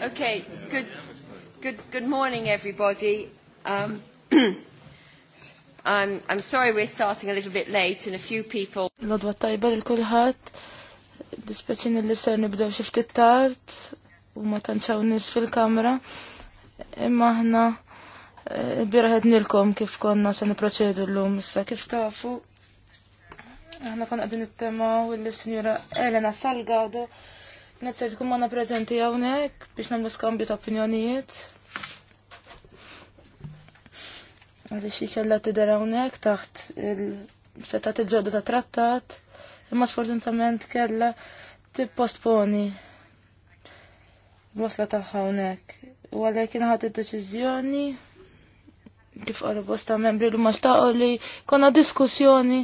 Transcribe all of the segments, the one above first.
Okay, good, good, good morning, everybody. Um, I'm, I'm sorry we're starting a little bit late and a few people... L-odwa tajba l-kulħat, dispeċin li ser nibdew xiftit tard u ma tanċaw nis fil kamera imma ħna eh, biraħed nilkom kif konna se niproċedu l-lum issa kif tafu. Aħna konna għadin it-tema u l-Sinjura Elena Salgado Nezzajt kum għana prezenti għawnek biex namlu skambju ta' opinjonijiet. Għalli xie kella t dera għawnek taħt il-setat il-ġodda ta' trattat, imma sfortunatament kella t-postponi. Mosla ta' għawnek. U għalli kien ħat il-deċizjoni kif għarri bosta membri l-maċtaqo li konna diskussjoni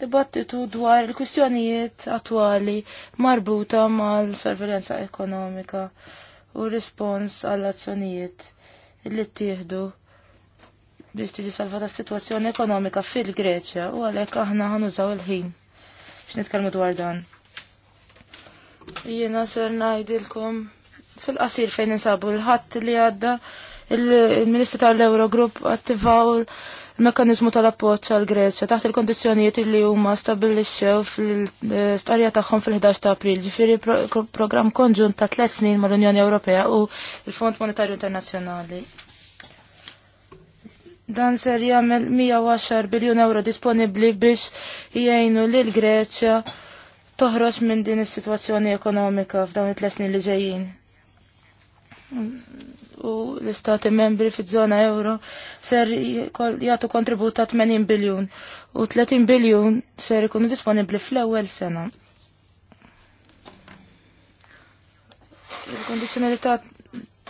dibattitu dwar il-kwistjonijiet attwali marbuta mal-sorveljanza ekonomika u rispons għall-azzjonijiet li ttieħdu biex tiġi salvata s-sitwazzjoni ekonomika fil-Greċja u għalhekk aħna ħanużaw il-ħin biex nitkellmu dwar dan. Jiena ser ngħidilkom fil-qasir fejn insabu l-ħadd li għadda il-Ministru tal-Eurogrupp attivaw mekanizmu tal-appoġġ għal Greċja taħt il-kondizzjonijiet li huma stabilixxew fl istorja tagħhom fil-11 ta' April, ġifieri programm konġunt ta' tliet snin mal-Unjoni Ewropea u l-Fond Monetarju Internazzjonali. Dan ser jagħmel 110 biljun euro disponibbli biex jgħinu lil Greċja toħroġ minn din is-sitwazzjoni ekonomika f'dawn it-tles snin li ġejjin u l-istati membri fiż-żona euro ser jagħtu kontribut ta' 80 biljun u 30 biljun ser ikunu disponibbli fl-ewwel sena. il kondizjonalità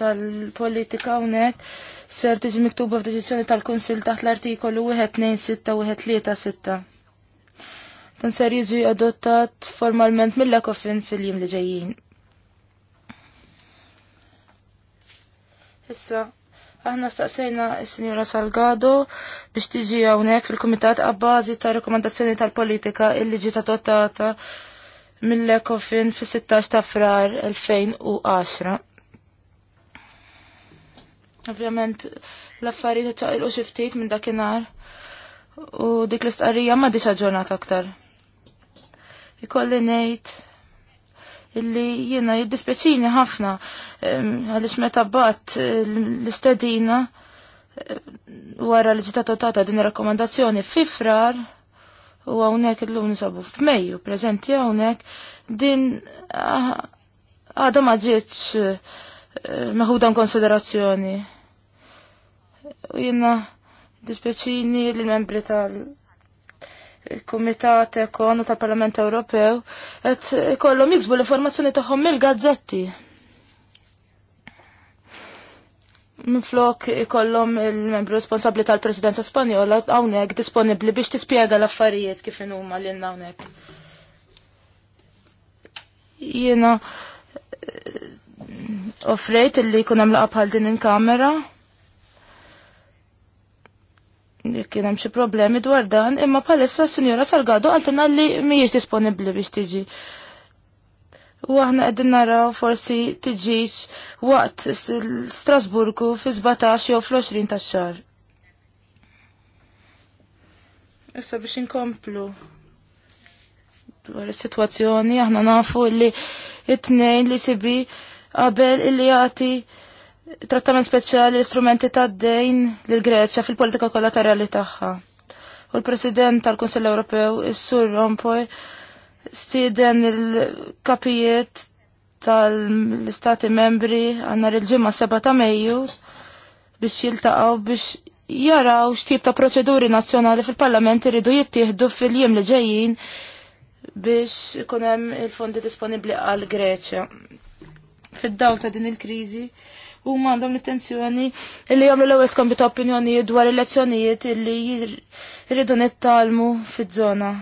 tal-politika hawnhekk ser tiġi miktuba f'deċiżjoni tal kunsil taħt l-artikolu 126-136. Dan ser jiġi adottat formalment mill-Ekofin fil-jiem li ġejjin. Issa, aħna staqsejna s-Sinjura Salgado biex tiġi hawnhekk fil-Kumitat għabbażi ta' rekomendazzjoni tal-politika illi ta' adottata mill-Ekofin fis-16 ta' frar 2010. Ovvjament l-affarijiet ċaqilqu xi ftit minn dakinhar u dik l-istqarrija ma diċa ġurnata aktar. Ikolli ngħid illi jiena jiddispeċini ħafna għaliex meta bat eh, l-istedina eh, wara li ġita totata din rakkomandazzjoni fifrar u u hawnhekk illum nisabu f'Mejju preżenti hawnhekk din ah, għadha ma ġietx eh, konsiderazzjoni. U jiena dispjaċini l-membri tal- il-Kumitat Ekonu tal-Parlament Ewropew qed ikollhom jiksbu l-informazzjoni tagħhom mill-gazzetti. Minflok ikollhom il-membru responsabbli tal-Presidenza Spanjola hawnhekk disponibbli biex tispjega l-affarijiet kif huma lil hawnhekk. Jiena eh, offrejt illi jkun hemm laqgħa bħal din in-kamera kien hemm xi problemi dwar dan, imma bħalissa s-Sinjora Salgado għaltina li mhijiex disponibbli biex tiġi. U aħna qegħdin naraw forsi tiġix waqt Strasburgu fi 17 jew fl-20 tax-xahar. Issa biex inkomplu dwar is-sitwazzjoni aħna nafu li it-tnejn li sibi qabel illi jagħti trattament speċjali l-istrumenti ta' dejn l-Greċja fil-politika kollaterali tagħha. U l-President tal-Kunsell Ewropew, is-Sur Rompoy, stieden il-kapijiet tal-istati membri għannar il-ġimma 7 ta' Mejju biex jiltaqgħu biex jaraw x'tip ta' proċeduri nazzjonali fil-Parlament iridu jittieħdu fil-jiem li ġejjin biex ikun hemm il-fondi disponibbli għal Greċja. Fid-dawl ta' din il-kriżi u mandom l-intenzjoni li jomlu l-ewel skombi ta' opinjonijiet dwar elezzjonijiet li jridu nittalmu fit żona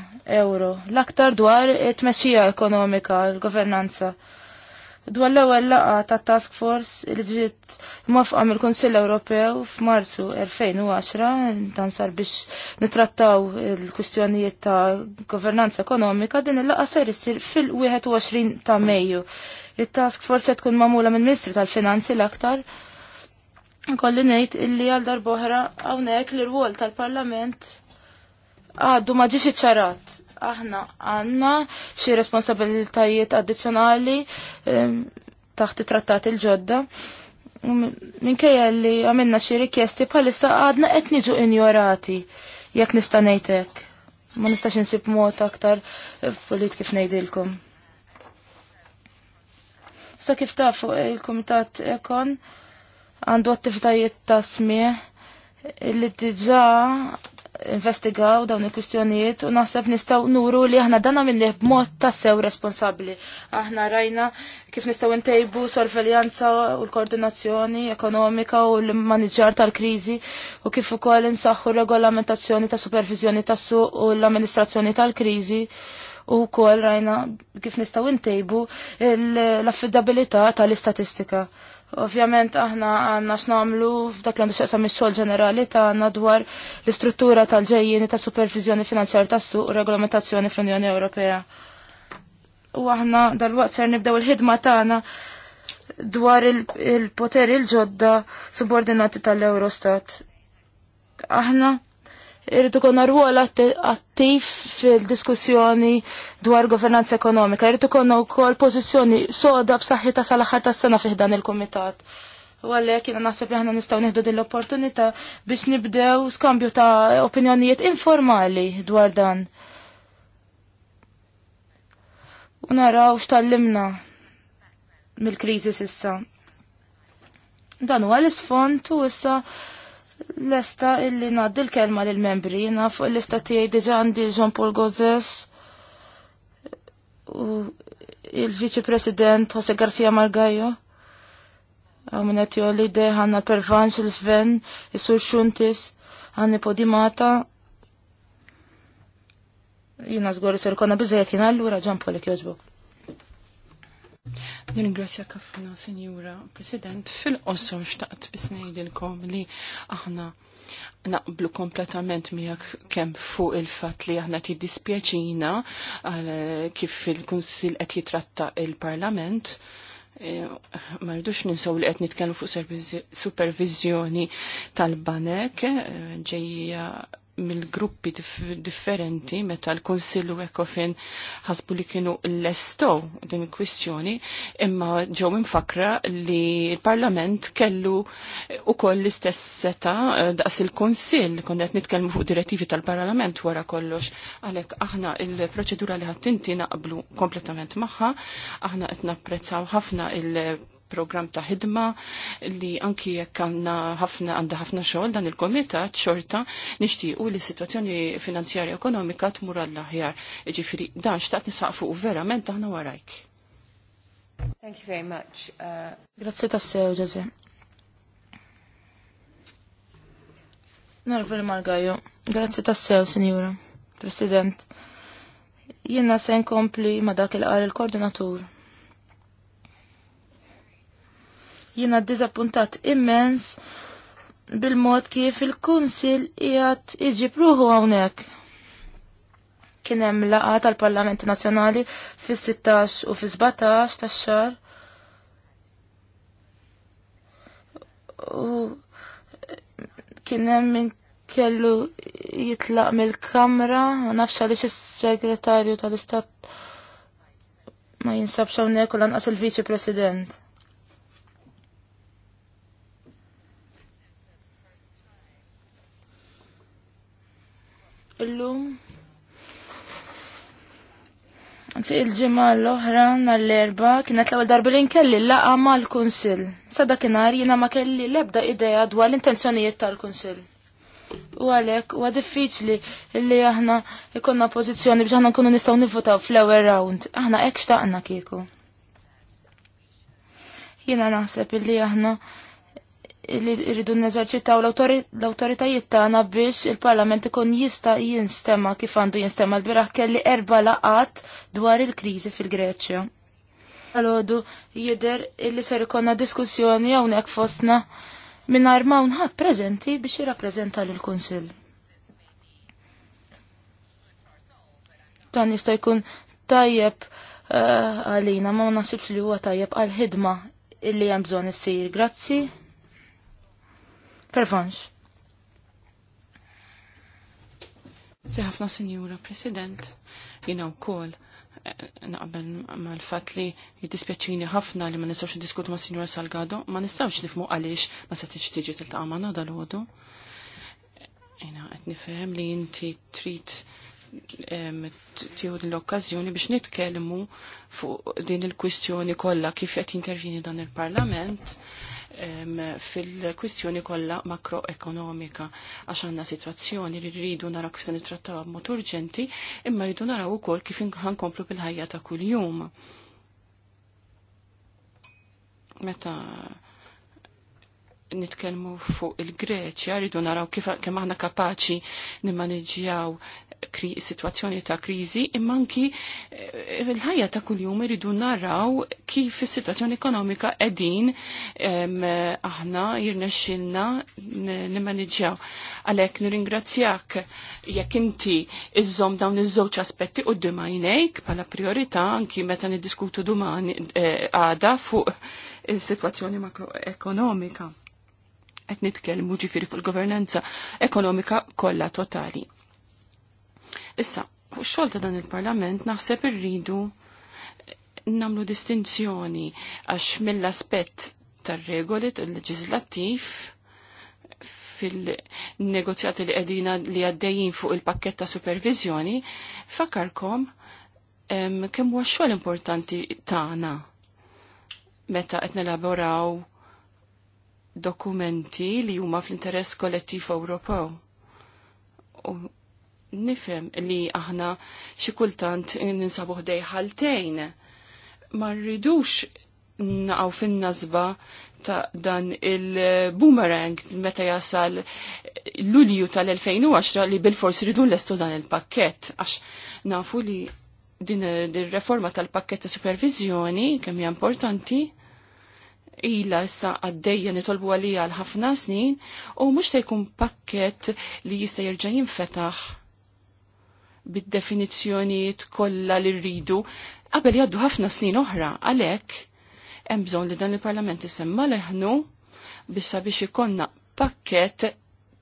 euro. L-aktar dwar it messija ekonomika, l-governanza. Dwar l ewwel laqa ta' task force li ġiet mwafqa mill-Kunsill Ewropew f'Marzu 2010 dan sar biex nitrattaw il-kwistjonijiet ta' governanza ekonomika din il-laqa ser issir fil-21 ta' Mejju. Il-task forse tkun mamula minn Ministri tal-Finanzi l-aktar. Kolli ngħid illi għal darboħra hawnhekk l rwol tal-Parlament għaddu ma ġiex iċċarat. Aħna għandna xi responsabilitajiet addizzjonali ehm, taħt it-trattat il-ġodda. Minkejja li għamilna xi rikjesti bħalissa għadna qed niġu injorati jekk nista' Ma nistax insib mod aktar politik kif ngħidilkom. Sa kif fuq il-Kumitat Ekon għandu attivitajiet ta' smieħ li diġa investigaw dawn il-kustjonijiet u naħseb nistaw nuru li aħna dana minni b'mod tassew responsabli. Aħna rajna kif nistaw intejbu sorveljanza u l-koordinazzjoni ekonomika u l-maniġġar tal-krizi u kif ukoll insaħħu regolamentazzjoni ta' supervizjoni tas-suq u l-amministrazzjoni tal-krizi u kol rajna kif nistaw intejbu l-affidabilità tal-istatistika. Ovvjament aħna għanna x'namlu f'dak l-għandu xaqsa mis-xogħol ġenerali tagħna dwar l-istruttura tal-ġejjieni ta' supervizjoni finanzjar tas-suq u regolamentazzjoni fl-Unjoni Ewropea. U aħna dal-waqt ser nibdew il-ħidma tagħna dwar il-poteri il l-ġodda subordinati tal-Eurostat. Aħna irridu konna rwol attiv fil-diskussjoni dwar governanza ekonomika. Irritu konna u kol pozizjoni soda b'saħħita sal-axar ta' sena fiħdan il-komitat. U għallek jina nasib jahna nistaw neħdu l opportunita biex nibdew skambju ta' opinjonijiet informali dwar dan. U naraw x'tallimna mill-kriżi sissa. Dan huwa l-isfond u issa Lesta illi naddi l-kelma l-membri, jina fuq l esta tijaj diġa għandi Jean Paul Gozes u il-Vice President Jose Garcia Margallo. jo li de għanna pervanx l-Sven, il-Sur Xuntis, għanni Podimata. Jina zgorri ser konna bizzajet jina l-ura Jean Paul Nirringrazzja kafna, Senjura President, fil-qosor xtaqt bisnejdilkom li aħna naqblu kompletament miegħek kemm fuq il-fatt li aħna tiddispjaċina kif il-Kunsil qed jitratta il-Parlament e, ma rridux ninsaw li qed nitkellmu fuq supervizjoni tal-banek e, ġejja mill-gruppi differenti meta l-Konsillu Ekofin ħasbu li kienu l-estow din il-kwistjoni imma ġew mfakra li l-Parlament kellu koll l-istess seta eh, daqs il-Konsill konnet qed nitkellmu fuq direttivi tal-Parlament wara kollox għalhekk aħna il-proċedura li ħadd inti naqblu kompletament magħha aħna qed napprezzaw ħafna il- program ta' ħidma li anki jekk għandna ħafna għandha ħafna xogħol dan il-komitat xorta nixtiequ li s-sitwazzjoni finanzjarja ekonomika tmur għall aħjar Ġifieri dan xtaqt nisaq fuq verament aħna warajk. Thank you very much. Uh, Grazzi tassew, Ġeże. Narfu l-Margajo. Grazzi tassew, Signora President. Jiena se nkompli ma dak il-qar il-koordinatur Jiena ddiżappuntat immens bil-mod kif il-Kunsil qiegħed iġib ruħu hawnhekk. Kien hemm laqgħa tal-Parlament Nazzjonali fis-16 u fis-17 tax xar. U kien hemm min kellu jitlaq mill-kamra, ma nafx għaliex is-segretarju tal-istat ma jinsabx hawnhekk u lanqas il-viċi president. illum Anzi il-ġimgħa l-oħra nhar l-erba kienet l-ewwel darba li nkelli laqa mal-kunsill. Sada dakinhar jiena ma kelli l-ebda idea dwar l-intenzjonijiet tal-kunsill. U għalhekk huwa diffiċli li aħna ikonna pożizzjoni biex aħna nkunu nistgħu nivvotaw fl-ewwel round. Aħna hekk xtaqna kieku. Jiena naħseb illi aħna li rridu neżerċitaw l-autoritajiet tagħna biex il-Parlament ikun jista' jinstema kif għandu jinstema l-biraħ kelli erba' laqat dwar il-kriżi fil-Greċja. Għalodu jider illi ser ikonna diskussjoni hawnhekk fostna mingħajr ma unħat preżenti biex jirrappreżenta l kunsill Dan jista' jkun tajjeb eh, għalina, ma nasibx li huwa tajjeb għal-ħidma illi hemm bżonn issir. Grazzi. Pervanx. Zeħafna senjura, President, jina u kol eh, naqbel l fat li jittispjaċini ħafna li ma nistawx diskutu ma' senjura Salgado, ma nistawx nifmu għalix ma setix tiġi tiltaqa' magħna dal-ħodu. Jina qed nifhem li inti trid tieħu l okkazjoni biex nitkellmu fuq din il-kwistjoni kollha kif qed jintervini dan il-Parlament fil-kwistjoni kollha makroekonomika għax għandna sitwazzjoni li rridu naraw kif se nittrattaw b'mod urġenti, imma rridu naraw ukoll kif ħankomplu bil-ħajja ta' kuljum. Meta nitkellmu fuq il-Greċja, rridu naraw kif kemm aħna kapaċi nimmaneġġjaw situazzjoni ta' kriżi, imma anki eh, il-ħajja ta' kuljum irridu naraw kif is-sitwazzjoni ekonomika qegħdin aħna jirnexxilna nimmaneġġjaw. Għalhekk nirringrazzjak jekk inti iżżomm dawn iż-żewġ aspetti quddiem għajnejk bħala priorità anki meta niddiskutu dumani eh, għada fuq il-sitwazzjoni makroekonomika qed nitkellmu ġifieri fuq il-governanza ekonomika kollha totali. Issa, fuq xogħol ta' dan il-Parlament naħseb irridu namlu distinzjoni għax mill-aspett tar-regoli tal-leġislattiv fil-negozjati li għedina li għaddejjin fuq il pakketta ta' supervizjoni, fakarkom kemm huwa xogħol importanti tagħna meta qed nelaboraw dokumenti li huma fl-interess kollettiv Ewropew. U nifhem li aħna xi kultant ninsabu ħdej ħaltejn. Ma rridux naqgħu fin-nażba ta' dan il-boomerang meta jasal l-Lulju tal-2010 li bil-fors ridu l-estu dan il-pakket. Għax nafu li din il-reforma tal-pakket ta' supervizjoni kemm hija importanti ila issa għaddejja nitolbu għalija għal ħafna snin u mux se jkun pakket li jista jirġa jinfetaħ bid-definizzjonijiet kollha li rridu qabel jgħaddu ħafna snin oħra għalhekk hemm bżonn li dan il-Parlament isemma leħnu bissa biex ikonna pakket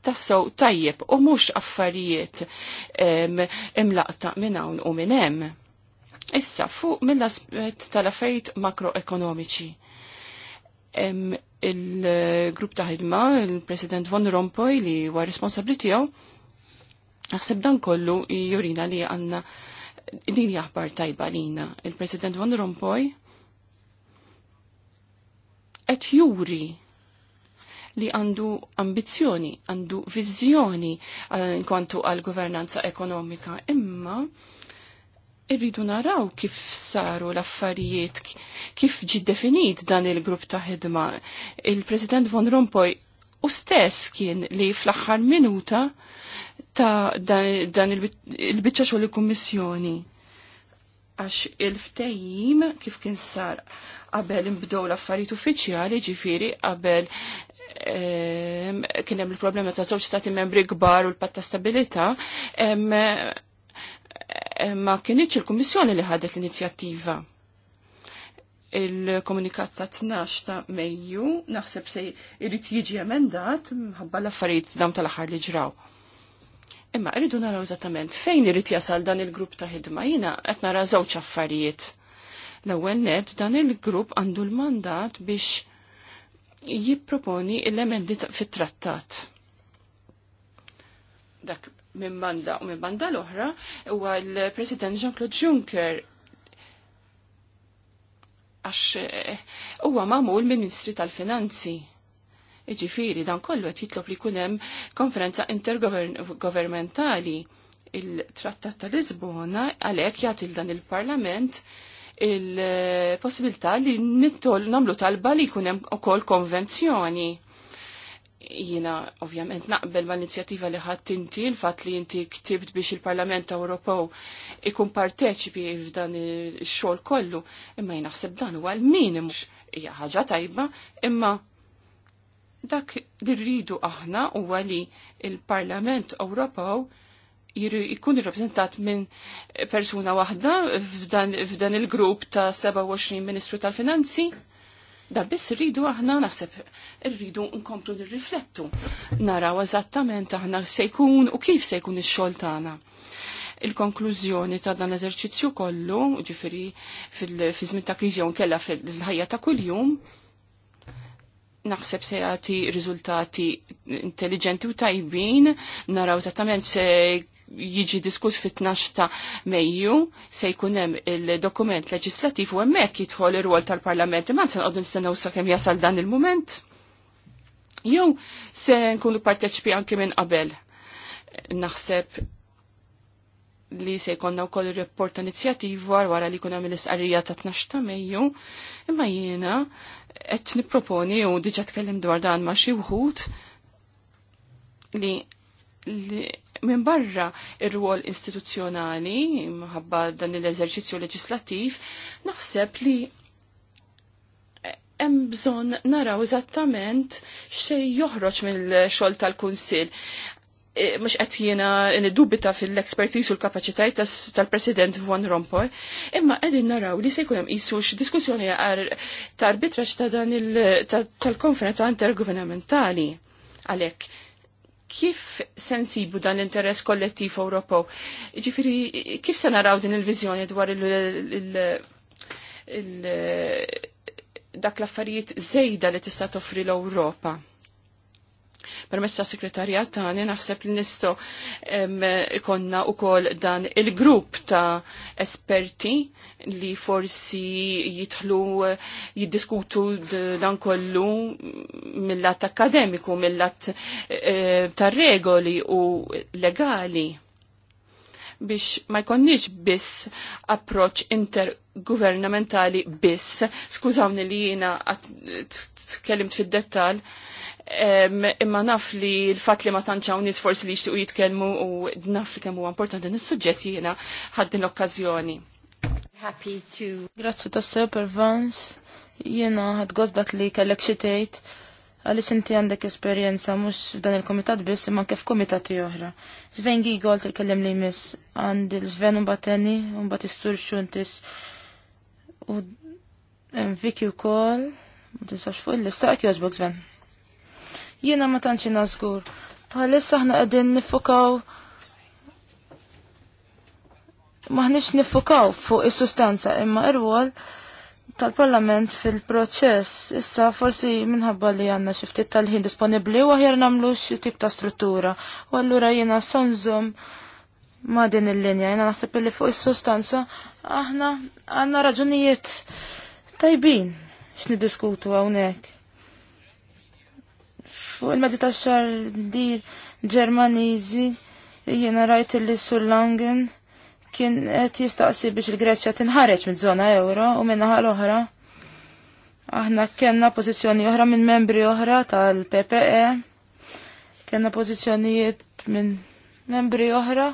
tassew tajjeb u mhux affarijiet imlaqta minn hawn u minn hemm. Issa fuq mill-aspett tal-affarijiet makroekonomiċi il-grupp ta' ħidma, il-President Von Rompuy li huwa responsabbli tiegħu, naħseb dan kollu jurina li għandna din jaħbar tajba lina. Il-President Von Rompuy qed juri li għandu ambizzjoni, għandu viżjoni eh, kontu għal governanza ekonomika, imma irridu naraw kif saru l-affarijiet, kif ġi definit dan il-grupp ta' ħidma. Il-President Von Rompuy u stess kien li fl-axħar minuta ta' dan, dan il-bicċa xogħol il-Kummissjoni. Għax il-ftejjim kif kien sar qabel imbdow l-affarijiet uffiċjali ġifiri qabel ehm, kien hemm il-problema ta' żewġ stati membri kbar u l-patta stabilita, ehm, ma kienieċ il-Kummissjoni li ħadet l-inizjattiva. Il-komunikat ta' 12 ta' Mejju naħseb se jrid jiġi emendat minħabba l-affarijiet dawn tal-aħħar li ġraw. Imma irridu naraw eżattament fejn irid jasal dan il-grupp ta' ħidma jiena qed nara żewġ affarijiet. L-ewwel net dan il-grupp għandu l-mandat biex jipproponi l-emendi fit-trattat. Dak minn banda u minn banda l-oħra huwa l-President Jean-Claude Juncker għax eh, huwa magħmul Ministri tal-Finanzi. Iġifieri dan kollu qed jitlob li jkun hemm konferenza intergovernmentali il-Trattat tal Lisbona għalhekk jagħti dan il-Parlament il-possibilità li nittol namlu talba li jkun hemm ukoll konvenzjoni jina ovvjament naqbel ma' inizjativa li ħadd inti l-fatt li inti ktibt biex il-Parlament Ewropew ikun parteċipi f'dan ix-xogħol kollu, imma jnaħseb dan huwa l-minimu hija ħaġa tajba, imma dak li rridu aħna huwa li il-Parlament Ewropew jkun irrappreżentat minn persuna waħda f'dan il-grupp ta' 27 Ministru tal-Finanzi Da biss rridu aħna naħseb rridu nkomplu nirriflettu. Naraw eżattament aħna se jkun u kif se jkun ix-xogħol tagħna. Il-konklużjoni ta' dan l-eżerċizzju kollu, ġifiri fil-żmien ta' kriżjon kella fil-ħajja ta' kuljum, naħseb se jagħti riżultati intelligenti u tajbin, naraw eżattament se jiġi diskuss fit-12 ta' Mejju se jkun hemm il-dokument leġislattiv u hemmhekk jidħol ir-rwol tal-Parlament. Imma se nqogħdu nistennew sakemm jasal dan il-mument. Jew se nkunu parteċipi anke minn qabel. Naħseb li se jkollna wkoll ir-report ta' inizjattiva wara li jkun hemm il isqarrija ta' 12 ta' Mejju, imma jiena qed nipproponi u diġà tkellim dwar dan ma' xi wħud li, li minn barra ir-rwol istituzzjonali mħabba dan l-eżerċizzju leġislattiv naħseb li hemm bżonn naraw eżattament xejn joħroġ mill-xogħol tal-Kunsill Eh, mux qed jiena niddubita fil-expertise u l-kapacitajt tal-President Juan Rompoy, imma qegħdin naraw li se jkun hemm qisux diskussjoni ta' arbitraġġ ta' dan tal-konferenza intergovernamentali. Għalhekk kif sensibu dan l-interess kollettiv Ewropew? Ġifieri kif se naraw din il-viżjoni dwar il- dak l-affarijiet zejda li tista' toffri l-Ewropa? sekretarjat ta' għani tani naħseb li nisto ikonna u kol dan il-grupp ta' esperti li forsi jitħlu jiddiskutu dan kollu mill-lat akademiku, mill-lat eh, ta' regoli u legali biex ma jkonniġ biss approċ intergovernamentali biss, skużawni li jina tkellimt fid-dettal, imma naf li l-fat li ma tanċaw nis forsi li jixtiqu jitkelmu u naf li kemmu importanti nis-suġġett jiena ħaddin l-okkazjoni. Happy to. Grazzi ta' super Vans. Jiena ħad għosbak li kellek xitejt tgħid għaliex inti għandek esperjenza mhux f'dan il-komitat biss imma kif komitati oħra. għol t-kellem li jmiss għandi l zven un bateni un bat is-sur xuntis u Vicky u kol, Mutin tinsax fuq il-lista, jogħġbok zven. Jiena ma tantx nażgur. Bħalissa aħna qegħdin nifukaw maħniex nifukaw fuq is-sustanza imma irwol tal-Parlament fil-proċess. Issa forsi minħabba li għanna xiftit tal-ħin disponibli u għahjar namlu tip ta' struttura. U għallura jena sonżom ma' din il-linja. Jena nasib li fuq il-sustanza aħna għanna raġunijiet tajbin x'nidiskutu hawnhekk. Fuq il-medi ta' xar dir Ġermaniżi jiena rajt li Sullangen kien qed jistaqsi biex il-Greċja tinħareġ miż-żona euro u minnaħa l-oħra. Aħna kellna pożizzjoni oħra minn membri oħra tal-PPE, kellna pożizzjonijiet minn membri oħra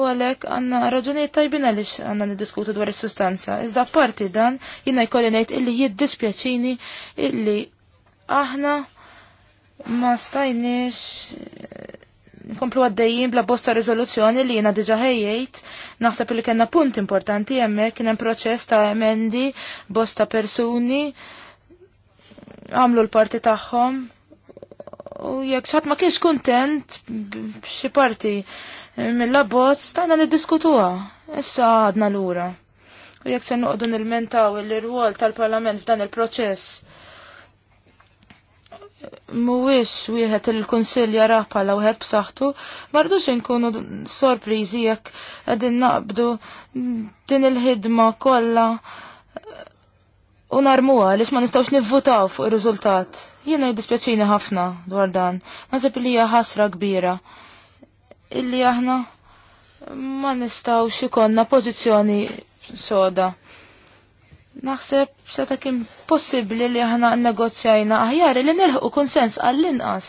u għalek għanna raġunijiet tajbin għalix għanna niddiskutu dwar is-sustanza. Iżda parti dan jina jkolli ngħid illi jiddispjaċini illi aħna ma stajniex eh, nkomplu għaddejjin bla bosta rezoluzzjoni li jena diġa ħejjejt, naħseb li kena punt importanti jemmek, kien hemm proċess ta' emendi, bosta persuni, għamlu l-parti tagħhom, u jekk xatt ma kienx kuntent b'xi parti eh, mill-abbozz, stajna niddiskutuha, issa għadna lura. U jekk se noqogħdu nilmentaw l-irwol tal-parlament f'dan il-proċess mhuwiex wieħed il-Kunsill jara bħala wieħed b'saħħtu, mardux inkunu sorpriżi jekk qegħdin naqbdu din il-ħidma kollha u narmuha għaliex ma nistgħux nivvutaw fuq ir-riżultat. Jiena jiddispjaċini ħafna dwar dan. Naħseb li hija ħasra kbira illi aħna ma nistgħux ikonna pożizzjoni soda. Naħseb ta' kien possibbli li aħna negozjajna aħjar li nilħu konsens għall-inqas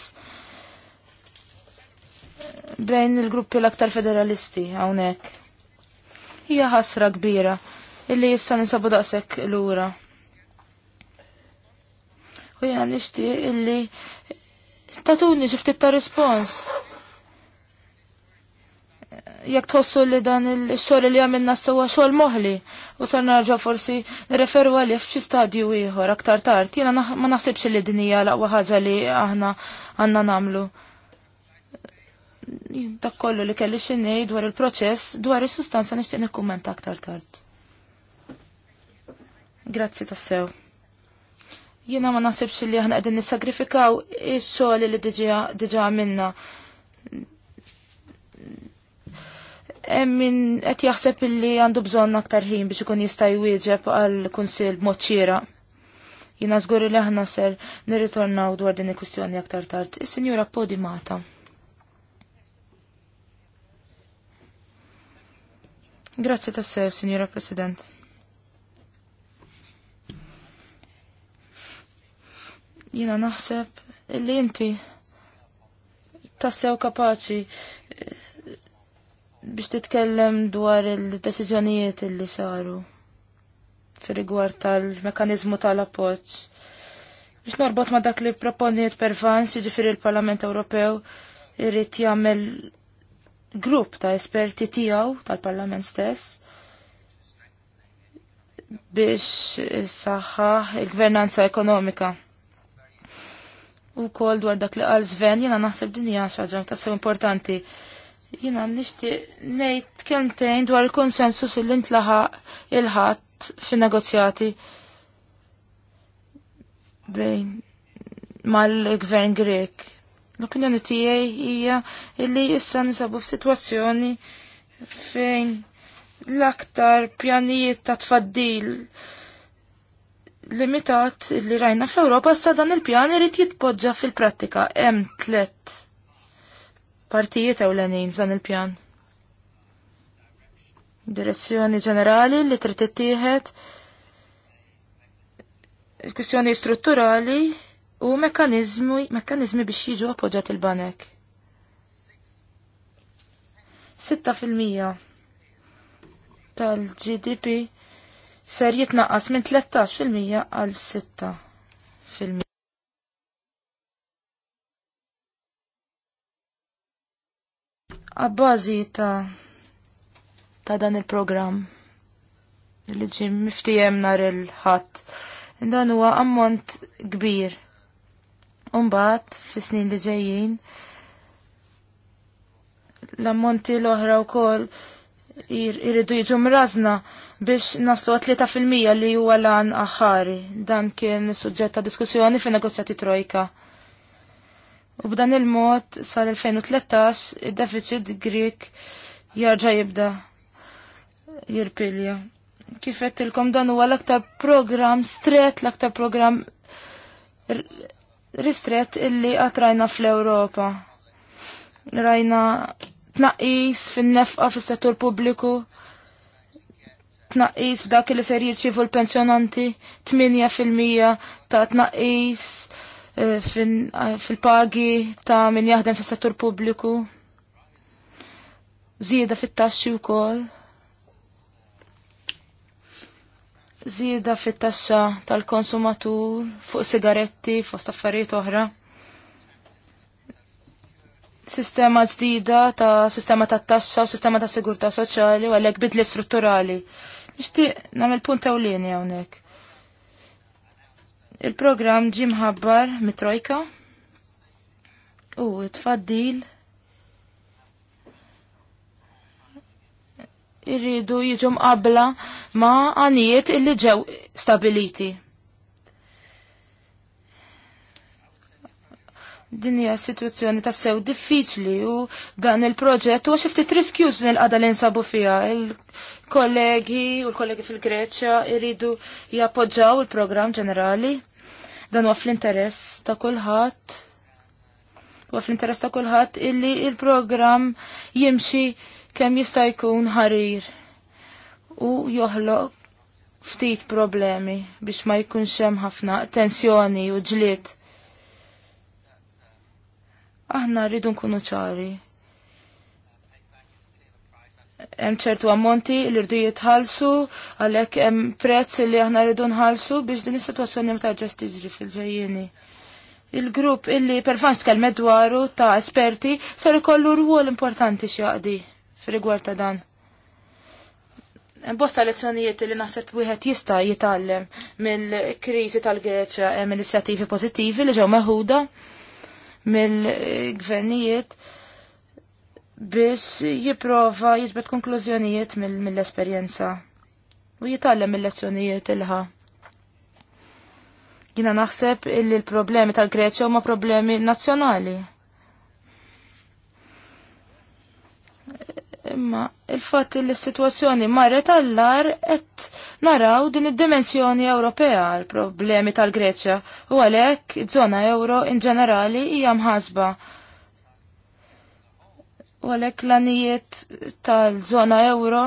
bejn il-gruppi l-aktar federalisti hawnhekk. Hija ħasra kbira illi issa daqsek daqshekk lura. U jena nixtieq illi tatuni xi ftit ta' respons jekk tħossu li dan il xol li għamilna sewwa xogħol moħli u sarna narġa' forsi referu għalli f'xi stadju ieħor aktar tard. Jiena ma naħsibx li din hija l-aqwa ħaġa li aħna għandna nagħmlu. Dak kollu li kelli xi dwar il-proċess dwar is-sustanza nixtieq nikkummenta aktar tard. Grazzi tassew. Jiena ma naħsibx li aħna qegħdin nissagrifikaw ix-xogħol li diġà għamilna. min qed jaħseb illi għandu bżonn aktar ħin biex ikun jista' jwieġeb għal kunsil b'mod ċira. Jina żgur li aħna ser nirritornaw dwar din il-kwistjoni aktar tard. Is-Sinjura Podi Podimata. Grazzi tassew, Sinjura President. Jina naħseb illi inti tassew kapaċi biex titkellem dwar il-deċiżjonijiet li saru fir-rigward tal-mekanizmu tal-appoġġ. Biex norbot ma dak li proponiet Vans, ġifiri il-Parlament Ewropew irrit jagħmel grupp ta' esperti tiegħu tal-Parlament stess biex saħħaħ il-gvernanza ekonomika. U kol dwar dak li għal Sven jena naħseb dinja xaġa ta' tassew importanti Jina nishti nejt kemtejn dwar il-konsensus il intlaħa il-ħat fi negozjati bejn mal-gvern Grek. L-opinjoni tiegħi hija illi issa nisabu f'sitwazzjoni fejn l-aktar pjanijiet ta' tfaddil limitat li rajna fl-Ewropa sta dan il-pjan irid jitpoġġa fil-prattika hemm tlet partijiet ewlenin f'dan il-pjan. Direzzjoni ġenerali li trid ittieħed kwistjoni strutturali u mekkanizmi mekkanizmi biex jiġu appoġġjat il-banek. 6% tal-GDP ser jitnaqqas minn 13% għal 6%. għabbażi ta' ta' dan il-programm li ġi miftijem nar il-ħadd. Dan huwa ammont kbir. Umbagħad fis-snin li ġejjin l-ammonti l-oħra wkoll jiridu jiġu mrażna biex naslu 3% li huwa lan aħħari. Dan kien suġġett ta' diskussjoni fin negozjati trojka. U b'dan il-mod sal-2013 id-deficit Grek jarġa jibda jirpilja. Kif kom dan huwa l-aktar program stret, l-aktar program ristret illi għatrajna fl-Ewropa. Rajna tnaqis fin-nefqa fis-settur pubbliku, tnaqis f'dak li ser jirċievu l-pensjonanti, 8% ta' tnaqis Eh, eh, fil-pagi ta' min jaħdem fis settur pubbliku, zieda fit-taxxi wkoll, zieda fit-taxxa tal-konsumatur fuq sigaretti fost affarijiet oħra sistema ġdida ta' sistema ta' tassa u sistema ta' sigurta' soċjali u għalek bidli strutturali. Nishti nagħmel punt ewlieni hawnhekk. Il-programm ġim mħabbar mit-trojka u tfaddil irridu jiġu qabla ma għanijiet illi ġew stabiliti. Din hija situazzjoni ta' sew diffiċli u dan il-proġett huwa xi ftit riskjuż din il-qada li nsabu fiha. Il-kollegi u l-kollegi fil-Greċja irridu jappoġġaw il-programm ġenerali Dan huwa fl-interess ta' kulħadd huwa fl-interess ta' kulħadd illi il-programm jimxi kemm jista' jkun ħarir u joħloq ftit problemi biex ma jkunx hemm ħafna tensjoni u ġlied. Aħna rridu nkunu ċari hemm ċertu ammonti li rridu jitħallsu għalhekk hemm prezz li aħna rridu nħallsu biex din is-sitwazzjoni ma ġestiġi tiġri fil-ġejjieni. Il-grupp illi perfans tkellmet dwaru ta' esperti sar ikollu rwol importanti x'jaqdi fir-rigward ta' dan. Bosta lezzjonijiet li naħseb wieħed jista' jitgħallem mill-kriżi tal-Greċja hemm inizjattivi pożittivi li ġew meħuda mill-gvernijiet biss jiprofa jizbet konklużjonijiet mill-esperjenza u jitallem mill-lezzjonijiet ilħa. Jina naħseb illi l-problemi tal-Greċja huma problemi nazzjonali. Imma il-fatt li s-sitwazzjoni marret allar qed naraw din id-dimensjoni Ewropea l-problemi tal-Greċja u għalhekk iż-żona euro in ġenerali hija mħasba U għalhekk l-anijiet tal-żona euro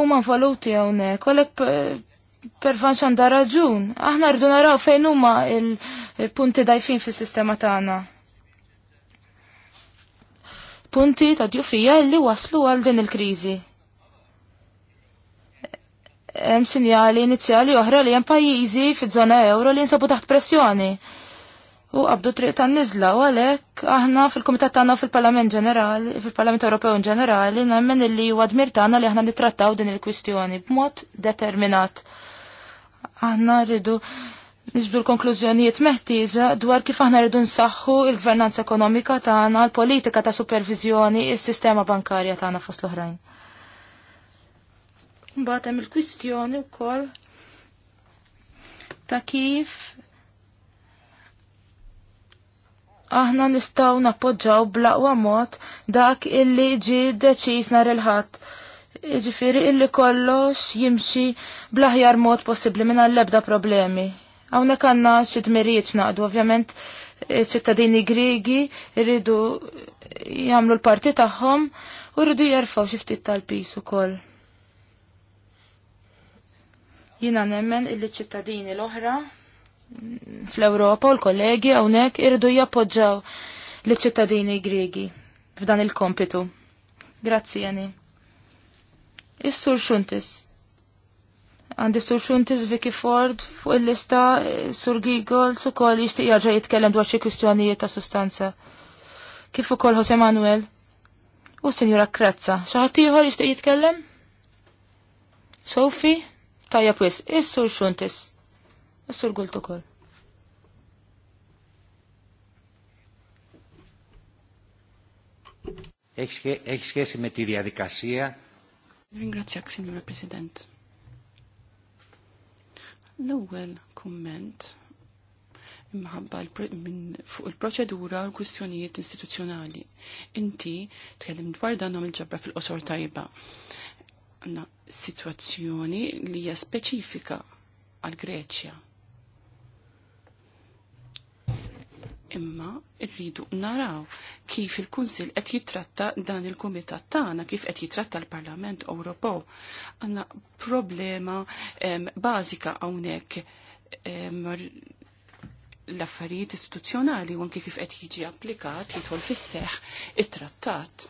huma nfaluti għonek, u għalhekk pervanx għandha raġun. Aħna rridu naraw fejn huma il-punti dajfin fis-sistema tagħna. Punti ta' djufija li waslu għal din il-kriżi hemm sinjali inizjali oħra li hemm pajjiżi fiż-żona euro li nsabu taħt pressjoni u qabdu triq ta' nizla u għalek aħna fil-Komitat tagħna fil-Parlament Ġenerali, fil-Parlament Ewropew Ġenerali, nemmen illi huwa dmir tagħna li aħna nittrattaw din il-kwistjoni b'mod determinat. Aħna rridu nisbdu l-konklużjonijiet meħtieġa dwar kif aħna rridu nsaħħu l-gvernanza ekonomika tagħna, l-politika ta' supervizjoni, il sistema bankarja tagħna fost l-oħrajn. Mbagħad hemm il-kwistjoni wkoll ta' kif aħna nistaw nappoġġaw blaqwa mod dak illi ġi deċiż nar il-ħadd. Ġifiri illi kollox jimxi blaħjar mod possibli minn l-ebda problemi. Hawnhekk għandna xi tmirijiet naqdu ovvjament ċittadini Griegi rridu jagħmlu l-parti tagħhom u rridu jerfgħu xi ftit tal-pis ukoll. Jina nemmen illi ċittadini l-oħra fl-Ewropa u l-kollegi hawnhekk irridu jappoġġaw l-ċittadini Griegi f'dan il-kompitu. Grazzi għani. Is-sur Xuntis. Għandi sur Xuntis Vicky Ford fuq il-lista sur Gigol su kol jishtiq jarġa jitkellem dwar xi kwistjonijiet ta' sustanza. Kif ukoll Jose Manuel? U senjura Krazza, xi ħadd jixtieq jitkellem? Sofi? Tajja wis, is-sur Xuntis. Is-sur kol. ukoll. Έχει σχέση με τη Ringrazzjak, Signora President. L-ewwel kumment imħabba fuq il-proċedura u l-kwistjonijiet istituzzjonali. Inti tkellim dwar dan il-ġabra fil-qosor tajba. Għandna sitwazzjoni li hija speċifika għal Greċja. imma rridu naraw kif il-Kunsil qed jitratta dan il-Kumitat tagħna, kif qed jitratta l-Parlament Ewropew. Għandna problema bażika hawnhekk l-affarijiet istituzzjonali u anke kif qed jiġi applikat jidħol fis-seħħ it-trattat.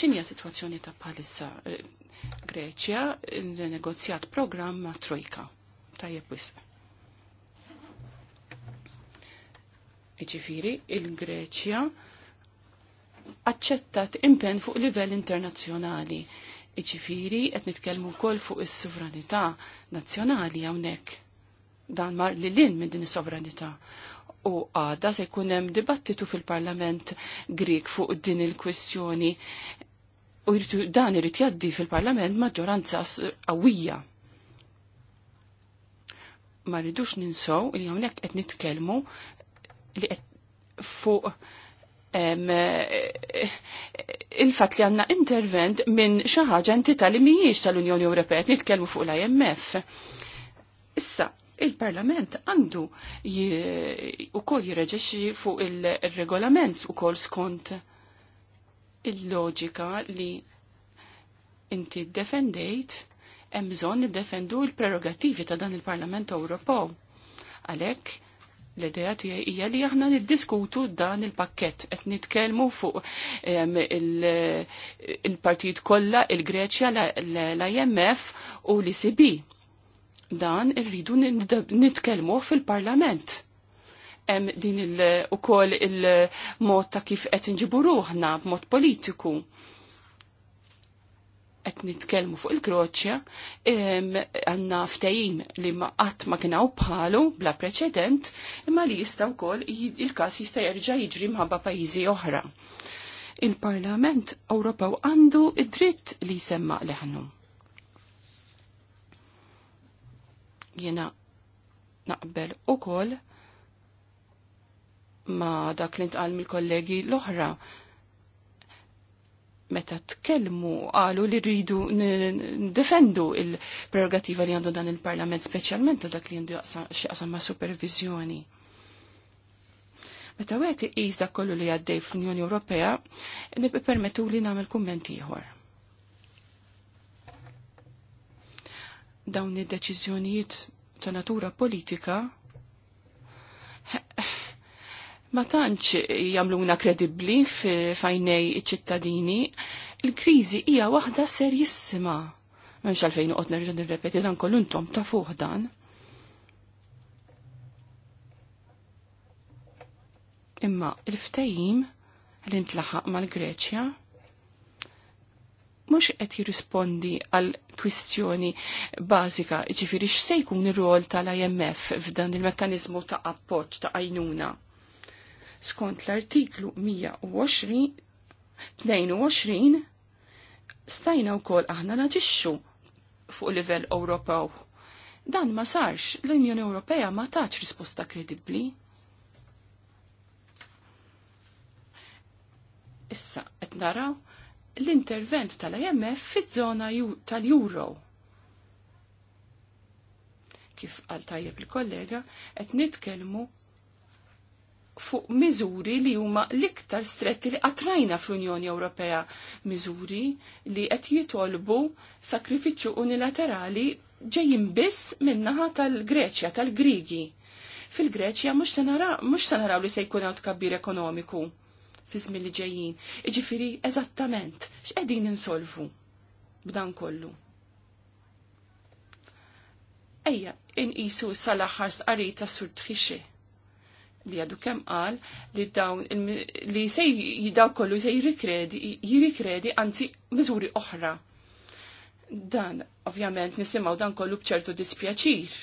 X'inhi sitwazzjoni ta' bħalissa eh, Greċja il-negozjat programma Trojka. Tajjeb wisq Iġifiri, il-Greċja aċċettat impen fuq livell internazzjonali. Iġifiri, qed nitkellmu wkoll fuq is-sovranità nazzjonali hawnhekk. Dan mar li lin minn din is-sovranità. U għada se jkun hemm dibattitu fil-Parlament Grik fuq din il kwestjoni u jirtu dan irid jaddi fil-Parlament maġġoranza qawwija. Ma rridux ninsow li hawnhekk qed nitkellmu li fuq il-fat li għanna intervent minn xaħġa entita li mhijiex tal-Unjoni Ewropea nitkellmu fuq l-IMF. Issa, il-Parlament għandu u kol jireġiċi fuq il-regolament u kol skont il-loġika li inti defendejt emżon defendu il-prerogativi ta' dan il-Parlament Ewropew. Għalek, l-idea tiegħi hija li aħna niddiskutu dan il-pakkett qed nitkellmu fuq il-partit kollha il-Greċja l-IMF u l-ICB. Dan irridu nitkellmu fil-Parlament. Hemm din ukoll il-mod ta' kif qed inġibu ruħna b'mod politiku qed nitkellmu fuq il-Kroċja għandna ftehim li ma qatt ma kienu bħalu bla preċedent imma li jista' wkoll il-każ jista' jerġa' jiġri mħabba pajjiżi oħra. Il-Parlament Ewropew għandu id-dritt li jsemma leħnu. Jena naqbel ukoll ma dak li ntqal mill-kollegi l-oħra meta tkellmu qalu li rridu ndefendu il-prerogativa li għandu dan il-parlament, speċjalment dak li għandu xieqsam ma' supervizjoni. Meta għet iqis dak kollu li għaddej fl-Unjoni Ewropea, permettu li namel kumment ieħor. Dawn id-deċiżjonijiet ta' natura politika ma tantx jagħmluna kredibbli fajnej iċ-ċittadini, il-kriżi hija waħda serjissima. M'hemmx għalfejn qod nerġa' nirrepeti dan kollu intom ta' fuq dan. Imma il-ftejim li ntlaħaq mal-Greċja mhux qed jirrispondi għal kwistjoni bażika, jiġifieri x'se jkun ir-rol tal-IMF f'dan il-mekkaniżmu ta' appoġġ ta' għajnuna skont l-artiklu 122 stajna wkoll aħna naġixxu fuq livell Ewropew. Dan ma sarx, l-Unjoni Ewropea ma taċ risposta kredibbli. Issa, qed naraw l-intervent tal-IMF fiż-żona tal-Euro. Kif għal tajjeb il-kollega, qed nitkellmu fuq miżuri li huma l-iktar stretti li qatrajna fl-Unjoni Ewropea, miżuri li qed jitolbu sakrifiċċju unilaterali ġejjin biss minnaħa tal-Greċja, tal-Grigi. Fil-Greċja mhux se naraw li se jkun hawn tkabbir ekonomiku fi żmien li ġejjin. Iġifieri eżattament x'qegħdin insolvu b'dan kollu. Ejja, inqisu sal-aħħar stqarrita sur tħixi li għadu kem qal li dawn li se jidaw kollu se jirikredi, jirikredi anzi miżuri oħra. Dan, ovvjament, nisimaw dan kollu bċertu dispjaċir.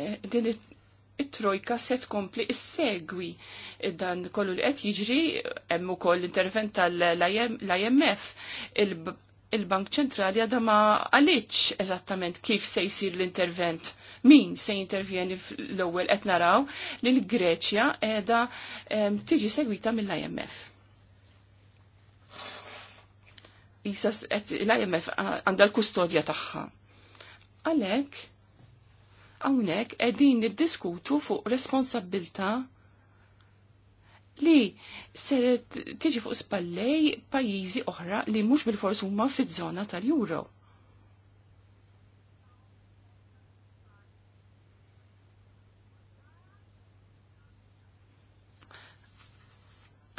E, din it-trojka se tkompli s segwi dan kollu li qed jiġri hemm ukoll intervent tal-IMF il il-Bank ċentrali għadha ma għalitx eżattament kif se jsir l-intervent. Min se jintervjeni l-ewwel qed naraw li l-Greċja qiegħda ehm, tiġi segwita mill-IMF. Jisas, l-IMF għandha l-kustodja tagħha. Għalhekk hawnhekk qegħdin niddiskutu fuq responsabilta' li se tiġi fuq spallej pajjiżi oħra li mhux bil-fors huma fiż-żona tal juro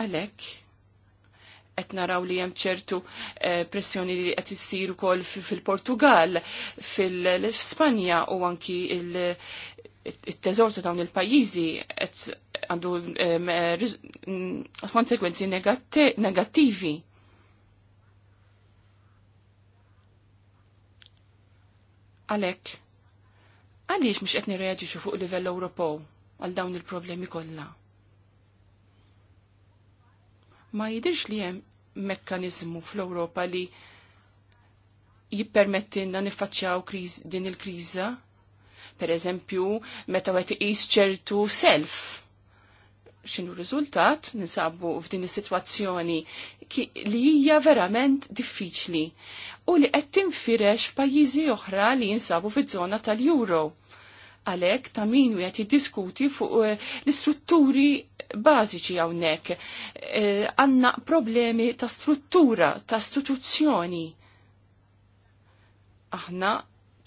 Għalhekk qed naraw li hemm ċertu eh, pressjoni li qed issir ukoll fil-Portugal, fil-Spanja u anki il- it-teżor ta' dawn il-pajjiżi għandu mm, konsekwenzi negattivi. Għalhekk, għaliex mhux qed nirreaġixxu fuq livell Ewropew għal dawn il-problemi kollha. Ma jidirx li hemm mekkaniżmu fl-Ewropa li jippermettilna niffaċċjaw din il-kriża Per eżempju, meta għet iqis ċertu self. Xinu riżultat ninsabu f'din is-sitwazzjoni li hija verament diffiċli u li qed tinfirex pajjiżi oħra li jinsabu fiż-żona tal-Euro. Għalhekk ta' min wieħed jiddiskuti fuq eh, l-istrutturi bażiċi hawnhekk. Eh, għandna problemi ta' struttura, ta' istituzzjoni aħna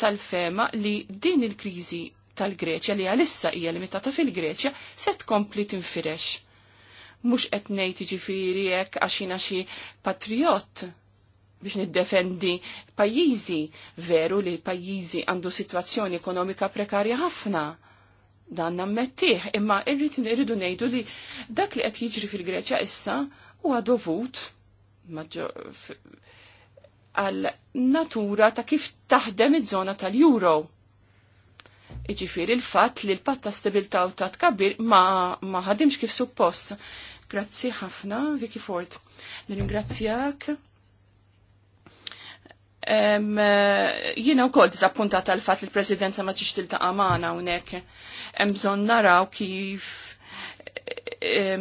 tal-fema li din il-kriżi tal-Greċja li għalissa hija limitata fil-Greċja se tkompli tinfirex. Mhux qed ngħid jiġifieri hekk għax jiena xi patriot biex niddefendi pajjiżi veru li pajjiżi għandu sitwazzjoni ekonomika prekarja ħafna. Dan nammettih, imma irrid irridu ngħidu li dak li qed jiġri fil-Greċja issa huwa dovut għal natura ta' kif taħdem iż-żona tal-euro. Iġifir il-fat li l-patta stabilta u ta' tkabbir ma, ma ħadimx kif suppost. Grazzi ħafna, Vicky Ford. Nirringrazzjak. Um, jina u kol dizappuntata għal fat li l-presidenza ma ċiċ tiltaqa maħna unek. Mżon naraw kif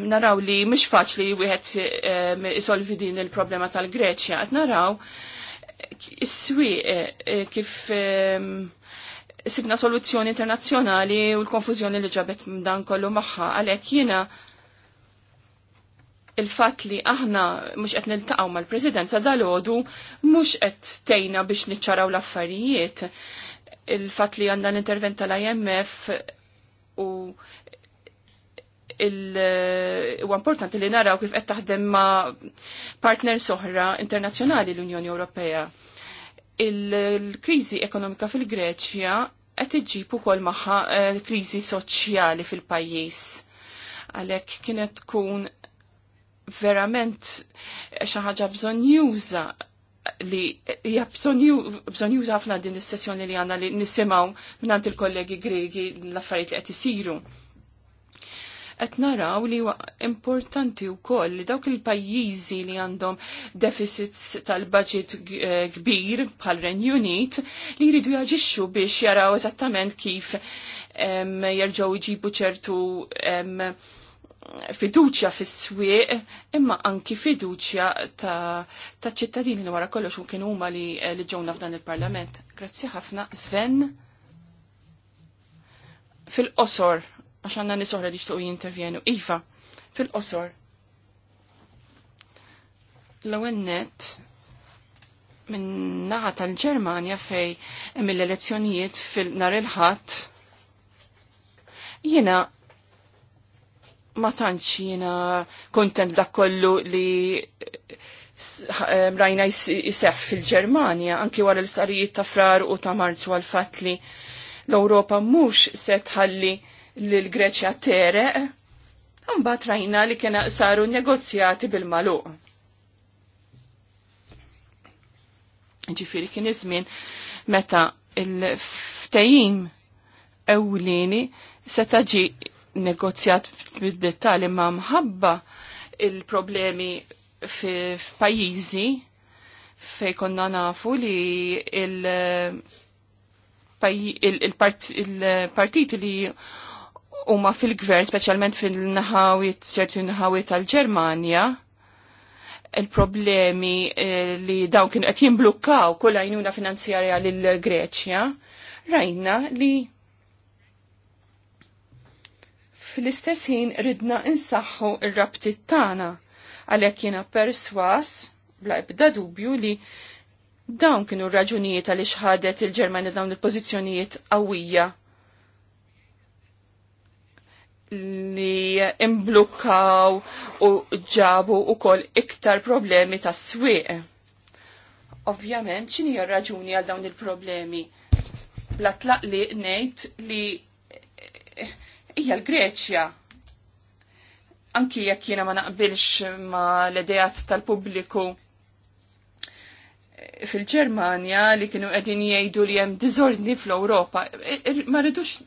naraw li mhux faċli wieħed isolvi din il-problema tal-Greċja, qed naraw is-swieq eh, eh, kif ehm, sibna soluzzjoni internazzjonali u l-konfużjoni li ġabet dan kollu magħha. Għalhekk jiena il-fatt li aħna mhux qed niltaqgħu mal-Presidenza dal ħodu mhux qed tejna biex niċċaraw l-affarijiet. Il-fatt li għandna l-intervent tal-IMF u Eh, huwa importanti li naraw kif qed taħdem ma' partner soħra internazzjonali l-Unjoni Ewropea. Il-kriżi ekonomika fil-Greċja qed iġġib ukoll magħha eh, kriżi soċjali fil-pajjiż. Għalhekk kienet tkun verament xi ħaġa bżonn juża li hija bżonjuża ħafna din is-sessjoni li għandna li nisimgħu mingħand il-kollegi Gregi l-affarijiet li qed isiru qed naraw li huwa importanti wkoll li dawk il-pajjiżi li għandhom deficits tal-budget eh, kbir bħal Renju Unit li jridu jaġixxu biex jaraw eżattament kif jerġgħu jġibu ċertu fiduċja fis-swieq imma anki fiduċja ta', ċittadini li wara kollox u kienu huma li, eh, li ġewna f'dan il-Parlament. Grazzi ħafna, Sven. Fil-qosor għax għanna nisohra li xtuq jintervjenu. Iva, fil-qosor. l għennet minn naħa tal-Ġermanja fej mill-elezzjonijiet fil-nar il-ħadd jiena ma tantx jiena kontent dak kollu li eh, rajna jiseħ fil-Ġermanja anki wara l-istarijiet ta' frar u ta' marzu għal fatt li l-Ewropa mhux se tħalli li l-Greċja tereq, mbagħad rajna li kien saru negozjati bil-maluq. Ġifieri kien iż-żmien meta il-ftejim ewlieni se taġi negozjat bid-dettali ma' mħabba il-problemi f'pajjiżi fej konna nafu li il-partiti il il il li huma fil-gvern, speċjalment fil-naħawit, ċertu naħawit tal-Ġermanja, il-problemi eh, li dawn kienu qed jimblukkaw kull għajnuna finanzjarja lill Greċja, rajna li fl-istess ħin ridna insaħħu r-rabtit tagħna għalhekk jiena perswas bla ebda dubju li dawn kienu raġunijiet għaliex ħadet il-Ġermanja dawn il-pożizzjonijiet qawwija li imblukkaw u ġabu u kol iktar problemi ta' swieq. Ovvjament, hija raġuni għal dawn il-problemi? Bla li nejt eh, li hija l-Greċja. Anki jekk jiena ma naqbilx ma l edeat tal-pubbliku fil-Ġermanja li kienu qegħdin jgħidu li hemm diżordni fl-Ewropa, eh, eh, ma rridux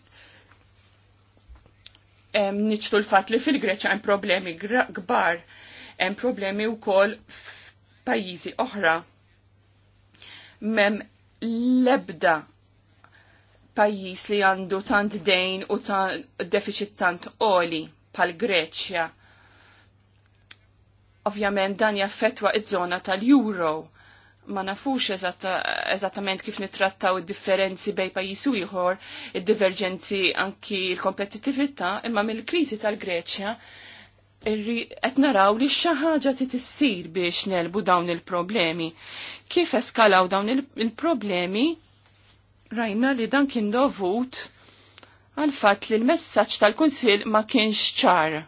niċtu l-fat li fil-Greċa hemm problemi kbar, hemm problemi wkoll f'pajjiżi oħra. Mem lebda pajjiż li għandu tant dejn u tant deficit tant oli pal Greċja. Ovvjament dan jaffetwa id żona tal-Euro ma nafux eżattament kif nitrattaw id-differenzi bej pajisu jħor, ieħor, id-divergenzi anki l-kompetittività, imma mill-kriżi tal-Greċja qed naraw li xaħġa ħaġa trid issir biex nelbu dawn il-problemi. Kif eskalaw dawn il-problemi rajna li dan kien dovut għal fatt li l-messaġġ tal kunsil ma kienx ċar.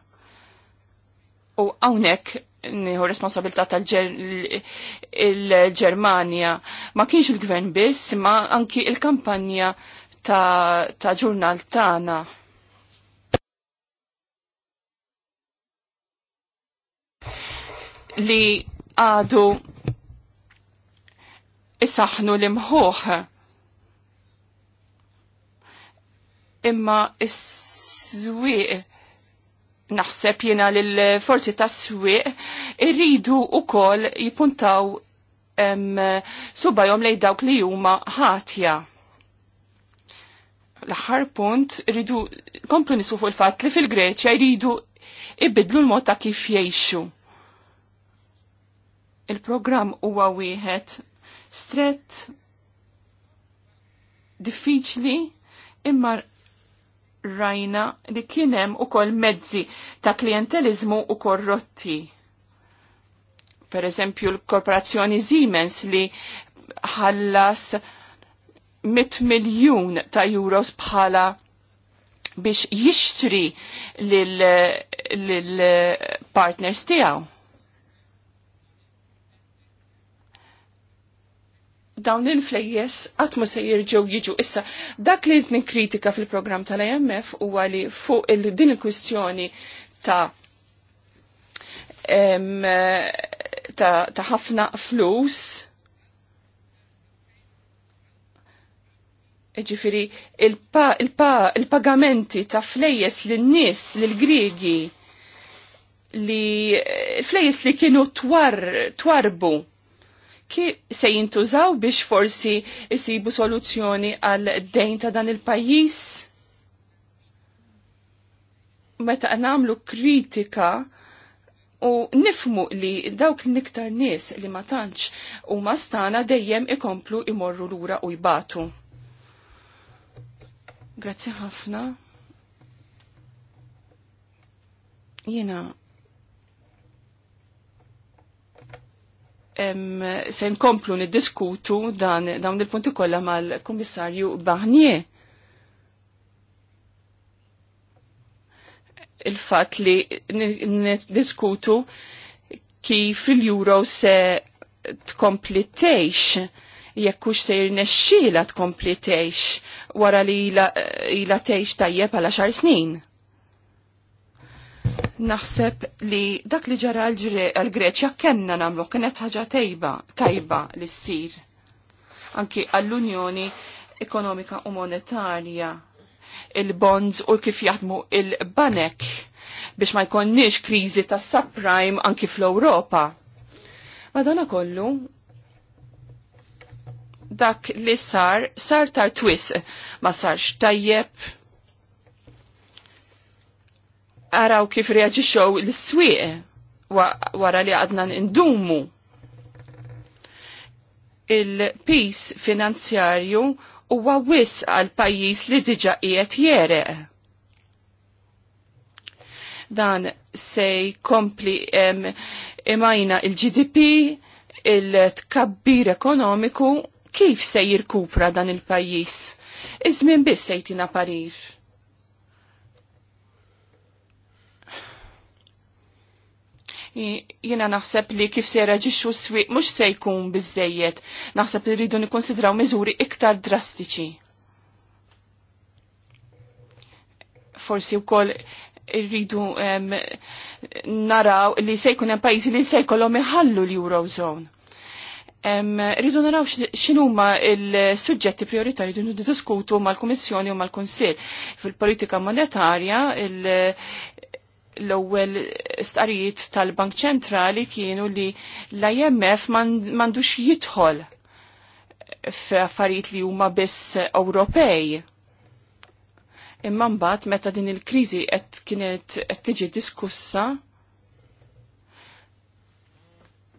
U hawnhekk nieħu responsabilità tal-Ġermanja ma kienx il-gvern biss, ma anki il-kampanja ta', ġurnal tana. Li għadu isaħnu l-imħuħ. Imma is-swieq naħseb jena l-forzi ta' swiq irridu u kol jipuntaw subajom lej dawk li huma ħatja. L-aħħar punt irridu komplu nisufu l-fat fatt li fil-Greċja jridu ibidlu l-mod ta' kif jgħixu. Il-programm huwa wieħed strett diffiċli imma rajna li kienem u kol mezzi ta' klientelizmu u korrotti. Per eżempju, l-korporazzjoni Siemens li ħallas 100 miljun ta' euros bħala biex jixtri lil-partners tijaw. dawn il-flejjes għatmu se jirġew jiġu. Issa, dak li jtni kritika fil-program tal-IMF u għali fuq il din il-kwistjoni ta' em, ta' ħafna flus. Ġifiri, il-pagamenti ta' flejjes l-nis, l griegi li flejjes li kienu twar, twarbu se jintużaw biex forsi jisibu soluzzjoni għal dejn ta' dan il-pajis? Meta namlu kritika u nifmu li dawk niktar nies li ma tantx u ma stana dejjem ikomplu imorru lura u jbatu. Grazzi ħafna. Jena se nkomplu niddiskutu dan dawn il-punti kollha mal-Kummissarju Barnier. Il-fatt li niddiskutu kif il-euro se tkomplitejx jekk hux se jirnexxiela tkomplitejx wara li ila tgħix tajjeb għal xar snin naħseb li dak li ġara għal-Greċja kenna namlu, kienet ħaġa tajba, tajba li s-sir. Anki għall-Unjoni Ekonomika u Monetarja, il-bonds u kif jaħdmu il-banek biex ma jkonniex krizi ta' subprime anki fl-Europa. Madonna kollu, dak li sar, sar tar twis, ma sarx tajjeb, araw kif reaġixxew l-swieq wara li għadna indumu il-pis finanzjarju huwa wis għal pajjiż li diġa qiegħed jereq. Dan se jkompli imajna il-GDP, il-tkabbir ekonomiku, kif se jirkupra dan il-pajjiż? Iż-żmien biss se jtina parir Jiena naħseb li kif se jraġixxu s-swieq mhux se jkun bizzejiet. Naħseb li rridu nikkonsidraw miżuri iktar drastiċi. Forsi wkoll rridu naraw li se jkun hemm pajjiżi li se jkollhom iħallu l-Eurozone. Rridu naraw x'inhuma l-suġġetti prioritarji rridu diskutu mal-Kummissjoni u mal-Kunsill. Fil-politika monetarja l-ewwel stqarijiet tal-Bank Ċentrali kienu li l-IMF m'għandux jidħol f'affarijiet li huma biss Ewropej. Imma mbagħad meta din il-kriżi qed kienet qed tiġi diskussa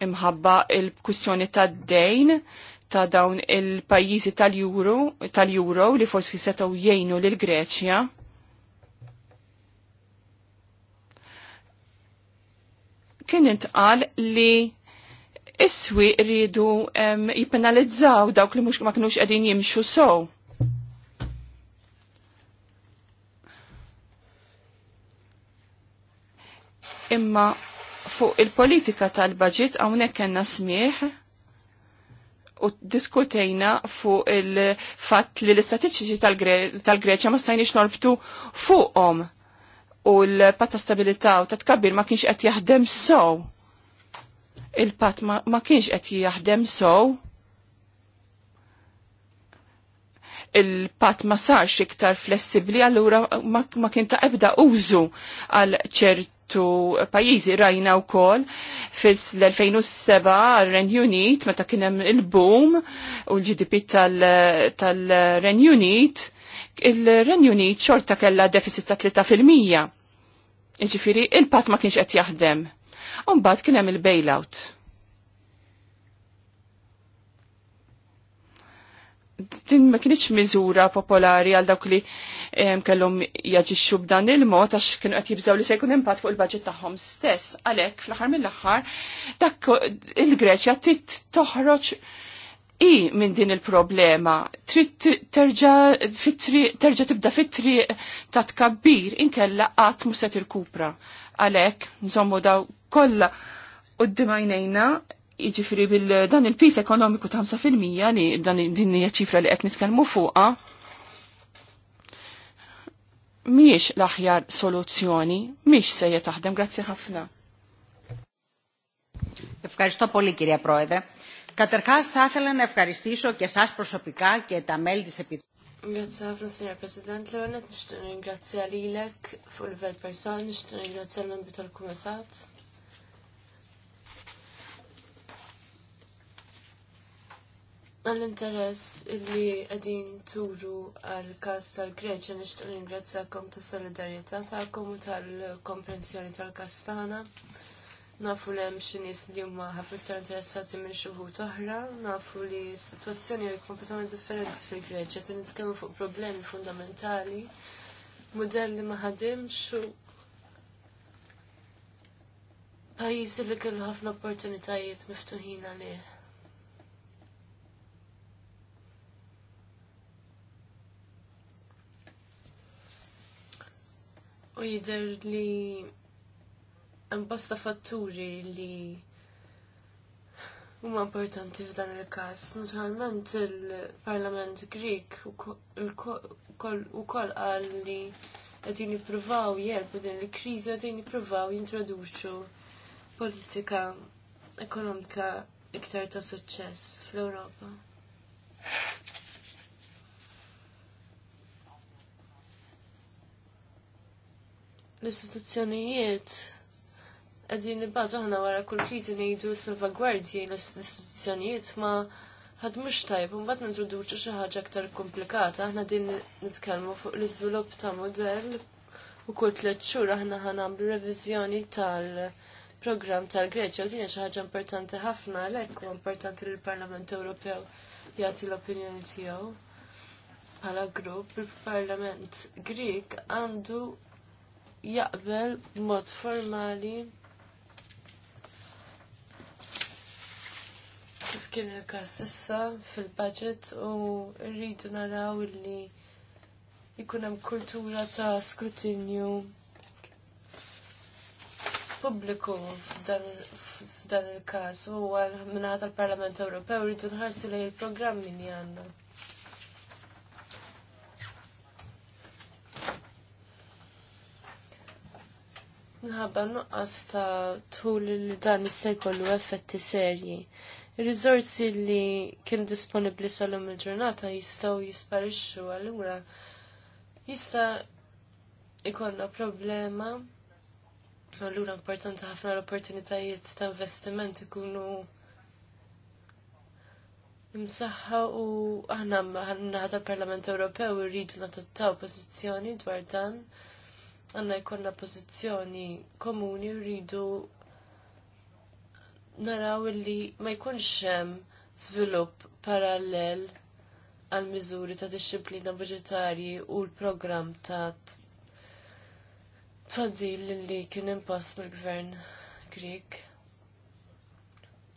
imħabba il-kwistjoni tad-dejn ta' dawn il-pajjiżi tal-Euro tal-Euro li forsi setgħu jgħinu lil Greċja kien intqal li iswi rridu jipenalizzaw dawk li mux ma kienux qegħdin jimxu sow. Imma fuq il-politika tal-budget hawnhekk kellna smieħ u diskutejna fuq il-fatt li l-istatistiċi tal-Greċja ma stajniex norbtu fuqhom u l-pat ta' stabilità u ta' tkabbir ma kienx qed jaħdem sow. Il-pat ma kienx qed jaħdem sow. il-pat ma sarx iktar flessibli allura ma, ma kien ta' ebda użu għal ċertu pajjiżi rajna wkoll fil-2007 renju Unit meta kien hemm il-boom u l-GDP tal-Renju tal Unit Il-Renju Unit xorta kella deficit ta' 3%. Iġifiri, il-pat ma kienx qed jaħdem. Umbagħad kien hemm il-bailout. Din ma kienx miżura popolari għal dawk li kellhom jaġixxu b'dan il-mod għax kienu qed jibżgħu li se jkun impatt fuq il-baġġett tagħhom stess. Għalhekk fl-aħħar mill-aħħar dak il-Greċja tit toħroġ i minn din il-problema terġa tibda fit-tri ta' tkabbir inkella qatt muset se tirkupra. Għalhekk nżommu daw u d-dimajnejna, jiġifieri bil dan il-pis ekonomiku ta' 5% li dan din hija ċifra li qed nitkellmu fuqha miex l-aħjar soluzzjoni, miex se taħdem, grazzi ħafna. Ευχαριστώ πολύ kirja proedre. Καταρχάς θα ήθελα να ευχαριστήσω και εσάς προσωπικά και τα μέλη της Επιτροπής. Grazie ħafna, Sra. President. L-għonet nishtan ringrazzja li l-ek fuq il-vel person, nishtan ringrazzja l-membri tal-Kumitat. Għall-interess li għedin turu għal-kas tal-Greċa, nishtan ringrazzjakom a solidarieta ta'kom u tal-komprensjoni tal-kastana. tal komprensjoni tal kastana Nafu li hemm xi nies li huma ħafna iktar interessati minn xi wħud oħra, nafu li s-sitwazzjoni hija kompletament differenti fil-Greċja, qed nitkellmu fuq problemi fundamentali, mudell li ma ħadimx u pajjiżi li kellu ħafna opportunitajiet miftuħin għalih. U jidher li imbosta fatturi li huma importanti f'dan il-każ. Naturalment il-Parlament Grik ukoll qal li qegħdin jippruvaw jelbu din il-kriżi qegħdin jippruvaw jintroduċu politika ekonomika iktar ta' suċċess fl-Ewropa. L-istituzzjonijiet għedin nibadu ħana wara kull kriżi ngħidu salvagwardji l-istituzzjonijiet ma ħad mux tajb, un bat nintroduċu xi ħaġa aktar komplikata, aħna din nitkellmu fuq l-iżvilupp ta' model u kull tliet xhur aħna għamlu reviżjoni tal- program tal-Greċja u din xi ħaġa importanti ħafna għalhekk u importanti li l-Parlament Ewropew jagħti l-opinjoni tiegħu. Bħala grupp il-Parlament Grik għandu jaqbel b'mod formali kien il-kas sissa fil-budget u rridu naraw li jkun hemm kultura ta' skrutinju pubbliku f'dan il-każ u minna tal-Parlament Ewropew rridu nħarsu lejn il-programmi li għandna. Minħabba nuqqas ta' tħul li dan jista' jkollu effetti serji. Il-rizorsi li kien disponibli sal-lum il-ġurnata jistaw jisparixxu għallura jista ikonna problema Allura importanti ħafna l-opportunitajiet ta' investiment ikunu Msaħħa u aħna naħa tal-Parlament Ewropew irridu nadottaw pożizzjoni dwar dan. Għandna jkollna pożizzjoni komuni rridu naraw illi ma jkunx hemm svilupp parallel għal miżuri ta' disċiplina budgetarji u l-programm ta' tfadil li kien impost mill-gvern Grieg.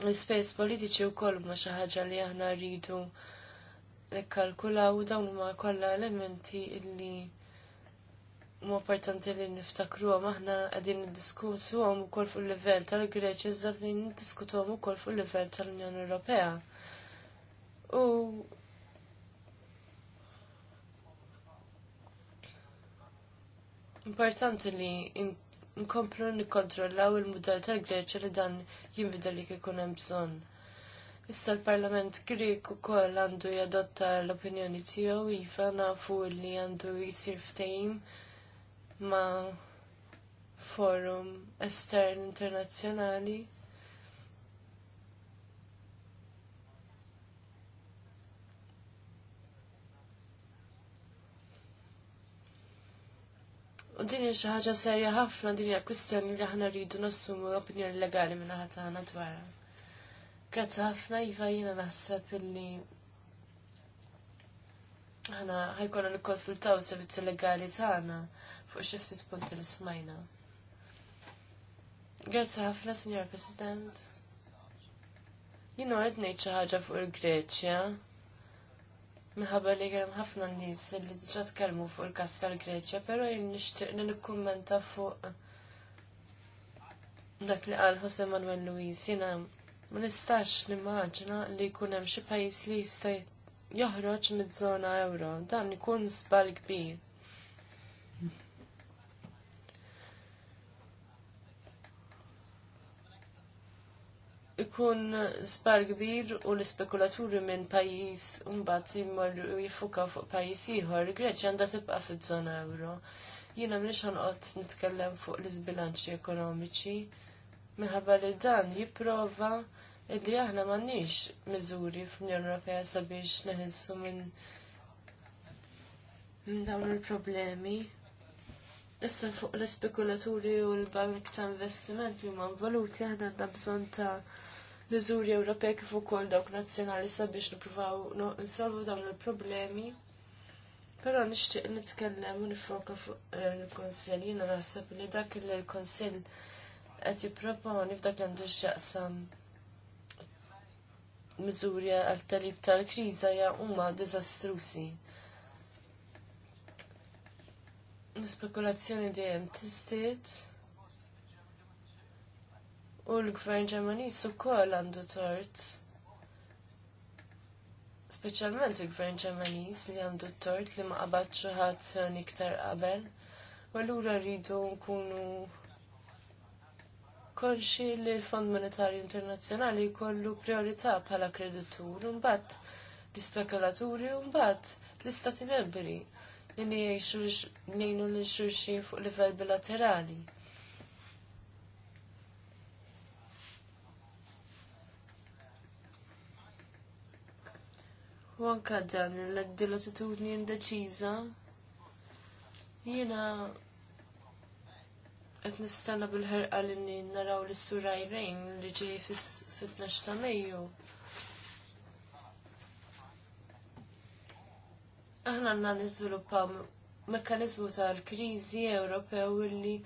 L-ispejs politiċi wkoll ma xi ħaġa li aħna rridu nikkalkulaw dawn huma kollha elementi illi u importanti li niftakru għam aħna għadin diskutu għam u kol fuq level tal-Greċi, iżda li diskutu għam u kol fuq level tal-Unjoni Ewropea. U Importanti li nkomplu nikkontrollaw il-mudell tal-Greċi li dan jinbidel li kikun hemm bżonn. Issa l-Parlament Grek u koll għandu jadotta l-opinjoni tiegħu iva nafu li għandu jisir ftehim ma' forum estern internazzjonali. U din xi ħaġa serja ħafna din hija kwistjoni li aħna rridu nassumu l opinjoni legali minn ħadd aħna dwarha. Grazzi ħafna iva jiena naħseb illi aħna ħajkollna nikkonsultaw servizzi legali tagħna fuq xi ftit punti li smajna. Grazzi ħafna, Signor President. Jien għed ngħid xi ħaġa fuq il-Greċja. Minħabba li kien ħafna n-nis li diġa' tkellmu fuq il-każ tal-Greċja, però jien nixtieq li nikkummenta fuq dak li qal Jose Manuel Luis. Jiena ma nistax nimmaġina li jkun hemm xi pajjiż li jista' joħroġ miż-żona euro. Dan ikun żball kbir. ikun spar kbir u l-spekulaturi minn pajis mbagħad jmorru jiffuka fuq pajis ieħor, Greċja għandha sebqa' fiż-żona euro. Jiena m'iniex ħanqod nitkellem fuq l izbilanċi ekonomiċi minħabba li dan jipprova li aħna m'għandniex miżuri fl-Unjoni Ewropea sabiex neħilsu minn minn dawn il-problemi. Issa fuq l-spekulaturi u l-bank ta' investiment li ma' valuti aħna bżon bżonn ta' miżuri Ewropej kif ukoll dawk nazzjonali sabiex nippruvaw nsolvu dawn il-problemi. Però nixtieq nitkellem u nifoka fuq il kunsell Jiena naħseb li dak li l kunsell qed jipproponi f'dak li għandu x'jaqsam miżuri għal talib tal-kriża ja huma diżastrużi. L-spekulazzjoni dejjem tistiet. U l-gvern Ġermaniż ukoll għandu tort. Speċjalment il-gvern Ġermaniż li għandu tort li ma qabad xi iktar qabel. U allura rridu nkunu konxi li l-Fond Monetarju Internazzjonali jkollu priorità bħala kreditur mbagħad l-ispekulaturi u mbagħad l-istati membri li jgħixu ngħinu lil xulxin fuq livell bilaterali. U anka dan l-attitudni indeċiża. Jiena qed nista'na bil-ħerqa l-inni naraw l sura jrejn li ġej fit-12 ta' Mejju. Aħna għandna niżviluppaw mekanizmu tal-kriżi Ewropew li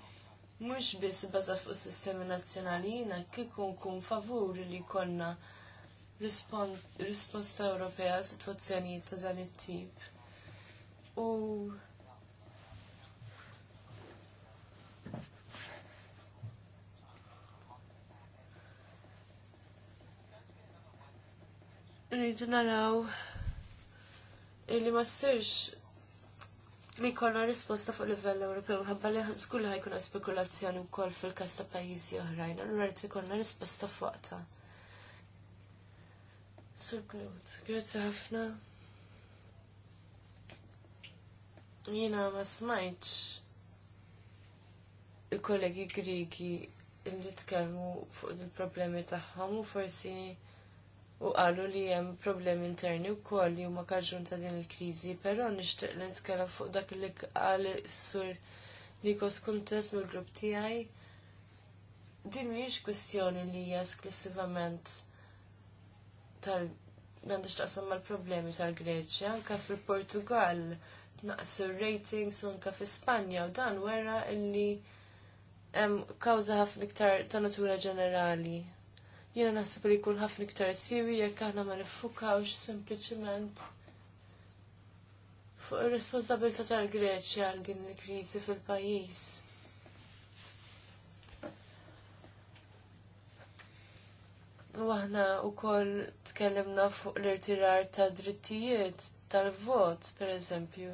mhux biss baza fuq sistemi nazzjonali jiena kikun kun favur li konna risposta Ewropea situazzjonijiet ta' dan it-tip. U rridu naraw illi ma ssirx li kolla risposta fuq livell Ewropew ħabba li skull ħajkuna spekulazzjoni wkoll fil-każ ta' pajjiżi oħrajn, allura rrid ikollna risposta fuqha. Sur Claude, grazzi ħafna. Jena ma smajċ il-kollegi Grigi li tkellmu fuq il-problemi tagħhom u forsi u qalu li hemm problemi interni wkoll li huma kaġun ta' din il-kriżi, però nixtieq li nitkellem fuq dak li qal sur Nikos Kuntes mill-grupp tiegħi. Din mhijiex kwestjoni li hija esklusivament tal għandix taqsam mal-problemi tal-Greċja, anka fil-Portugal naqsu ratings u anka fil-Spanja u dan wera illi hemm kawża ħafna iktar ta' natura ġenerali. Jiena naħseb li jkun ħafna iktar siwi jekk aħna ma nifukawx sempliċiment fuq ir-responsabilità tal-Greċja għal din il-kriżi fil-pajjiż. U aħna wkoll tkellimna fuq l-irtirar ta' drittijiet tal-vot, pereżempju,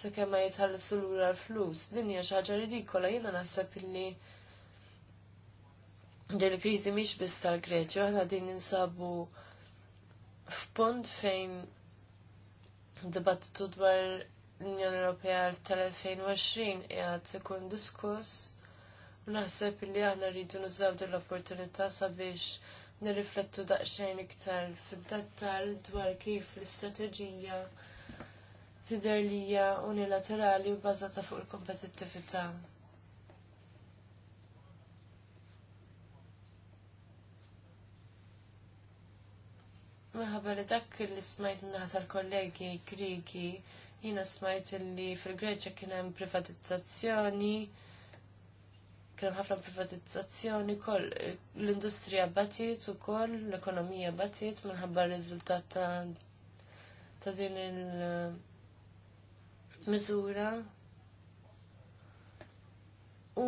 sakemm ma jitħallsu lura l-flus. Din hija xi ħaġa ridikola jiena naħseb illi din il-kriżi mhix biss tal greċi aħna din insabu f'pont fejn dibattitu dwar l-Unjoni Ewropea tal-2020 qiegħed ikun diskuss u naħseb li aħna rridu nużaw din l-opportunità sabiex nirriflettu daqsxejn iktar fid-dettall dwar kif l-istrateġija tidher li hija unilaterali u bbażata fuq il-kompetittività. Minħabba li dak li smajt minnaħat tal-kollegi Kriki, jina smajt li fil-Greċja kien hemm privatizzazzjoni kien ħafna privatizzazzjoni koll, l-industrija batiet u koll, l-ekonomija batiet minħabba r-riżultat ta', din il-miżura. U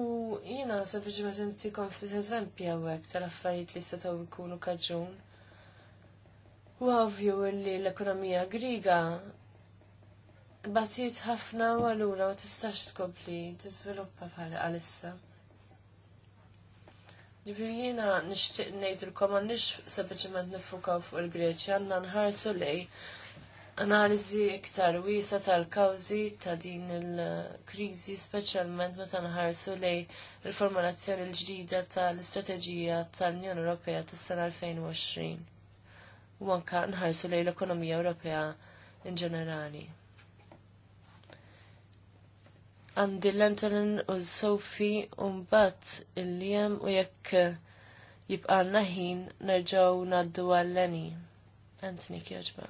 jina sempliċement inti ftit eżempji għawek tal-affarijiet li setgħu jkunu kaġun. U għavju li l-ekonomija griga batiet ħafna u allura ma tistax tkopli tiżviluppa bħal għalissa. Ġifiri jena nishtiq nejtilkom għan nix sempliciment nifukaw fuq il-Greċja għanna nħarsu lej analizi iktar wisa tal-kawzi ta' din il-krizi specialment meta nħarsu lej il-formulazzjoni l-ġdida tal-istrateġija tal-Unjoni Ewropea tas-sena 2020. U anka nħarsu lej l-ekonomija Ewropea in ġenerali għandi l-Antolin u l-Sofi un-bat il-lijem u jekk eh, jibqalna ħin nerġaw naddu għalleni. Anthony kjoġba.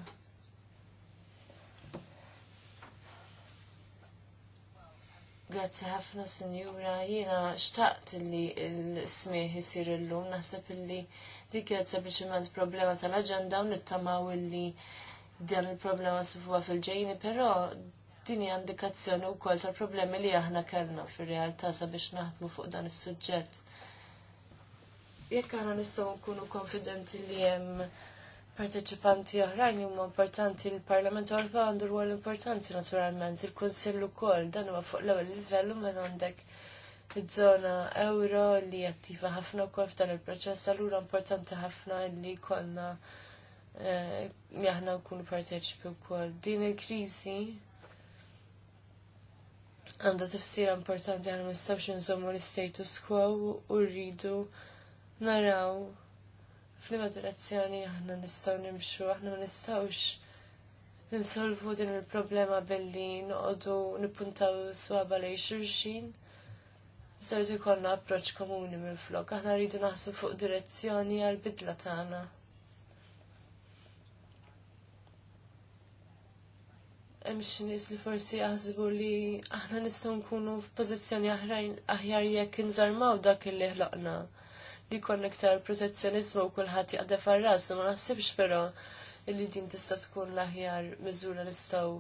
Grazzi ħafna sinjura, jiena xtaqt li l-smieħ jisir l-lum, naħseb li dik sempliċement problema tal-agenda u nittamaw li dan il-problema sifuwa fil-ġejni, pero dini indikazzjoni u kol tal problemi li aħna kellna fir realtà sabiex naħdmu fuq dan is-suġġett. Jekk aħna nistgħu nkunu konfidenti li hemm parteċipanti oħrajn huma importanti l-Parlament Ewropew għandu rwol importanti naturalment, il-Kunsill ukoll dan huwa fuq l-ewwel livell u minn għandek iż-żona euro li attiva ħafna wkoll f'dan il-proċess allura importanti ħafna li jkollna jaħna eh, nkunu parteċipi wkoll. Din il-kriżi għanda tifsir importanti għan nistgħux nżommu l-status quo u rridu naraw f'liema direzzjoni aħna nistgħu nimxu, aħna ma nistgħux insolvu din il-problema billi noqogħdu nippuntaw swaba lejn xulxin. Saret ikollna approċċ komuni minn flok, aħna rridu naħsu fuq direzzjoni għall bidla tagħna. hemmx nies li forsi jaħsbu li aħna nistgħu nkunu f'pożizzjoni aħrajn aħjar jekk inżarmaw dak li ħloqna. Li jkun iktar protezzjonizmu u kulħadd jaqdef ar-ras ma naħsibx però li din tista' tkun l-aħjar miżura nistgħu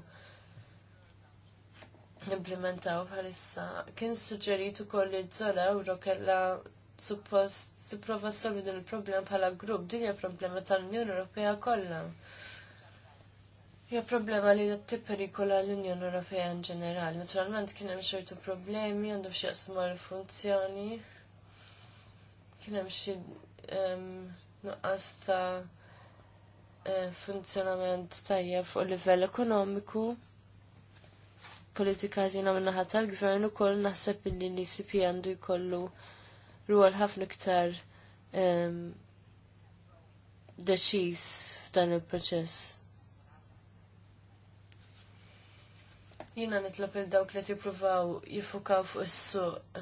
implementaw bħalissa. Kien suġġerit ukoll li żola euro kellha suppost tipprova solvi din il-problema bħala grupp dinja problema tal-Unjoni Ewropea kollha. Ja problema li dat perikola l-Unjoni Ewropea in ġenerali. Naturalment kien hemm xertu problemi għandu x'jaqsma l-funzjoni. Kien hemm xi nuqqas ta' eh, funzjonament tajjeb fuq livell ekonomiku. Politika ħażina min-naħa tal-gvern ukoll naħseb illi l-ICP għandu jkollu rwol ħafna iktar deċiż f'dan il-proċess Jiena nitlob il-dawk li tippruvaw jifukaw fuq is-suq.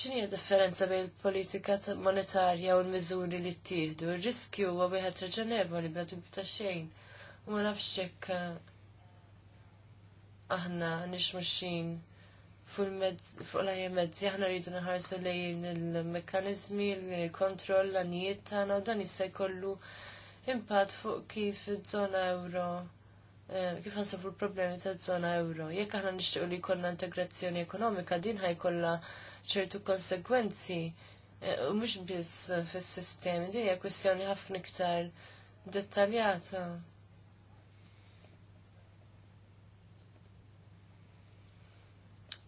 X'inhi differenza bejn il-politika monetarja u l-miżuri li ttieħdu? il riskju huwa wieħed raġonevoli bla dubju ta' xejn. U ma nafx hekk eh, aħna nix muxin fuq l mezzi aħna rridu naħarsu lejn il-mekkaniżmi, il-kontroll, l-anijiet tagħna u dan issa jkollu impatt fuq kif iż-żona euro Eh, kif ħansolvu l-problemi tal-żona euro. Jekk aħna nixtiequ li jkollna integrazzjoni ekonomika din ħajkollha ċertu konsegwenzi eh, u mhux biss fis-sistemi, din hija kwestjoni ħafna iktar dettaljata.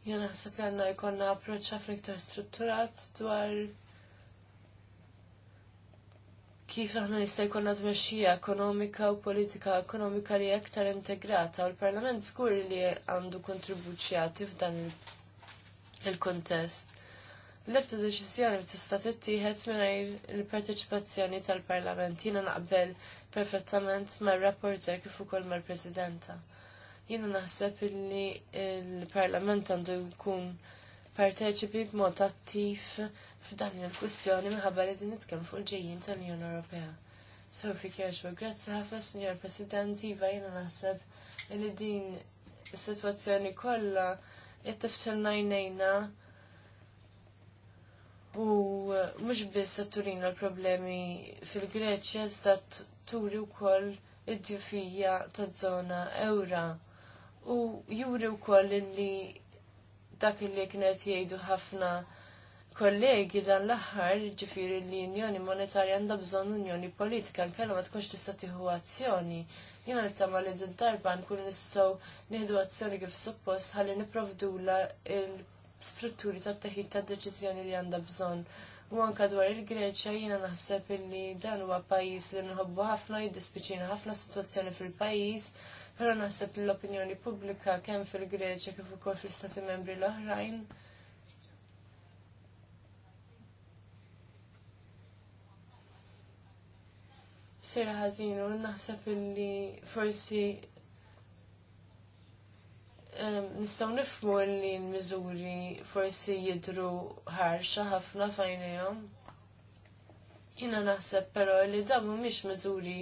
Jena naħseb li għandna jkollna approċċ ħafna iktar strutturat dwar kif aħna nista' jkollna tmexxija ekonomika u politika ekonomika li aktar integrata u l-Parlament żgur li għandu kontribuċjati f'dan il-kontest. L-ebda deċiżjoni tista' tittieħed mingħajr il-parteċipazzjoni tal-Parlament jiena naqbel perfettament mar-rapporter kif ukoll mal-Presidenta. Jiena naħseb li l-Parlament għandu jkun parteċipi b'mod attiv f'dan il-kwistjoni minħabba li din nitkellmu fuq il-ġejjin tal-Unjoni Ewropea. Sofi Kirchwa, grazzi ħafna Sinjor President, Iva jiena naħseb li din is-sitwazzjoni kollha qed tiftilna jnejna u mhux biss se turina l-problemi fil-Greċja iżda turi wkoll id-djufija taż-żona ewra. U juri wkoll li dak li kienet jgħidu ħafna kollegi dan l-aħħar ġifiri l-Unjoni Monetarja għandha bżonn Unjoni Politika nkella ma tkunx tista' tieħu azzjoni. Jiena nittama li din darba nkun nistgħu nieħdu azzjoni kif suppost ħalli niprovdula l-strutturi tat-teħid tad-deċiżjoni li għandha bżonn. U anka dwar il-Greċja jiena naħseb illi dan huwa pajjiż li nħobbu ħafna jiddispiċina ħafna sitwazzjoni fil-pajjiż, però naħseb l-opinjoni pubblika kemm fil-Greċja kif ukoll fl-Istati Membri l-oħrajn sejra ħażinu naħseb illi forsi nistgħu nifhmu li l-miżuri forsi jidru ħarxa ħafna fajnejhom. Jiena naħseb però li dawn mhumiex miżuri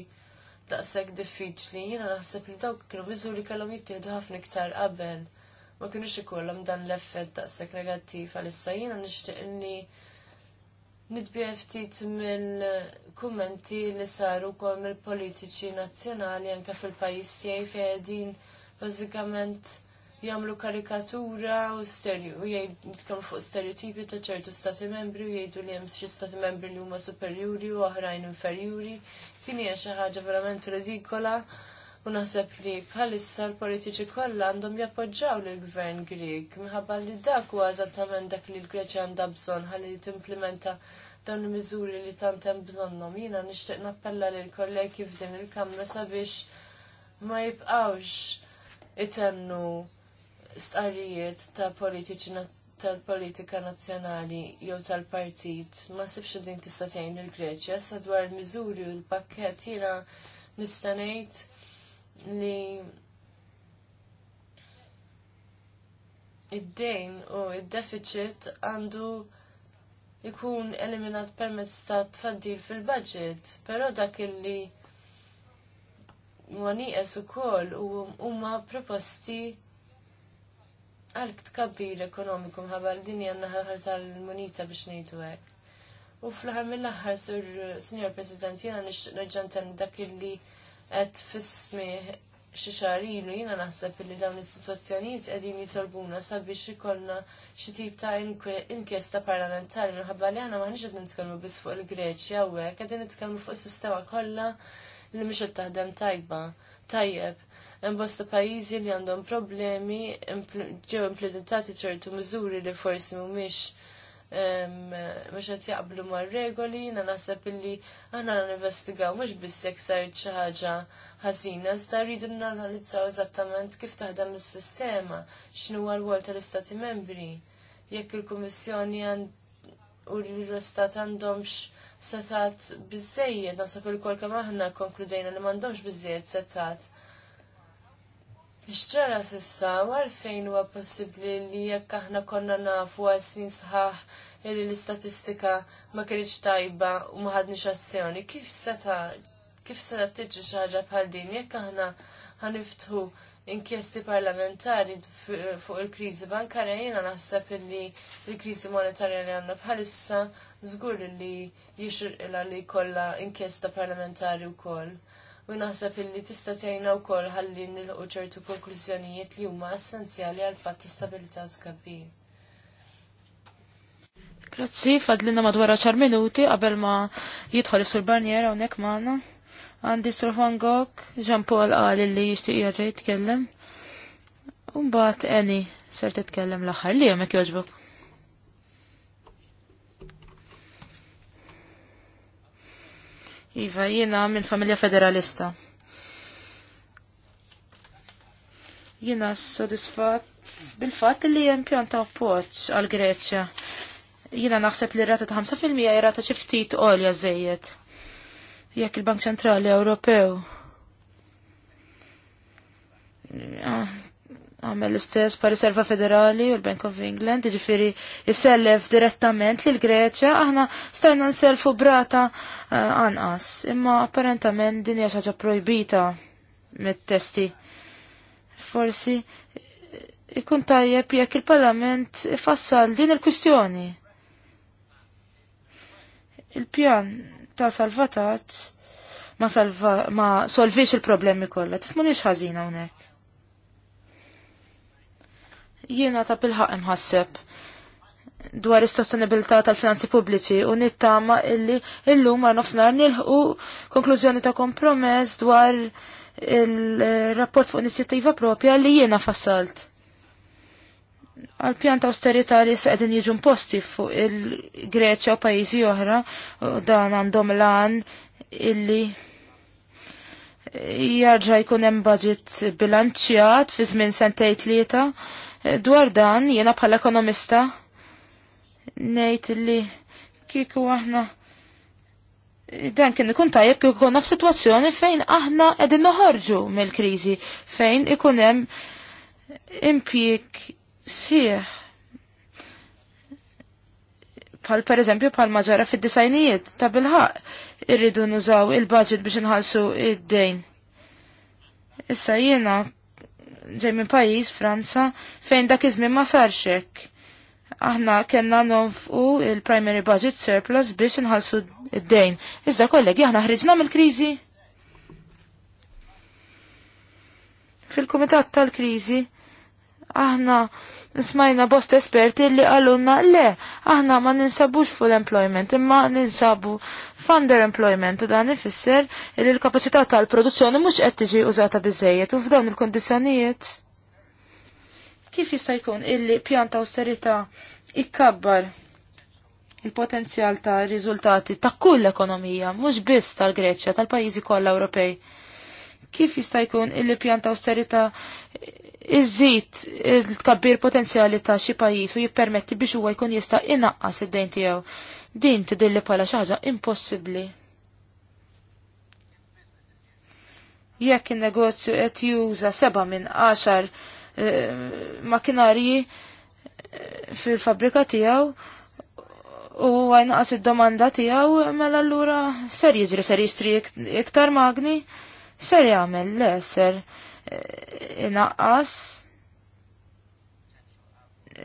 daqshekk diffiċli, jiena naħseb li dawk kienu miżuri kellhom jittieħdu ħafna iktar qabel ma kienux ikollhom dan l-effett daqshekk negattiv għalissa jiena nixtieq li nitbieħ ftit mill-kummenti li saru kol mill-politiċi nazzjonali anke fil-pajis tiegħi fejedin bażikament jagħmlu karikatura u jitkellmu fuq stereotipi ta' ċertu stati membri u jgħidu li hemm xi stati membri li huma superjuri u oħrajn inferjuri. Din hija xi ħaġa verament ridikola u naħseb li bħalissa l-politiċi kollha għandhom jappoġġaw lill gvern Grieg minħabba li dak huwa eżattament dak li l-Greċja għandha bżonn ħalli timplementa dawn il-miżuri li tant hemm bżonnhom. Jiena nixtieq nappella lil kollegi f'din il-kamra sabiex ma jibqgħux itennu stqarrijiet ta' politiċi tal-politika nazzjonali jew tal-partit ma sibx din tista' tgħin il-Greċja sa dwar il-miżuri u l-pakkett jiena nista' ngħid li id-dejn u id-deficit għandu ikun eliminat permezz ta' tfaddil fil-budget, però dak illi waniqes ukoll huma proposti għal tkabbir ekonomiku mħabba l din għanna ħar tal-munita biex nejdu hekk. U fl-ħar mill-aħħar, Sur Signor President, jena nix nerġa' dak illi qed fissmi xi xahar ilu jiena naħseb li dawn is-sitwazzjonijiet qegħdin jitolbuna sabiex ikollna xi tip ta' inkjesta parlamentari minħabba li aħna m'aħniex qed nitkellmu biss fuq il-Greċja hawnhekk qegħdin nitkellmu fuq is-sistema kollha li mhix qed taħdem tajba. Tajjeb hemm bosta pajjiżi li għandhom problemi ġew implementati ċertu miżuri li forsi mhumiex biex qed jaqblu mar-regoli, na naħseb illi aħna ninvestigaw mhux biss jekk sarit xi ħaġa ħażina, iżda rridu nanalizzaw eżattament kif taħdem is-sistema, x'inhu l-wol tal-Istati Membri, jekk il-Kummissjoni u l-Istat għandhomx setat bizzejjed, naħseb il-kol kemm aħna konkludejna li m'għandhomx bizzejjed setat Xġara sissa, għalfejn huwa possibbli li jekk aħna konna nafu għal snin sħaħ l-istatistika ma kienx tajba u ma ħadniex azzjoni, kif seta kif seta tiġi xi ħaġa bħal din jekk aħna ħaniftħu inkjesti parlamentari fuq il-kriżi bankarja jiena naħseb illi l-kriżi monetarja li għandna bħalissa żgur li jixirqilha li jkollha inkjesta parlamentari wkoll u naħseb illi tista' tgħinna wkoll ħalli nilħu ċertu konklużjonijiet li huma essenzjali għal patt ta' stabilità tkabbir. Grazzi, fadlina madwar ċar minuti qabel ma jidħol is-sur Barnier hawnhekk magħna. Għandi sur Van Gogh, Jean Paul qal li jixtieq jerġa' jitkellem. mbagħad Eni ser titkellem l-aħħar li hemm jogħġbok. Iva, jiena minn familja federalista. Jiena sodisfat bil-fat li jem pjanta poċ għal Greċja. Jiena naħseb li rata ta' 5% jirata ċiftit olja zejjed. Jekk il-Bank Ċentrali Ewropew ah, għamel l-istess pa' Riserva Federali u l-Bank of England, ġifiri jisellef direttament li l-Greċja, aħna stajna nselfu brata eh, anqas, imma apparentament din hija ħaġa projbita mit-testi. Forsi eh, ikun tajjeb jekk il-Parlament ifassal din il-kwistjoni. Il-pjan ta' salvataġġ ma, salva, ma solvix il-problemi kollha, tifmunix ħażina hawnhekk jiena ta' pilħaq imħasseb dwar is-sostenibilità tal-finanzi pubbliċi u nittama illi illum għal nofsnar nilħu konklużjoni ta' kompromess dwar il-rapport fuq inizjattiva propja li jiena fassalt. Għal pjan ta' austerità li s-għedin jiġu imposti fuq il-Greċja u pajizi oħra, dan għandhom lan illi jarġa jkun hemm budget bilanċjat fi żmien sentejn tlieta Dwar dan jiena bħala ekonomista nejt li kieku aħna dan kien ikun tajjeb kieku konna f'sitwazzjoni fejn aħna qegħdin noħorġu mill-kriżi, fejn ikun hemm impjieg sieħ pal per eżempju pal maġara fid-disajnijiet ta' bilħaq irridu nużaw il-budget biex nħalsu id-dejn. Issa jiena ġej minn pajjiż Franza fejn dak iż-żmien ma sarx hekk. Aħna kellna nonfqu il-primary budget surplus biex inħallsu id-dejn. Iżda kollegi aħna ħriġna mill-kriżi. Fil-kumitat tal-kriżi Aħna smajna bost esperti li għalunna le, aħna ma ninsabux full employment, imma ninsabu funder employment u dan ifisser li l-kapacità tal-produzzjoni mhux qed tiġi użata biżejjed u f'dawn il-kondizzjonijiet. Kif jista' jkun illi pjanta austerità ikkabbar il-potenzjal ta' riżultati ta' kull ekonomija, mhux biss tal-Greċja, tal-pajjiżi kollha Ewropej. Kif jista' jkun illi pjan austerità iżżid il-tkabbir potenzjali ta' xi pajjiż u jippermetti biex huwa jkun jista' inaqqas id-dejn tiegħu. Din tidilli bħala xi ħaġa impossibbli. Jekk in-negozju qed juża seba' minn għaxar eh, makinarji eh, fil-fabrika tiegħu u għajnaqas id-domanda tiegħu mela allura ser jiġri ser jistri iktar magni ser jagħmel le ser inaqas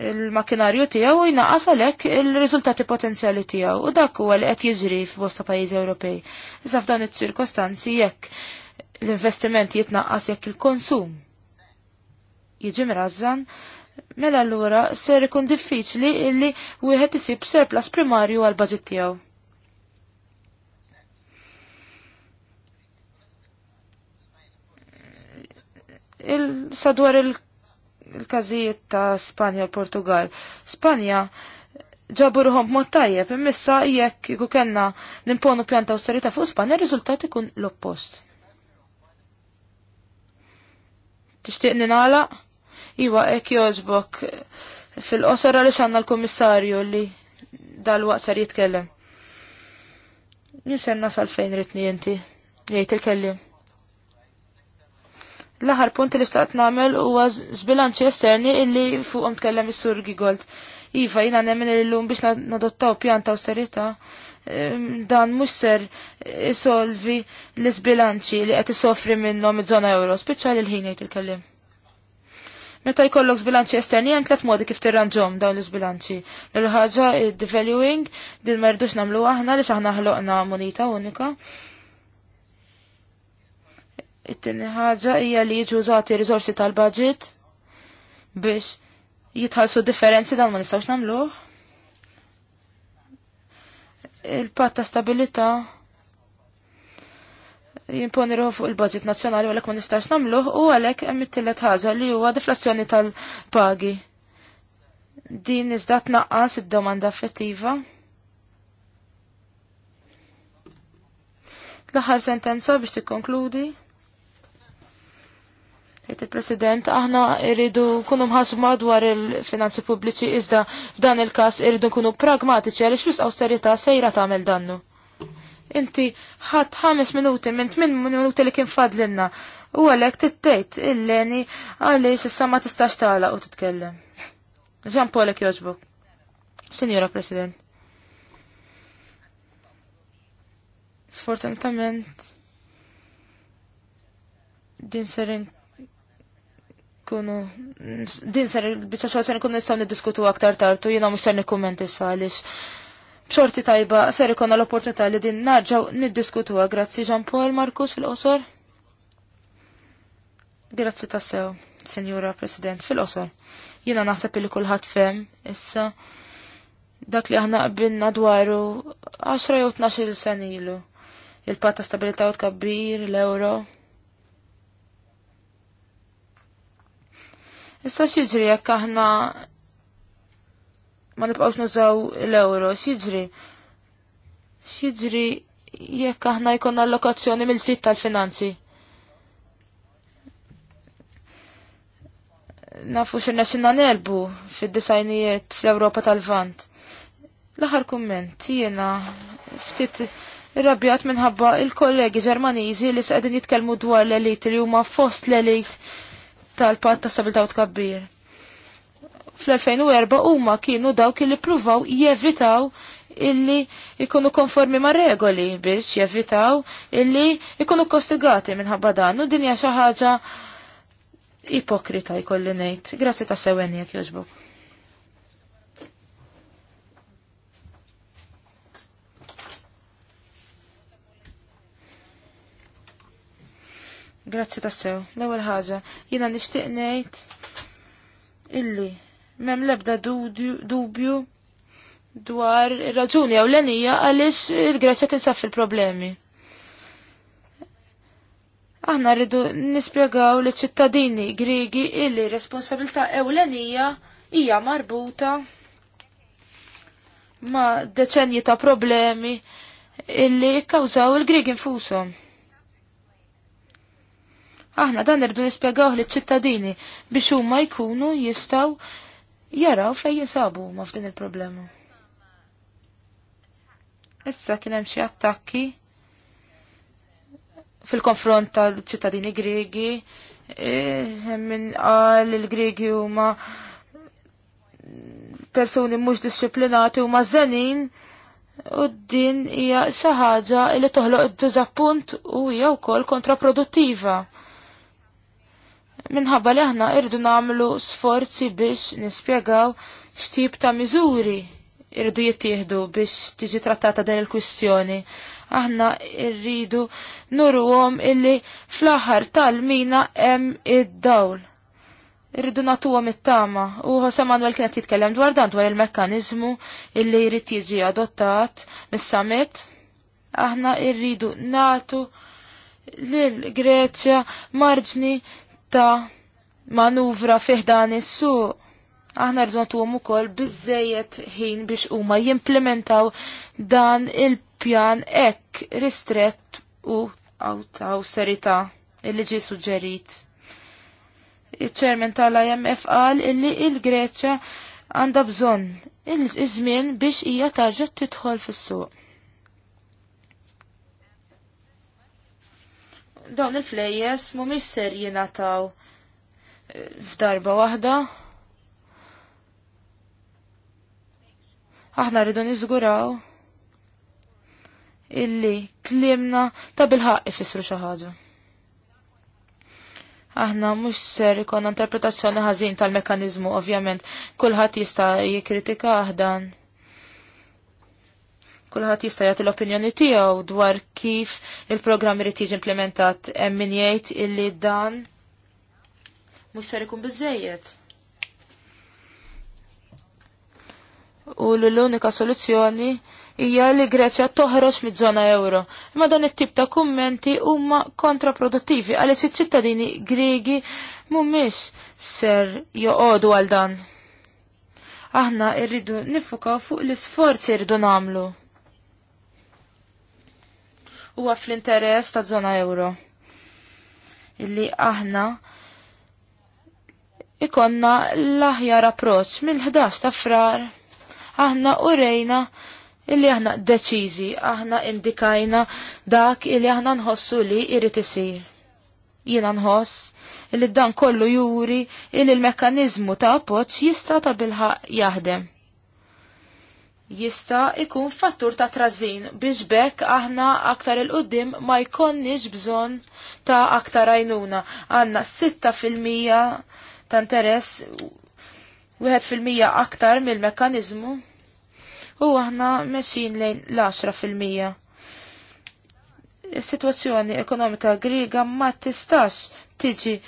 il-makinarju tijaw jinaqqas għalek il-rizultati potenzjali tijaw u dak huwa li qed jiġri f'bosta pajjiż Ewropej. Issa f'dan iċ-ċirkostanzi jekk l-investiment jitnaqqas jekk il-konsum jiġi mrażżan, mela allura ser ikun diffiċli li wieħed isib surplus primarju għal baġit tiegħu. il-sadwar il-kazijiet ta' Spanja u Portugal. Spanja ġabu ruħom mod tajjeb, imissa jekk iku kellna nimponu pjanta austerita fuq Spanja, ir-riżultat ikun l-oppost. Tixtieq ninala? Iwa, ek joġbok fil-qosara li xanna l-komissarju li dal-waqt sar jitkellem. Jinsen nasal fejn ritni inti, jgħid il-kellim. L-aħar punt li xtaqt namel huwa zbilanċi esterni illi fuqhom tkellem is-sur Gigold. Iva, jina nemmen il-lum biex nadottaw pjan ta' austerita, dan mux ser isolvi l zbilanċi li għet isofri minnom iż-żona euro, speċali l-ħin jgħid il-kellim. Meta jkollok zbilanċi esterni hemm tliet modi kif tirranġom dawn l zbilanċi l ħagġa id-devaluing din merdux nagħmlu aħna li aħna ħloqna moneta unika it tini ħaġa hija li jiġu użati riżorsi tal-budget biex jitħallsu differenzi dan ma nistgħux nagħmluh. Il-patt ta' stabilità jimponi ruħu fuq il-budget nazzjonali u għalek ma nistax namluħ u għalek emmittillet ħaġa li huwa deflazzjoni tal-pagi. Din iżda tnaqqas id-domanda effettiva. L-aħħar sentenza biex tikkonkludi. Għet il-President, aħna irridu kunu mħasu madwar il-finanzi pubbliċi iżda f'dan il-kas irridu kunu pragmatiċi għalix fis awsterita sejra tagħmel dannu. Inti ħadd ħames minuti minn 8 minuti li kien fadlinna u għalhekk tittejt illeni għaliex issa ma tistax tagħlaq u titkellem. Ġan Polek joġbu. Sinjora President. Sfortunatament din serin kunu din ser il-bicċa xogħol ser ikun nistgħu niddiskutu aktar tartu jiena mux ser nikumenti issa għaliex b'xorti tajba ser ikon l-opportunità li din narġaw niddiskutuha grazzi Jean Paul Markus fil osor Grazzi tassew, senjura President, fil osor Jiena naħseb li kulħadd fem issa dak li aħna qbilna dwaru 10 jew 12 il sen ilu. il pata stabilità u tkabbir, l-euro, Issa xieġri jekk aħna ma nibqgħux nużaw l-euro, xieġri? Xieġri jekk aħna jkollna allokazzjoni mill-ġdid tal-finanzi? Nafu xirna xinna nerbu fid-disajnijiet fl-Ewropa tal-Vant. L-aħħar kumment jiena ftit irrabjat minħabba il-kollegi Ġermaniżi li qegħdin jitkellmu dwar l-elit li huma fost l-elit tal pat ta' stabilta' u tkabbir. Fl-2004 huma kienu dawk li pruvaw jevitaw illi ikunu konformi ma' regoli biex jevitaw illi ikunu kostigati minħabba dan u dinja xi ħaġa ipokrita jkolli ngħid. Grazzi ta' sewenijek Joġbuk. Grazzi tassew. L-ewwel ħaġa, jiena nixtieq ngħid illi m'hemm l-ebda dubju dwar ir-raġuni jew l-enija għaliex il-Greċja tinsab fil-problemi. Aħna rridu nispjegaw li ċittadini Griegi illi responsabilità ewlenija hija marbuta ma' deċenji ta' problemi illi kkawżaw il griegi infushom Aħna dan irdu nispjegaw li ċittadini biex huma jkunu jistaw jaraw fej jinsabu ma f'din il-problema. Issa kien hemm xi attakki fil-konfront tal-ċittadini Gregi, e, minn qal il-Gregi huma persuni mhux disċiplinati huma żenin u din hija xi ħaġa li toħloq id-diżappunt u hija wkoll kontraproduttiva minħabba li aħna irdu namlu sforzi biex nispjegaw x'tip ta' miżuri irdu jittieħdu biex tiġi trattata din il-kwistjoni. Aħna irridu nurruhom illi fl-aħħar tal-mina hemm id-dawl. Irridu nagħtuhom it-tama u Jose Manuel kienet jitkellem dwar dan dwar il-mekkaniżmu illi jrid jiġi adottat mis-summit. Aħna irridu natu lil Greċja marġni ta' manuvra dan is-suq. Aħna rżontuhom ukoll biżejjed ħin biex huma jimplementaw dan il-pjan hekk ristrett u għaw serita illi ġi suġġerit. Il-ċermen tal-IMF qal illi il-Greċja għandha bżonn il-żmien biex hija tarġa' tidħol fis-suq. dawn il-flejjes mhumiex ser jingħataw eh, f'darba waħda. Aħna rridu niżguraw illi klimna ta' bil-ħaq ifissru xi ħaġa aħna mhux ser ikon interpretazzjoni ħażin tal-mekkaniżmu ovvjament kulħadd jista' jikkritika aħdan. Kulħadd jista' jagħti l-opinjoni tiegħu dwar kif il-programm irid jiġi implementat hemm min jgħid illi dan mhux ser ikun biżejjed. U l-unika soluzzjoni hija li Greċja toħroġ miż-żona euro. Imma dan it-tip ta' kummenti huma kontraproduttivi għaliex iċ-ċittadini Griegi mhumiex ser joqogħdu għal dan aħna irridu nifukaw fuq l-isforzi irridu namlu huwa fl-interess ta' zona euro. Illi aħna ikonna l-aħjar approċ mill-11 ta' frar. Aħna u rejna illi aħna deċizi, aħna indikajna dak illi aħna nħossu li irrid isir. Jiena nħoss illi dan kollu juri illi l mekanizmu ta' appoġġ jista' ta' bilħaq jaħdem jista' ikun fattur ta' trażin biex bekk aħna aktar il-qoddim ma jkonniex bżonn ta' aktar għajnuna. Għandna 6% ta' interess, 1% aktar mill-mekkaniżmu u aħna mexin lejn l-10%. Is-sitwazzjoni ekonomika griega ma tistax tiġi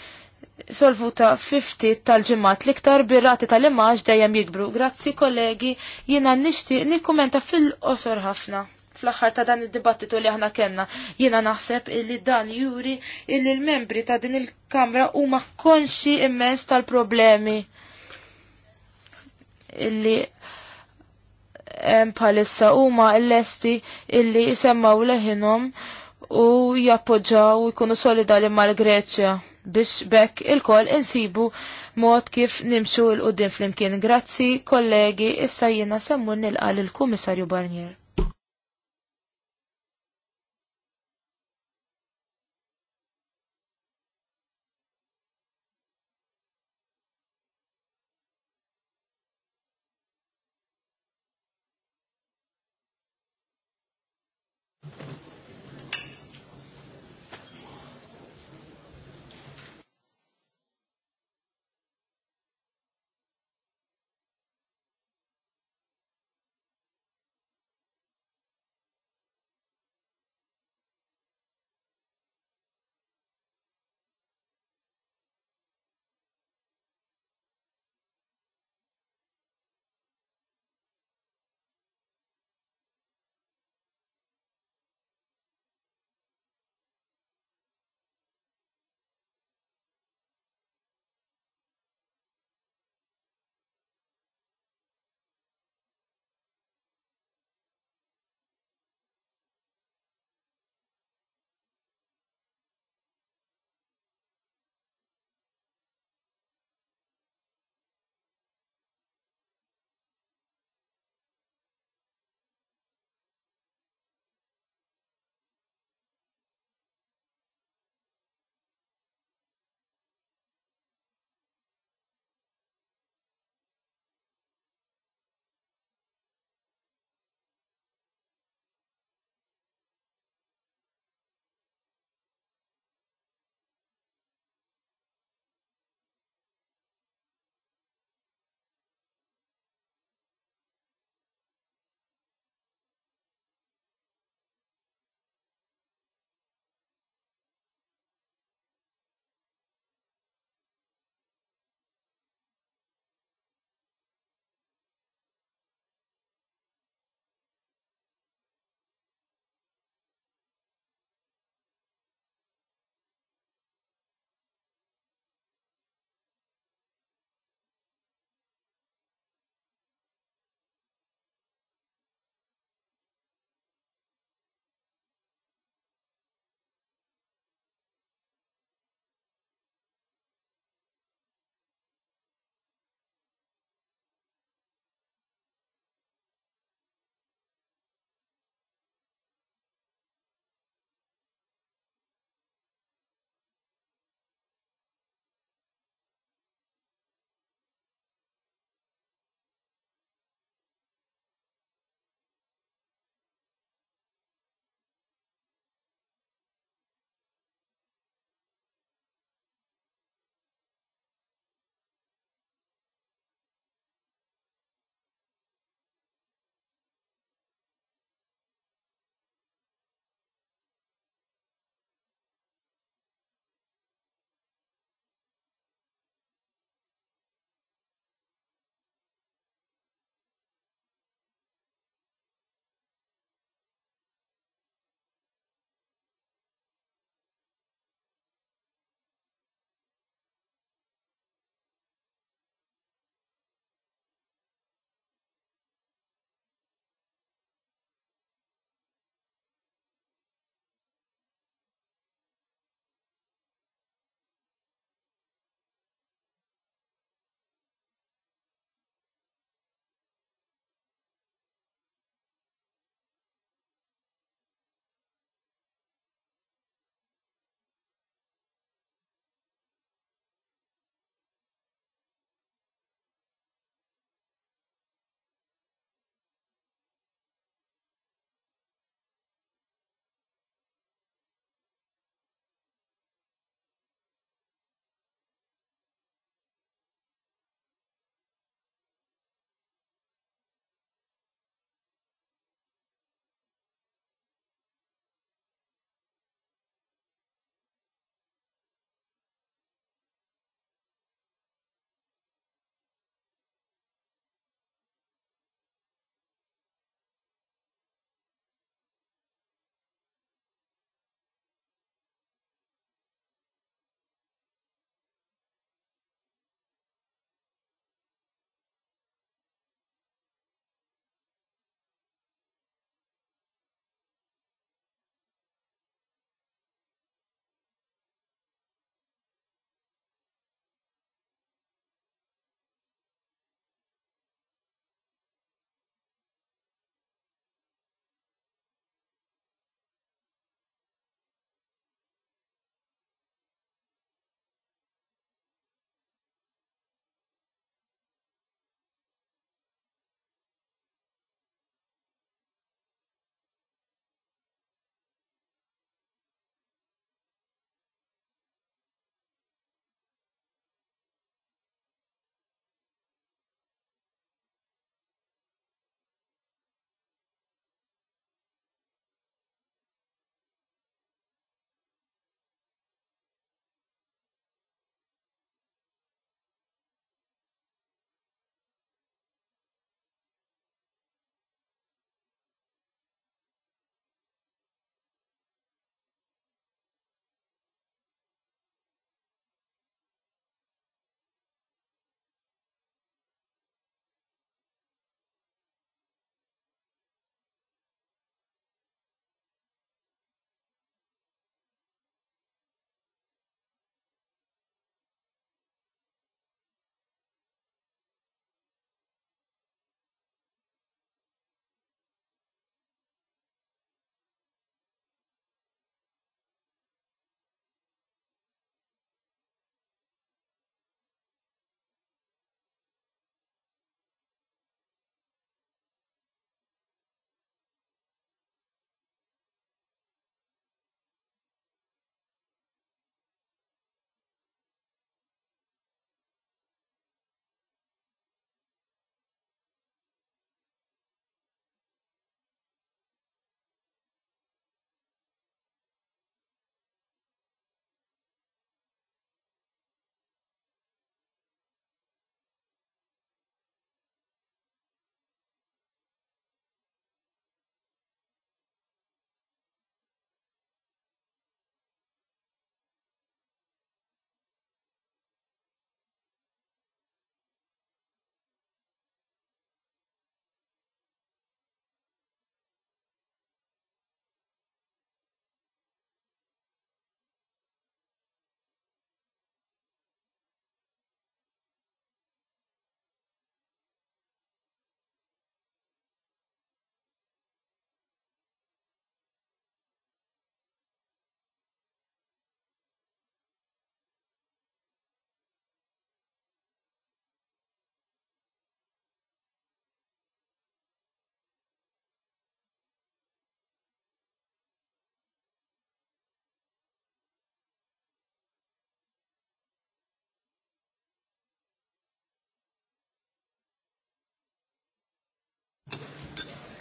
solvuta 50 tal-ġimmat liktar birrati tal-imaġ dejjem jikbru. Grazzi kollegi, jina nishti nikkumenta fil-qosor ħafna fl-axħar ta' dan id-dibattitu li aħna kena. Jina naħseb illi dan juri illi l-membri ta' din il-kamra huma konxi immens tal-problemi illi palissa huma l-lesti illi jisemmaw leħinom u jappoġġaw u jkunu solidali mal-Greċja biex bekk il-koll insibu mod kif nimxu l-qoddim fl-imkien. Grazzi, kollegi, issa jiena semmu nilqa l-Kummissarju Barnier.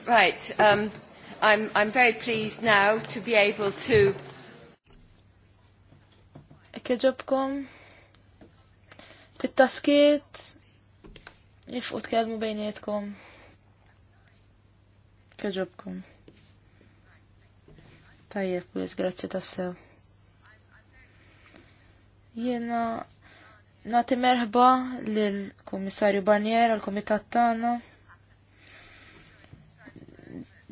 Right, um, I'm, I'm very pleased now to be able to... Ekkeġobkom, tittaskiet, jifqut tkellmu bejnietkom. Ekkeġobkom. Tajjeb, please, grazie tassew. Jena nati merħba lil-Komissarju Barnier, għal-Komitat tana.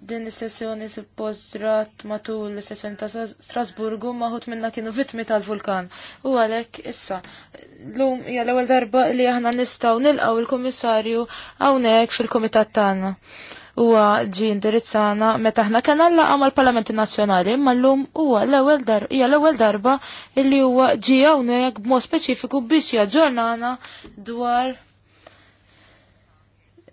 Din is-sessjoni suppost rat matul is-sessjoni ta' Strasburgu maħut minna kienu vittmi tal-vulkan. U għalek, issa llum hija l-ewwel darba li aħna nistgħu nilqgħu il-Kummissarju hawnhekk fil-Kumitat tagħna. Huwa ġi indirizzana meta aħna kien laqa mal-Parlamenti Nazzjonali, imma llum huwa l-ewwel darba hija l-ewwel darba illi huwa ġi hawnhekk b'mod speċifiku biex jaġġornana dwar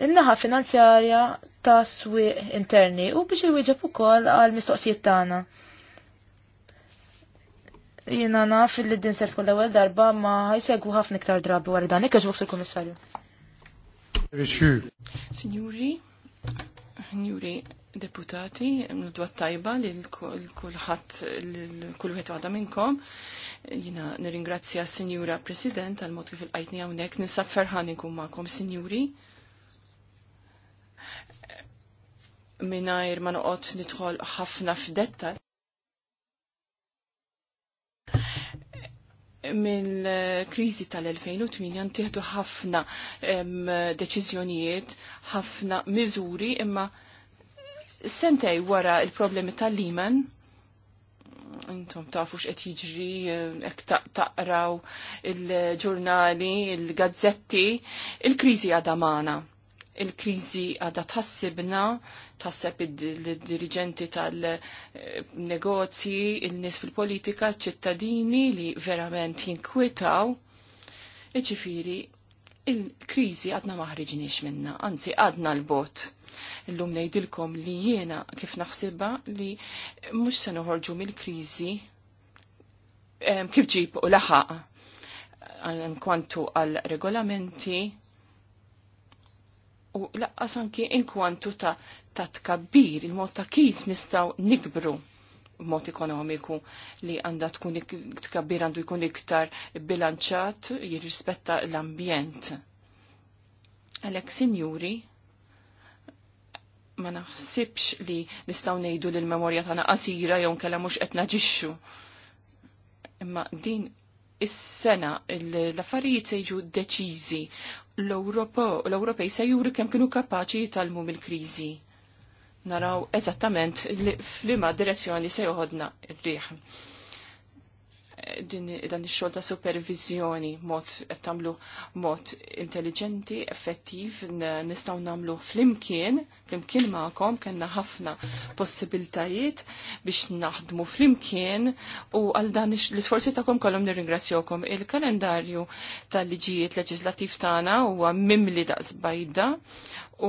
in-naħa finanzjarja ta' swieq interni u biex iwieġeb ukoll għal mistoqsijiet tagħna. Jiena naf li din sert kull l-ewwel darba ma ħajsegwu ħafna iktar drabi wara dan, ikkex sur kummissarju. Signuri, signuri, deputati, mnudwa tajba li l-kulħat, l-kulħet għada minnkom. Jina nirringrazzja ingrazzja Signora President għal-mod kif il-qajtni għawnek, nisab ferħan inkum ma'kom, Signuri. minajr ma noqgħod nidħol ħafna f'dettal. mill-krizi tal-2008 ntieħdu ħafna deċiżjonijiet, ħafna miżuri, imma sentej wara il-problemi tal-Liman, intom tafu x'qed jiġri hekk taqraw il-ġurnali, il-gazzetti, il-kriżi għadha magħna il-krizi għada tassibna, tasseb il-dirigenti tal-negozji, il-nis fil-politika, ċittadini li verament jinkwitaw. Iġifiri, il-krizi għadna maħriġniex minna, anzi għadna l-bot. Illum nejdilkom li jiena kif naħsibha li mhux se noħorġu mill-kriżi kif ġib u laħaq kwantu għal regolamenti u laqqas anki inkwantu ta' ta' tkabbir, il-mod ta' kif nistaw nikbru mod ekonomiku li għanda tkun tkabbir għandu jkun iktar bilanċat jirrispetta l-ambjent. Għalek, sinjuri, ma naħsibx li nistaw nejdu l-memorja tagħna qasira jew kellha mhux qed naġixxu. Imma din is-sena l-affarijiet se jiġu deċiżi l-Ewropej se juri kemm kienu kapaċi jitalmu mill-kriżi. Naraw eżattament f'liema direzzjoni se joħodna r riħ dan ix-xogħol ta' supervizjoni mod qed tagħmlu mod intelligenti, effettiv, nistgħu nagħmlu flimkien, flimkien magħkom kellna ħafna possibiltajiet biex naħdmu flimkien u għal dan l-isforzi tagħkom kollhom nirringrazzjawkom. Il-kalendarju tal-liġijiet leġislattiv tagħna huwa mimli daqsbajda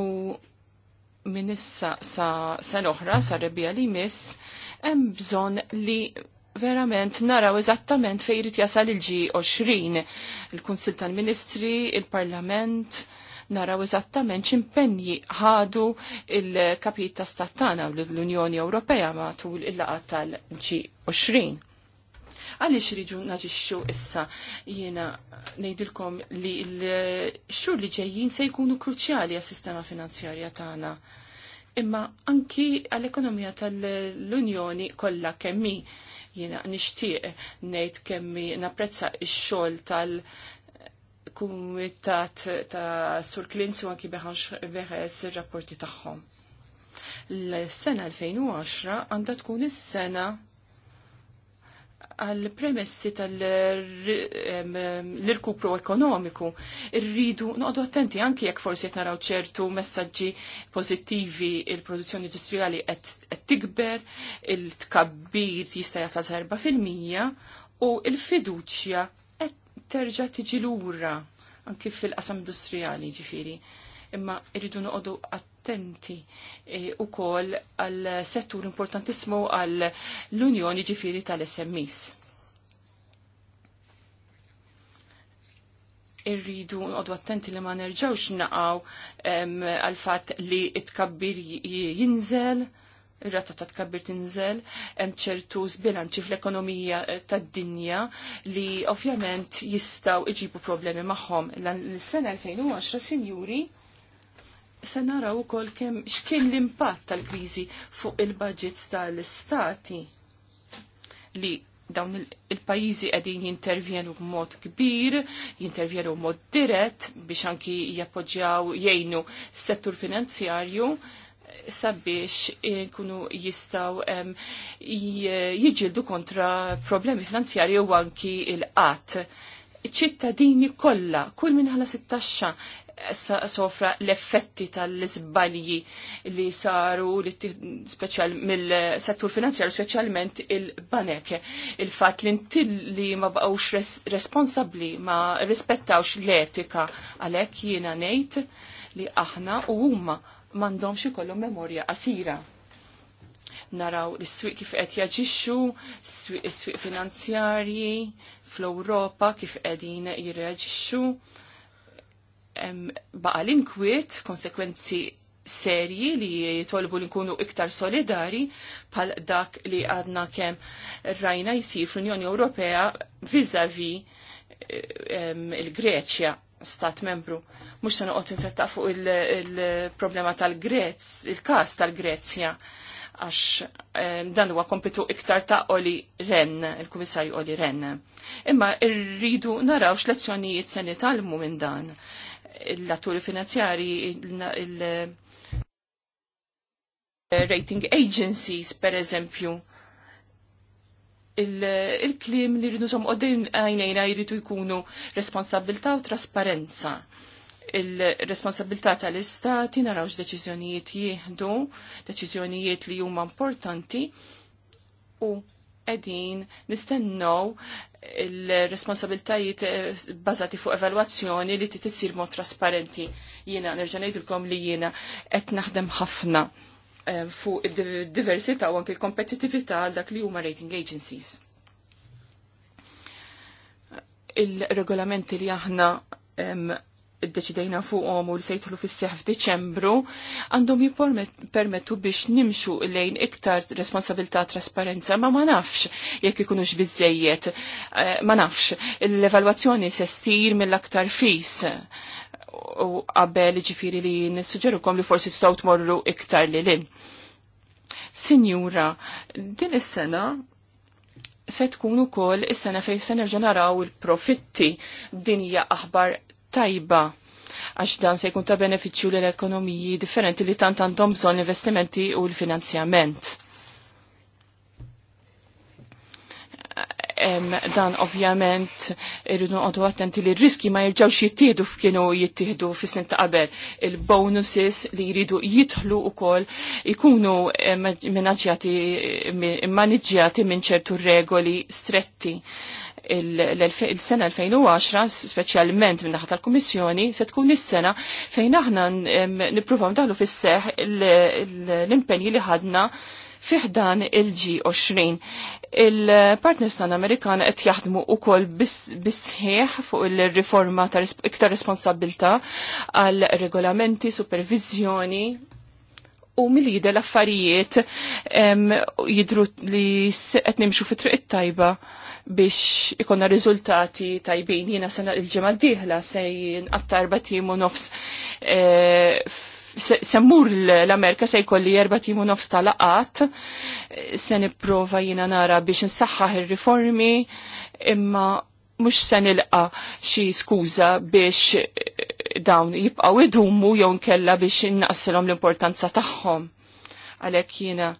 u minissa sa sena oħra sa rebija li miss hemm bżonn li verament naraw eżattament fejn irid jasal il-G20, il-Kunsil tal-Ministri, il-Parlament, naraw eżattament x'impenji ħadu il-kapit ta' stattana l-Unjoni Ewropea matul il-laqat tal-G20. Għaliex riġu naġixxu issa jiena ngħidilkom li l-xhur li ġejjin se jkunu kruċjali għas-sistema finanzjarja tagħna imma anki għall-ekonomija tal-Unjoni kollha kemmi Jiena nixtieq ngħid kemmi napprezza ix xogħol tal- kumitat ta' Sur Klinzu anki beħes ir-rapporti tagħhom. L-sena 2010 għandha tkun is-sena għal-premessi tal-irkupru ekonomiku, rridu noqdu attenti anki jekk forsi qed naraw ċertu messaġġi pożittivi il-produzzjoni industrijali qed tikber, il-tkabbir jista' jasal serba fil-mija u il-fiduċja qed terġa' tiġi lura anki fil-qasam industrijali ġifiri. Imma rridu noqogħdu attenti attenti e, u kol għal settur importantismu għal l-Unjoni ġifiri tal-SMIs. irridu nqodu attenti li ma nerġawx naqaw għal fatt li tkabbir jinżel, ir-rata ta' tkabbir tinżel, hemm ċertu zbilanċi fl-ekonomija eh, tad-dinja li ovvjament jistgħu iġibu problemi magħhom. L-sena 2010, sinjuri, se naraw ukoll kemm x'kien l-impatt tal-kriżi fuq il-budgets tal-istati li dawn il-pajjiżi qegħdin jintervjenu b'mod kbir, jintervjenu b'mod dirett biex anki jappoġġjaw jgħinu s-settur finanzjarju sabiex nkunu jistaw jiġildu kontra problemi finanzjarji u anki il-qatt ċittadini kollha, kull minn ħala sittaxxa sofra l-effetti tal-izbalji li saru li special mill-settur finanzjar, specialment il-banek. Il-fat li ntil li ma bqawx responsabli, ma rispettawx l-etika għalek jiena nejt li aħna u huma mandomx ikollhom memorja qasira naraw l-swiq kif qed jaġixxu, is-swiq finanzjarji fl-Ewropa kif qegħdin jirreaġixxu baqa l-inkwiet, konsekwenzi serji li jitolbu li nkunu iktar solidari pal dak li għadna kem rajna jisir fl-Unjoni Ewropea vizavi eh, il-Greċja stat membru. Mux sa noqgħod infetta fuq il-problema il tal-Grez, il-kas tal-Grezja, għax dan huwa kompitu iktar ta' Oli Ren, il-Kummissarju Oli Ren. Imma rridu naraw x'lezzjonijiet se nitalmu minn dan l-atturi finanzjari, il-rating agencies, per eżempju, il-klim li rridu som għoddin għajnejna jridu jkunu responsabilta u trasparenza. Il-responsabilta tal-istati narawx deċizjonijiet jieħdu, deċizjonijiet li huma importanti u edin nistennow il-responsabiltajiet eh, bazati fuq evalwazzjoni li titissir mod trasparenti. Jiena nerġa' ngħidilkom li jiena qed naħdem ħafna eh, fuq id-diversità u anke l kompetitività dak li huma rating agencies. Il-regolamenti li aħna id-deċidejna fuqhom u li sejtlu fis-seħ f'Diċembru għandhom jippermettu biex nimxu lejn iktar responsabilità trasparenza, ma ma nafx jekk ikunux bizzejiet, eh, ma nafx l-evalwazzjoni se ssir mill-aktar fis u qabel ġifiri li nissuġerukom li forsi staw tmorru iktar li li. Sinjura, din is-sena se tkun ukoll is-sena fejn se nerġa' naraw il-profitti dinja aħbar tajba għax dan se jkun ta' beneficju l ekonomiji differenti li tant għandhom bżonn investimenti u l-finanzjament. dan ovvjament irridu noqogħdu attenti li r-riski ma jirġawx jittieħdu f'kienu jittieħdu fis ta' qabel. Il-bonuses li jridu jidħlu wkoll ikunu manaġġjati maniġġjati minn ċertu regoli stretti il-sena 2010, speċjalment minn naħa tal-Kummissjoni, se tkun is-sena fejn aħna nippruvaw daħlu fis-seħ l-impenji li ħadna fiħdan il-G20. Il-partners tan Amerikan qed jaħdmu wkoll bisħieħ fuq il-riforma ta' iktar responsabilta għal regolamenti, supervizjoni u mill-jide l-affarijiet jidru li qed nimxu fi triq it-tajba biex ikonna riżultati tajbin. Jiena sena il-ġemma d-dieħla se jinqatta erba' nofs e, semmur l-Amerika se jkolli erba' timu nofs tal-laqat se nipprova jina nara biex nsaħħaħ ir-riformi imma mux se nilqa xi skuża biex dawn jibqaw idumu jew nkella biex innaqsilhom l-importanza tagħhom. Għalhekk jiena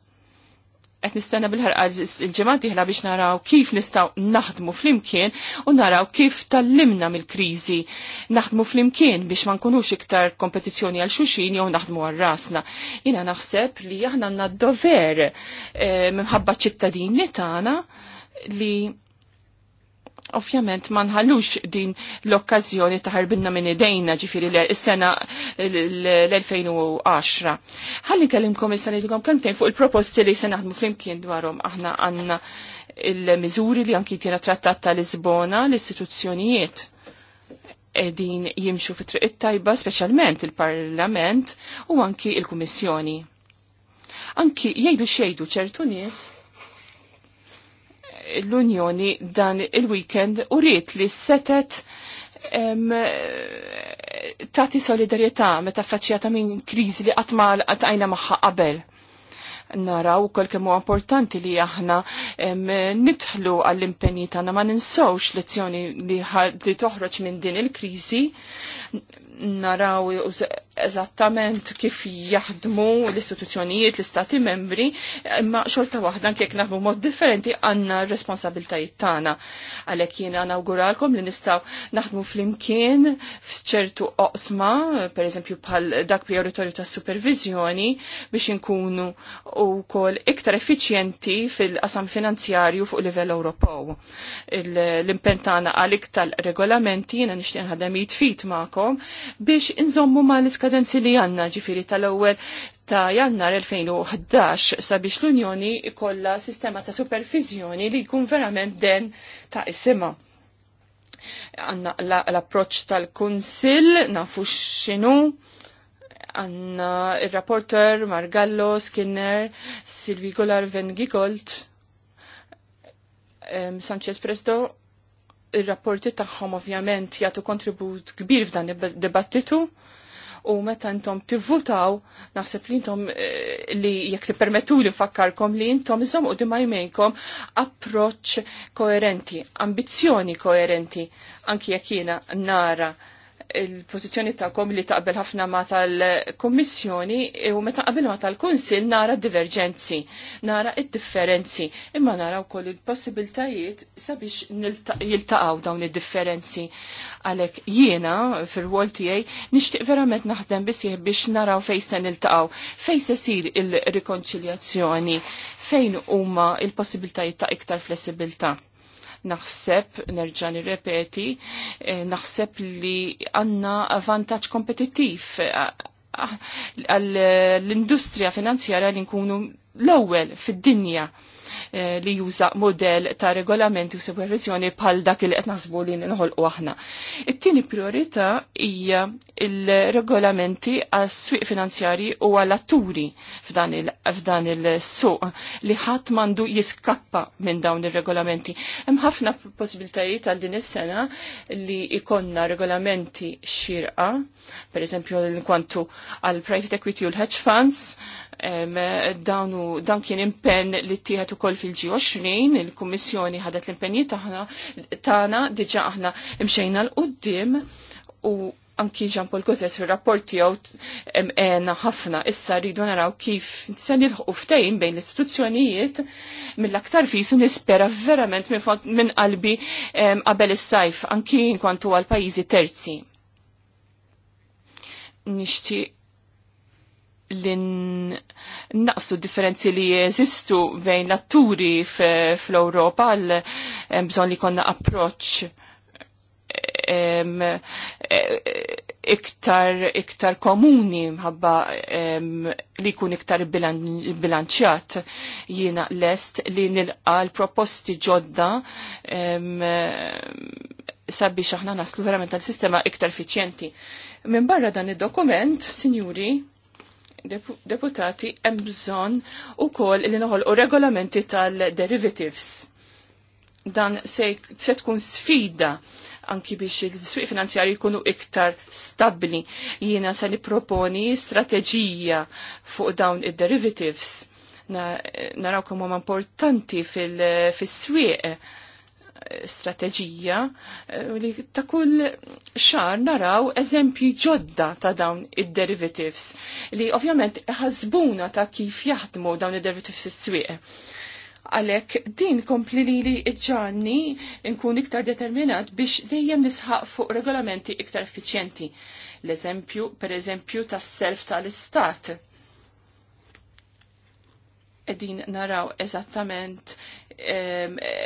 qed nistenna bil-ħarqa il ġimgħat dieħla biex naraw kif nistgħu naħdmu flimkien u naraw kif tallimna mill-kriżi. Naħdmu flimkien biex ma nkunux iktar kompetizzjoni għal xuxin jew naħdmu għal rasna. Jiena naħseb li aħna għandna d-dover eh, minħabba ċittadini tagħna li ovvjament ma nħallux din l-okkazjoni taħarbinna minn idejna ġifiri l-sena l-2010. Ħalli kellimkom issa nidkom kemtejn fuq il-proposti li se naħdmu flimkien dwarhom aħna għandna il-miżuri li anki tjena trattat ta' Lisbona l-istituzzjonijiet din jimxu fit triq tajba speċjalment il-Parlament u anki il-Kummissjoni. Anki jgħidu xejdu ċertu nies l-Unjoni dan il-weekend u rrit li setet em, tati solidarieta meta faċċjata minn kriżi li għatmal għatajna maħħa qabel. Naraw kol kemmu importanti li aħna nitħlu għall impenjita tagħna ma ninsawx lezzjoni li, li toħroġ minn din il-kriżi naraw eżattament kif jaħdmu l-istituzzjonijiet, l-istati membri, imma xorta waħda kiek naħmu mod differenti għanna responsabiltajiet tagħna. Għalhekk jiena nawguralkom li nistgħu naħdmu flimkien f'ċertu oqsma, pereżempju bħal dak prioritorju tas supervizjoni biex inkunu wkoll iktar effiċjenti fil-qasam finanzjarju fuq livell Ewropew. L-impentana għal iktar regolamenti jiena nixtieq ħadem jitfit magħkom biex inżommu ma l-iskadenzi li għanna ġifiri tal-ewwel ta' jannar 2011 sabiex l-Unjoni ikolla sistema ta' supervizjoni li jkun verament den ta' isima. Għanna l-approċ tal-Kunsil, nafu xinu, għanna il-rapporter Margallo, Skinner, Silvi Golar, Vengigolt, Sanchez Presto, ir-rapporti tagħhom ovvjament jagħtu kontribut kbir f'dan id debattitu u meta intom tivvutaw naħseb li intom eh, li jekk tippermettu li nfakkarkom li intom iżom u dimma jmejnkom approċ koerenti, ambizzjoni koerenti, anki jekk jiena nara il-pozizjoni ta'kom li taqbel ħafna ma tal-Kommissjoni u meta qabel ma tal-Kunsil nara divergenzi, nara id-differenzi, imma nara koll il-possibiltajiet sabiex jiltaqgħu dawn id-differenzi. Għalhekk jiena fir-rwol tiegħi nixtieq verament naħdem bisih biex naraw fejn se niltaqgħu, fejn se sir il-rikonċiljazzjoni, fejn huma il-possibiltajiet ta' iktar flessibilta' Naħseb, nerġa' nirrepeti, eh, naħseb li għandna vantaġġ kompetittiv eh, għall-industrija finanzjarja li nkunu l-ewwel fid-dinja Eh, li juża model ta' regolamenti u supervizjoni bħal dak li qed naħsbu li nħolqu aħna. It-tieni priorità hija il-regolamenti għas-swieq finanzjari u għall-atturi f'dan il-suq li ħadd mandu jiskappa minn dawn ir-regolamenti. Hemm ħafna possibilitajiet għal din is-sena li ikonna regolamenti xirqa, per eżempju l-kwantu għal private equity u l-hedge funds, dan kien impenn li tieħed ukoll fil-G20, il-Kummissjoni ħadet l-impenji taħna tagħna diġà aħna imxejna l qudiem u anki Jean Paul Gozes fil-rapport tiegħu għena ħafna issa rridu naraw kif se nilħu ftejn bejn l-istituzzjonijiet mill-aktar fisu nispera verament minn qalbi qabel is-sajf anki nkwantu għal pajjiżi terzi. Nixtieq li naqsu differenzi li jeżistu bejn l-atturi fl-Europa għal bżon li konna approċ e, iktar iktar komuni mħabba li kun iktar bilanċjat jiena lest li nilqa l-proposti ġodda sabbi xaħna naslu verament tal-sistema iktar fiċjenti. Minn barra dan id-dokument, signuri, deputati hemm bżonn ukoll li noħolqu regolamenti tal-derivatives. Dan se, tkun sfida anki biex il-swiq finanzjari jkunu iktar stabli. Jiena se proponi strateġija fuq dawn id-derivatives. narawkom huma importanti fil-swieq. fil strateġija eh, li ta' kull xar naraw eżempji ġodda ta' dawn id-derivatives li ovvjament ħazbuna ta' kif jaħdmu dawn id-derivatives s-swieq. Għalek din kompli li li ġanni nkun iktar determinat biex dejjem nisħaq fuq regolamenti iktar effiċjenti. L-eżempju, per eżempju, tas self tal-istat edin naraw eżattament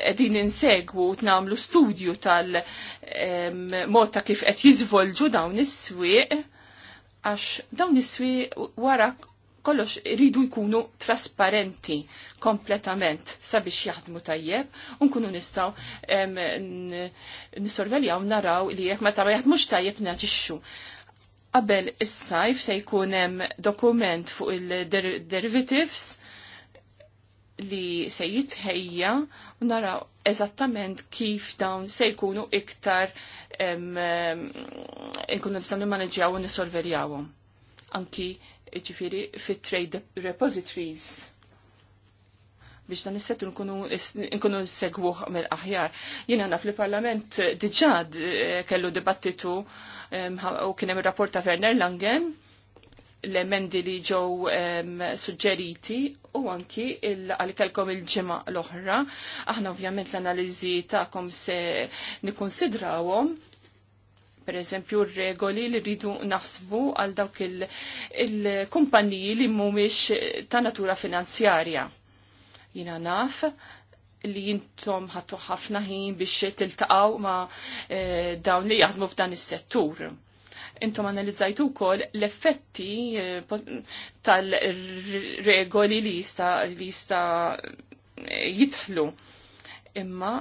edin insegwu u tnamlu studju tal-mod ta' kif qed jiżvolġu dawn is-swieq għax dawn is-swieq wara kollox iridu jkunu trasparenti kompletament sabiex jaħdmu tajjeb, unkunu nistaw nisorveljaw naraw li jekk ma taraw jaħdmux tajjeb naġixxu. Qabel is-sajf se jkun hemm dokument fuq il-derivatives, li se jitħejja u naraw eżattament kif dawn se jkunu iktar jkunu nistgħu nimmaneġġjaw u nisolverjaw. Anki ġifiri fit trade repositories biex dan is-settu nkunu nsegwuh mill-aħjar. Jiena naf li parlament diġà eh, kellu dibattitu u kien hemm ir-rapport ta' Werner Langen l-emendi li ġew suġġeriti u anki għalli il-ġimgħa l-oħra. Aħna ovvjament l-analiżi tagħkom se nikkonsidrawhom per eżempju regoli li rridu naħsbu għal dawk il-kumpaniji li mhumiex ta' natura finanzjarja. Jina naf li jintom ħattu ħafna ħin biex tiltaqaw ma' eh, dawn li jaħdmu f'dan is-settur intom analizzajtu wkoll l-effetti eh, tal-regoli li jista eh, jitħlu. Imma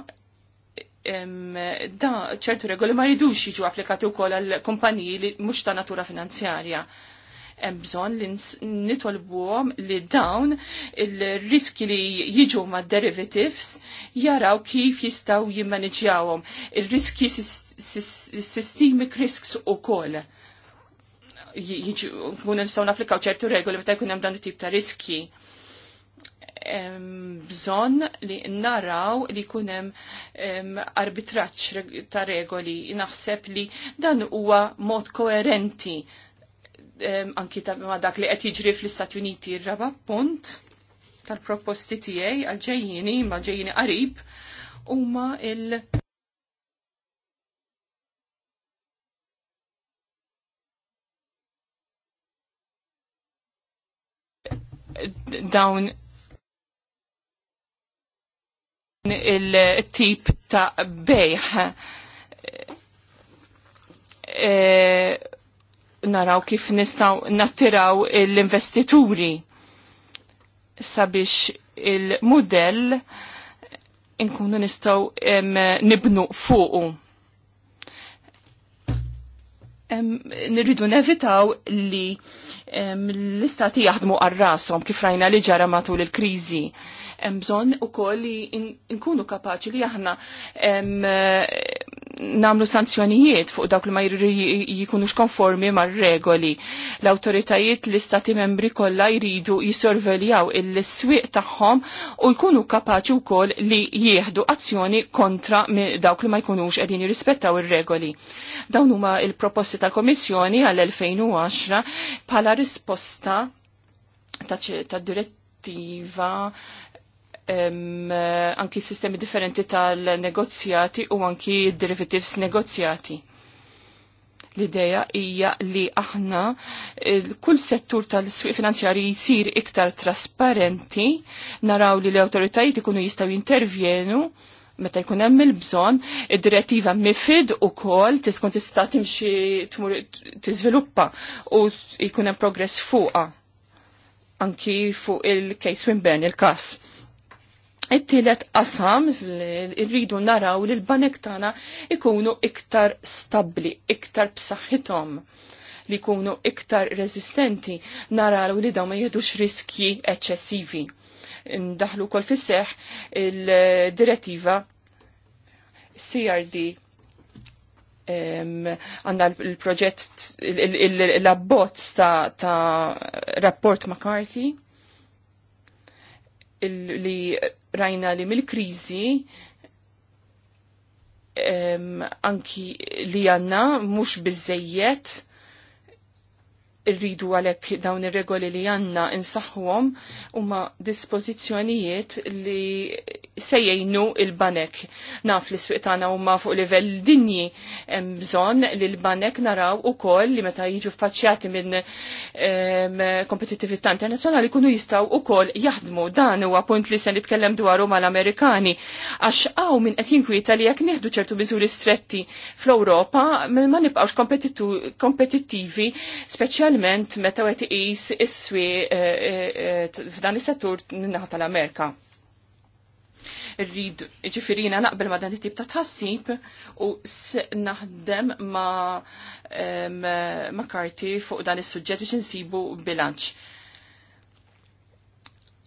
da ċertu regoli ma jidux jiġu applikati wkoll għal kumpaniji li mhux ta' natura finanzjarja hemm bżonn li nitolbuhom li dawn il-riski li jiġu mad derivatives jaraw kif jistgħu jimmaneġjawhom. Ir-riski systemic risks u koll. Kun nistaw naplikaw ċertu regoli meta jkun hemm dan it-tip ta' riski. Bżon li naraw li jkun hemm arbitraċ ta' regoli. Naħseb li dan huwa mod koerenti anki ta' ma' dak li qed jiġri fl-Istati Uniti raba punt tal-proposti tiegħi għal ġejjini ma' ġejjini qarib huma il- dawn il-tip ta' bejħ. E, naraw kif nistaw nattiraw l-investituri sabiex il-modell inkunu nistaw nibnu fuqu nirridu nevitaw li l-istati jaħdmu għarrasom kif rajna li ġara matul il-krizi. Bżon u koll li nkunu kapaċi li aħna namlu sanzjonijiet fuq dawk li ma jikunux konformi mar regoli. L-autoritajiet l-istati membri kollha jridu jisorveljaw il-swiq tagħhom u jkunu kapaċi wkoll li jieħdu azzjoni kontra dawk li ma jkunux qegħdin jirrispettaw ir-regoli. Dawn huma il-proposti tal-Komissjoni għal-2010 bħala risposta ta' direttiva Eh, anki sistemi differenti tal-negozjati u anki derivatives negozjati. L-ideja hija li aħna eh, kull settur tal-swiq finanzjari jisir iktar trasparenti, naraw li l-autoritajiet ikunu jistaw jintervjenu meta jkun hemm il-bżonn, id-direttiva mifid ukoll tiskun tista' timxi tiżviluppa u jkun hemm progress fuqha anki fuq il-case Winburn, il-każ it-tielet qasam irridu naraw li l-banek tagħna ikunu iktar stabbli, iktar b'saħħithom li jkunu iktar resistenti naraw li dawn ma jieħdux riskji eċċessivi. Ndaħlu kol fis il-direttiva CRD għanna l-proġett l-abbozz ta' rapport McCarthy li rajna li mill-krizi anki li għanna mux bizzejiet rridu għalek dawn ir-regoli li għanna insaħħuhom huma dispożizzjonijiet li sejjejnu il-banek. Naf li sfiqtana huma fuq livell dinji bżonn li l-banek naraw ukoll li meta jiġu faċċjati minn kompetittività internazzjonali kunu jistgħu ukoll jaħdmu dan huwa punt li se nitkellem dwaru mal-Amerikani għax hawn min qed jinkwita li jekk nieħdu ċertu miżuri stretti fl-Ewropa ma nibqgħux kompetittivi speċjali speċjalment meta qed iqis is-swi eh, eh, eh, f'dan is-settur min-naħa tal-Amerika. Rrid ġifirina naqbel ma dan it-tip ta' tħassib u naħdem ma ma karti fuq dan is-suġġett biex insibu bilanċ.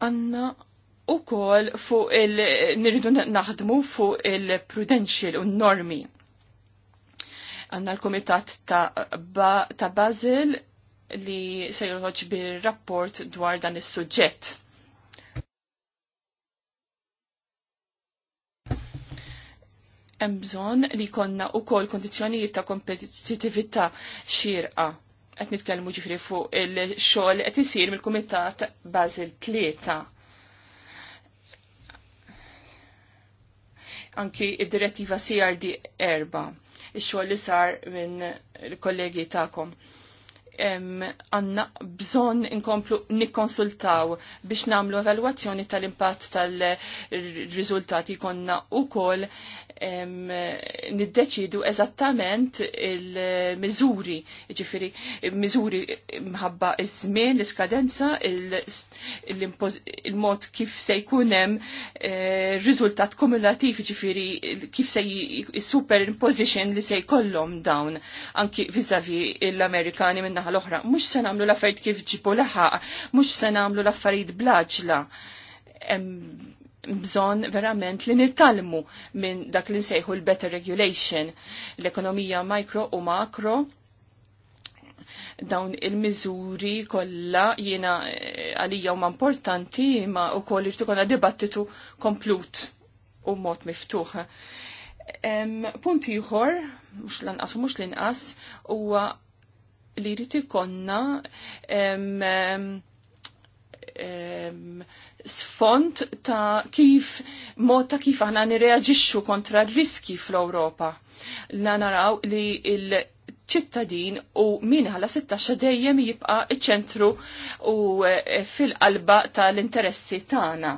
Anna u kol fuq il nirridu naħdmu fuq il-prudential u normi għanna l-Komitat ta', ta Bazil li se joħroġ bil rapport dwar dan is-suġġett. Hemm bżonn li konna wkoll kondizzjonijiet ta' kompetittività xirqa qed nitkellmu ġifri fuq il-xogħol qed isir mill-Kumitat Basil Tlieta. Anki id-direttiva CRD erba' ix-xogħol li sar minn il kollegi tagħkom għanna bżon inkomplu nikkonsultaw biex namlu evaluazzjoni tal-impatt tal rizultati konna u kol niddeċidu eżattament il-miżuri, ġifiri, miżuri mħabba iż-żmien, l-iskadenza, il-mod kif se jkunem eh, riżultat kumulativ, ġifiri, kif se superimposition li se jkollhom dawn anki vizavi l-Amerikani minnaħa l-oħra. Mux se namlu l kif ġipu laħaq, mux se namlu l-affarijiet blaġla bżon verament li nittalmu minn dak li nsejħu l-better regulation, l-ekonomija mikro u makro, dawn il-mizuri kolla jiena eh, għalija huma importanti ma u koll irtu konna dibattitu komplut u mod miftuħ. punt ieħor, l lanqas u mhux l-inqas, huwa li jrid konna sfond ta' kif mod ta' kif aħna nireaġixxu kontra r-riski fl-Ewropa. La naraw li il- ċittadin u min ħala sittaxa dejjem jibqa iċ-ċentru u e, fil-qalba tal-interessi tagħna.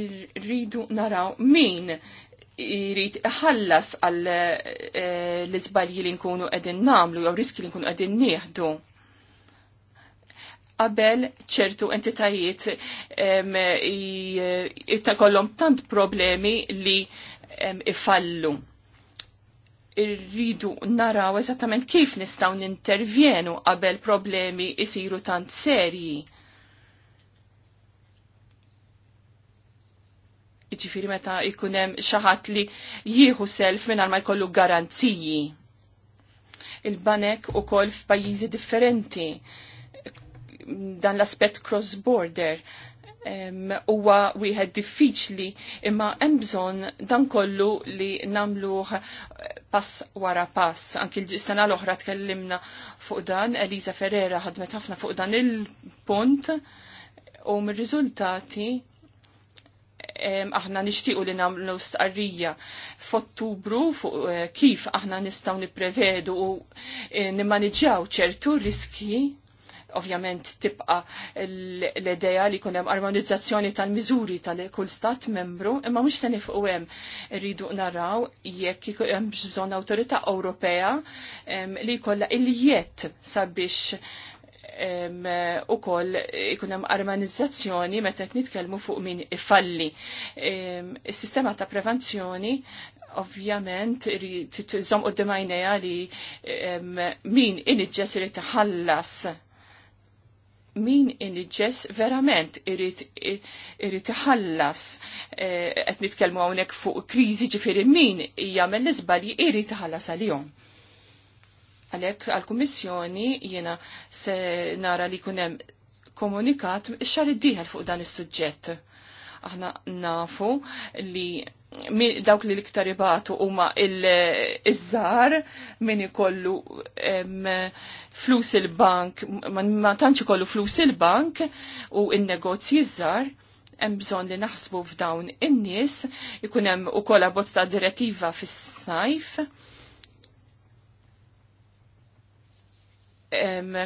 Irridu naraw min jrid iħallas għal e, l-iżbalji li nkunu qegħdin namlu jew riski li nkunu qegħdin nieħdu qabel ċertu entitajiet jittakollom tant problemi li ifallu. Irridu naraw eżattament kif nistaw nintervjenu qabel problemi jisiru tant serji. Iġifiri meta ikunem xaħat li jieħu self minn ma jkollu garanziji. Il-banek u kol f'pajjiżi differenti dan l-aspett cross-border huwa wieħed diffiċli imma hemm bżonn dan kollu li nagħmluh pass wara pass. Anki l-sena l-oħra tkellimna fuq dan, Eliza Ferrera ħadmet ħafna fuq dan il-punt u mir-riżultati aħna nixtiequ li nagħmlu stqarrija f'Ottubru fuq eh, kif aħna nistgħu nipprevedu u eh, nimmaniġġjaw ċertu riski Ovvjament tibqa l-ideja li kunem armonizzazzjoni tal-miżuri tal-kull stat membru, imma mhux se nifqu hemm rridu naraw jekk hemm bżonn awtorità Ewropea li jkollha iljiet sabiex u koll ikunem armanizzazzjoni t nitkelmu fuq min falli. il Is-sistema ta' prevenzjoni ovvjament t-zom u d li min inġess li tħallas min inġess verament irrit iħallas eh, qed nitkellmu hawnhekk fuq kriżi ġifieri min jagħmel l-iżbalji irrit iħallas għalihom. Għalhekk għall-Kummissjoni jiena se nara li kun hemm komunikat x xahar iddieħel fuq dan is-suġġett. Aħna nafu li dawk li liktar jibatu huma il-żar min ikollu flus il-bank, ma tantx ikollu flus il-bank u in-negozji żar hemm bżonn li naħsbu f'dawn in-nies, ikun hemm ukoll abbozz ta' direttiva fis-sajf.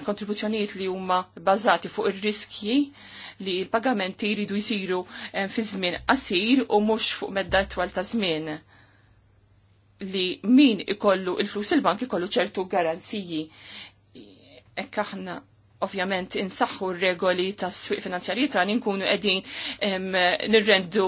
Kontribuzzjonijiet li huma bażati fuq ir-riskji li l-pagamenti jridu jsiru eh, fi żmien qasir u mhux fuq medda twal ta' żmien li min ikollu il-flus il-bank ikollu ċertu garanziji. Ekk aħna ovvjament insaħħu regoli ta' s-swiq finanzjarji ta' ninkunu qegħdin nirrendu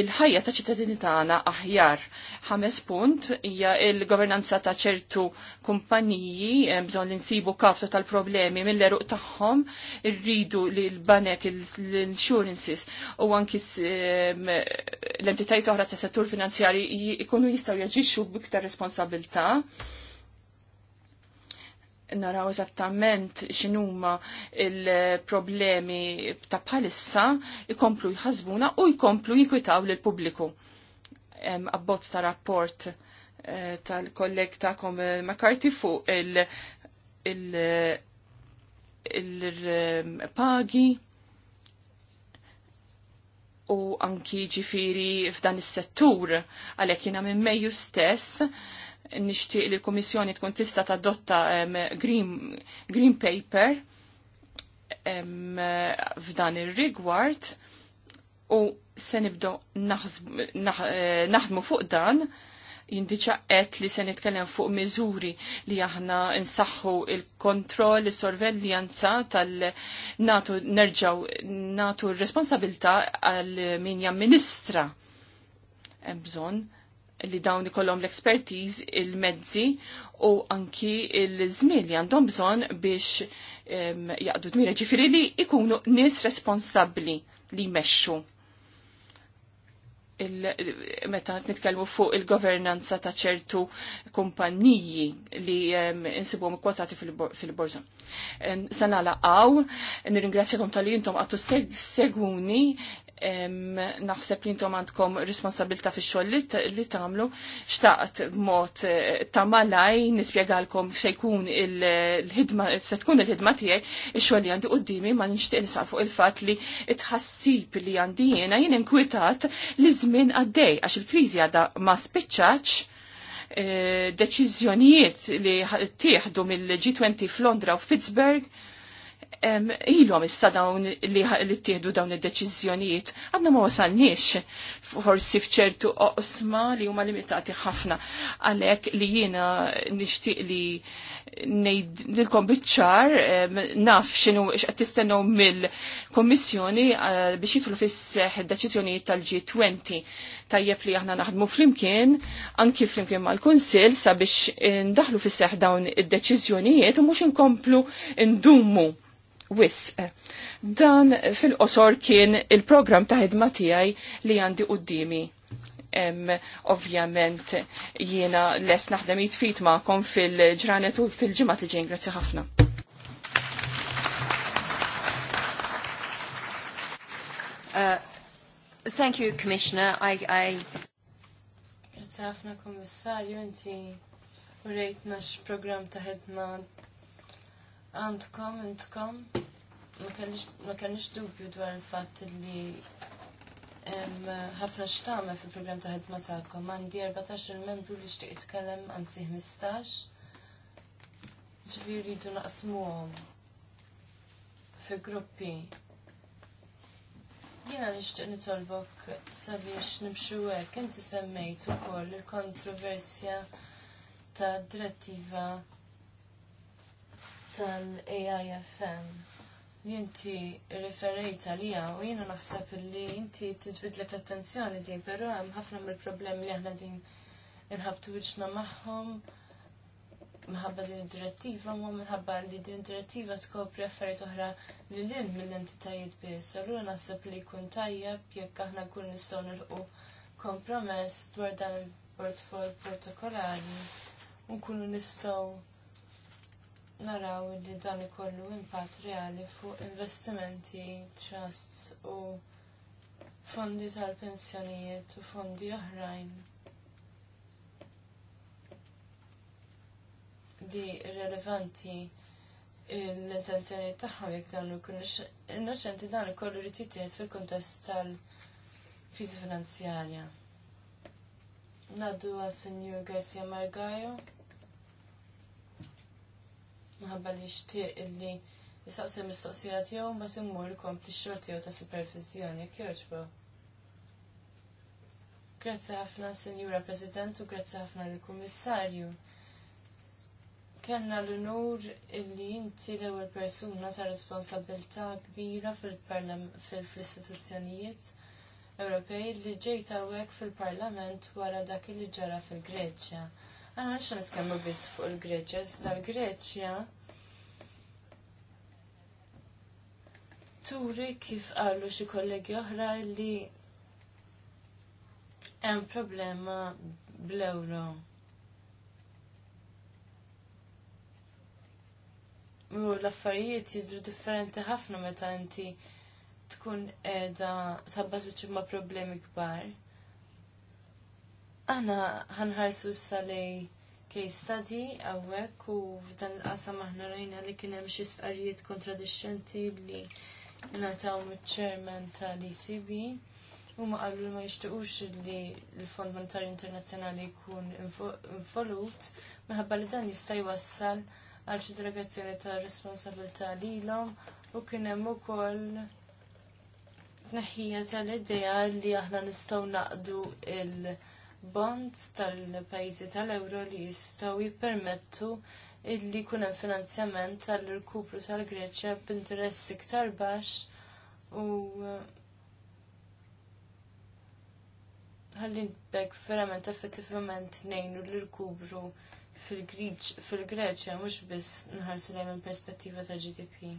il-ħajja ta' ċittadini tagħna aħjar. Ħames punt hija il-governanza ta' ċertu kumpaniji bżonn li nsibu kaptu tal-problemi mill-eruq tagħhom irridu li l-banek l-insurances u anki l-entitajiet oħra ta' settur finanzjarji jkunu jistgħu jaġixxu b'iktar responsabilità naraw eżattament x'inhuma il-problemi ta' bħalissa jkomplu jħasbuna u jkomplu jikwitaw l pubbliku. Abbozz ta' rapport eh, tal-kolleg ta' kom eh, McCarthy fuq il- pagi u anki ġifiri f'dan is-settur għalhekk jiena minn Mejju stess nixtieq li l-Kummissjoni tkun tista' tadotta green, green paper f'dan ir-rigward u se nibdew eh, naħdmu fuq dan jindiċa qed li se nitkellem fuq miżuri li aħna nsaħħu il-kontroll, is-sorveljanza tal-natu nerġaw natu r-responsabilità għal min jamministra. Hemm bżonn li dawn ikollhom l-expertiz, il-mezzi u anki il-żmien li għandhom bżonn biex jaqdu dmira ġifiri li ikunu nies responsabbli li jmexxu meta nitkellmu fuq il-governanza ta' ċertu kumpanniji li insibuhom kwotati fil-borza. Sanala għaw, nirringrazzjakom tal-li jintom għattu seguni naħseb li intom għandkom responsabilta fi xoll li tagħmlu xtaqt b'mod eh, ta' malaj xejkun se jkun il-ħidma se tkun il-ħidma tiegħi xoll li għandi uddimi ma nixtieq nisaq fuq il-fatt li tħassib li għandi jiena jien inkwitat li żmien għaddej għax il-kriżi għadha ma spiċċax eh, deċiżjonijiet li tieħdu mill-G20 f'Londra u f'Pittsburgh ilhom issa dawn li, li tieħdu dawn id-deċiżjonijiet. Għadna ma wasalniex forsi fċertu oqsma li huma limitati ħafna għalhekk li jiena nixtieq li nilkom biċ-ċar naf x'inhu x'qed tistennew mill-Kommissjoni eh, biex jidħlu fis-seħ id-deċiżjonijiet tal-G20 tajjeb li aħna naħdmu flimkien, anki flimkien mal-Kunsil sabiex ndaħlu fis-seħ dawn id-deċiżjonijiet u mhux inkomplu ndumu Wisq. Dan fil-qosor kien il-program ta' ħidma tiegħi li għandi qudiemi. Ovvjament jiena les naħdem jitfit ma'kom fil-ġranet u fil-ġimgħat li ġejn grazzi ħafna. Uh, thank you, Commissioner. I, I... Grazie ħafna, Kommissarju, inti u rejtna program ta' ħidma għandkom, intkom, ma kellix dubju dwar il-fatt li ħafna xtame fil-program ta' ħedma tagħkom. Għandi 14 membru li it-kellem anzi 15. Ġifieri naqsmu għom fi gruppi. Jiena nixtieq nitolbok sabiex nimxu hekk inti semmejt ukoll il-kontroversja ta' drettiva tal-AIFM jinti riferejt għalija u jiena naħseb li inti tiġbidlek l-attenzjoni din, pero hemm ħafna mill-problemi li aħna din inħabtu wiċċna magħhom minħabba din id-direttiva ma minħabba li din id-direttiva tkopri affarijiet oħra li din mill-entitajiet biss. Allura naħseb li jkun tajjeb jekk aħna nkun nistgħu nilqu kompromess dwar dan il-portfol protokolari u nkunu nistgħu naraw li dan ikollu impatt reali fuq investimenti, trusts u fondi tal-pensjonijiet u fondi oħrajn li rilevanti l-intenzjoni tagħhom jekk dawn ikunux innoċenti dan ikollu li titiet fil-kuntest tal-kriżi finanzjarja. Naddu għal Senjur Garcia Margajo maħabba li xtieq illi jisaqsi mistoqsija tiegħu ma timmur ikompli x-xogħol tiegħu ta' supervizjoni jekk jogħġbu. Grazzi ħafna Sinjura President u grazzi ħafna lill kummissarju Kenna l-unur illi inti l-ewwel persuna ta' responsabilità kbira fil-istituzzjonijiet Ewropej li ġejta hawnhekk fil-Parlament wara dak li ġara fil-Greċja. Ah, Għana t-kemmu biss fuq il-Greċja, dal-Greċja turi kif qalu xi kollegi oħra li hemm problema bl-euro. u l-affarijiet jidru differenti ħafna meta inti tkun edha tabbat ma' problemi kbar. Aħna ħanħarsu s-salej case study għawek u f'dan l-qasam aħna rajna li kien hemm xi stqarrijiet kontradixxenti li ngħataw miċ-chairman tal-ECB u ma qalu li ma jixtiequx li l-Fond Monetarju Internazzjonali jkun involut minħabba li dan jista' jwassal għal xi delegazzjoni ta' responsabilità lilhom u kien hemm ukoll tneħħija tal-idea li aħna nistgħu naqdu il- bonds tal-pajjiżi tal-euro li jistgħu jippermettu illi jkun hemm finanzjament tal-irkupru tal-Greċja b'interess iktar baxx u ħalli bekk verament effettivament ngħinu l-irkubru fil-Greċja mhux biss nħarsu lejn minn perspettiva ta' GDP.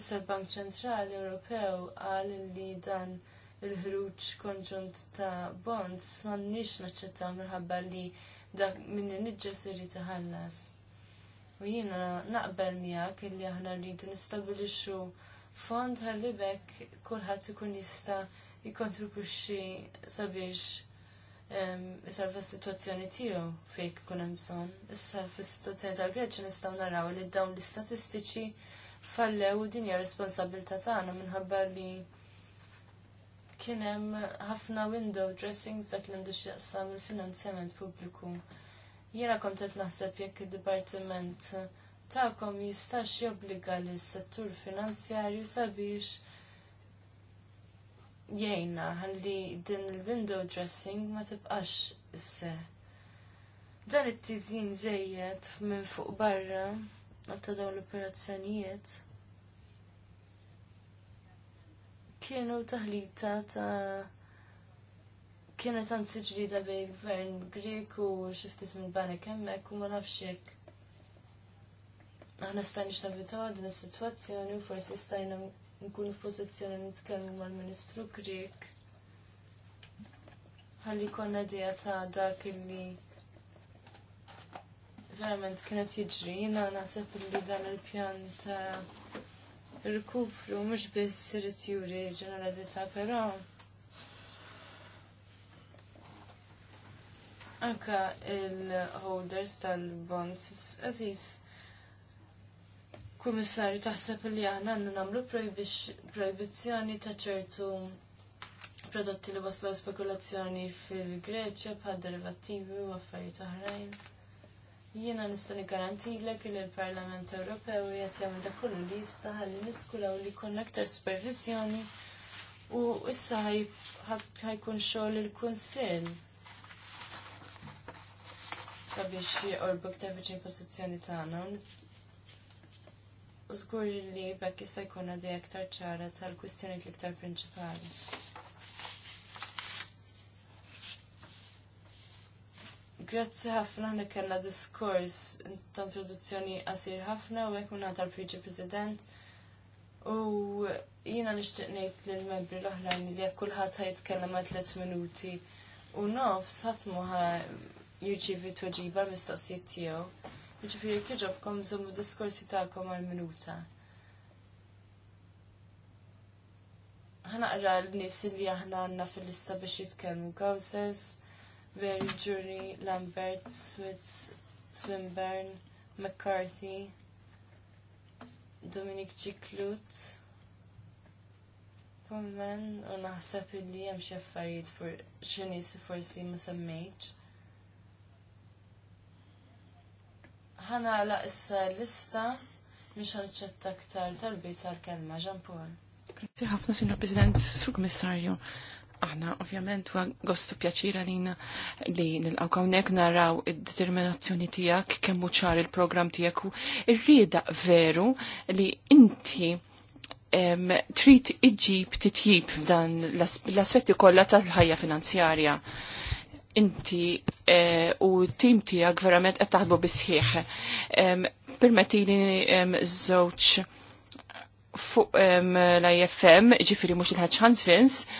Issa l-Bank Ċentrali Ewropew qal li dan il-ħruġ konġunt ta' bonds m'għandniex naċċettaw minħabba li dak minn niġġesir jitħallas. U jiena naqbel miegħek illi aħna rridu nistabilixxu fond ħalli bekk kulħadd ikun jista' jikkontribwixxi sabiex ehm, isalva s-sitwazzjoni tiegħu fejn ikun hemm bżonn. Issa fis-sitwazzjoni tal-Greċja nistgħu naraw li dawn l-istatistiċi fallew din hija responsabilità tagħna minħabba li kien hemm ħafna window dressing dak li għandu x'jaqsam il-finanzjament pubbliku. Jiena kont qed naħseb jekk id-dipartiment tagħkom jistax jobbliga lis settur finanzjarju sabiex jgħinna ħalli din il-window dressing ma tibqax isse. Dan it-tiżin żejjed minn fuq barra għal ta' dawn l-operazzjonijiet. kienu taħlita ta' kienet anzi da' bej gvern Grek u xiftit minn banek hemmhekk u ma nafx hekk. Aħna stajna x'navitaw din is-sitwazzjoni u forsi stajna nkunu f'pożizzjoni nitkellmu mal-Ministru Grek ħalli konna dija ta' dak li verament kienet jiġri, jina naħseb li dan il-pjan ta' Rikupru mux biss irrit juri ġeneralizita, pero anka il-holders tal-bonds, għazis, kummissarju taħseb li aħna għannu namlu proibizjoni ta' ċertu prodotti li waslu spekulazzjoni fil-Greċja bħal derivativi u affarijiet oħrajn. Jiena nista' niggarantilek li l-Parlament Ewropew qed jagħmel dak kollu li jista' ħalli u li jkun aktar supervizjoni u issa ħajkun xogħol il-Kunsill sabiex jiqorbu aktar viċin pożizzjoni tagħna. U żgur li bekk jista' jkun għadej aktar ċara tal-kwistjonijiet l-iktar prinċipali. Grazzi ħafna li kellna diskors ta' introduzzjoni qasir ħafna u hekk minna tal-Priġi President. U jiena nixtieq ngħid lill-membri l-oħrajn li jekk kulħadd ħajtkellem ma' tliet minuti u nofs ħadd mu jirċievi tweġiba l-mistoqsijiet tiegħu. Jiġifieri jekk jiġobkom żommu diskorsi tagħkom għal minuta. ħanaqra l-nies li aħna għandna fil-lista biex jitkellmu Gawses. Jury Lambert, Switz, Swinburne, McCarthy, Dominic Ciclut, Pullman, u naħseb illi hemm xi affarijiet for xinis forsi ma semmejtx. Ħana għala issa lista mhux ċetta aktar talbi tal-kelma Ġampur. Grazzi ħafna, Sinjor President, Sur Kummissarju. Aħna ovvjament wa gostu pjaċira lina li nilqaw kawnek naraw id-determinazzjoni tijak kemmu ċar il-program tijak u irrida veru li inti um, trid iġib titjib dan l-aspetti kollha tal-ħajja finanzjarja. Inti uh, u tim tijak verament qed taħdmu bisħieħ. Permetti li um, żewġ fuq l IFM, ġifiri mux il-ħadċans Vince,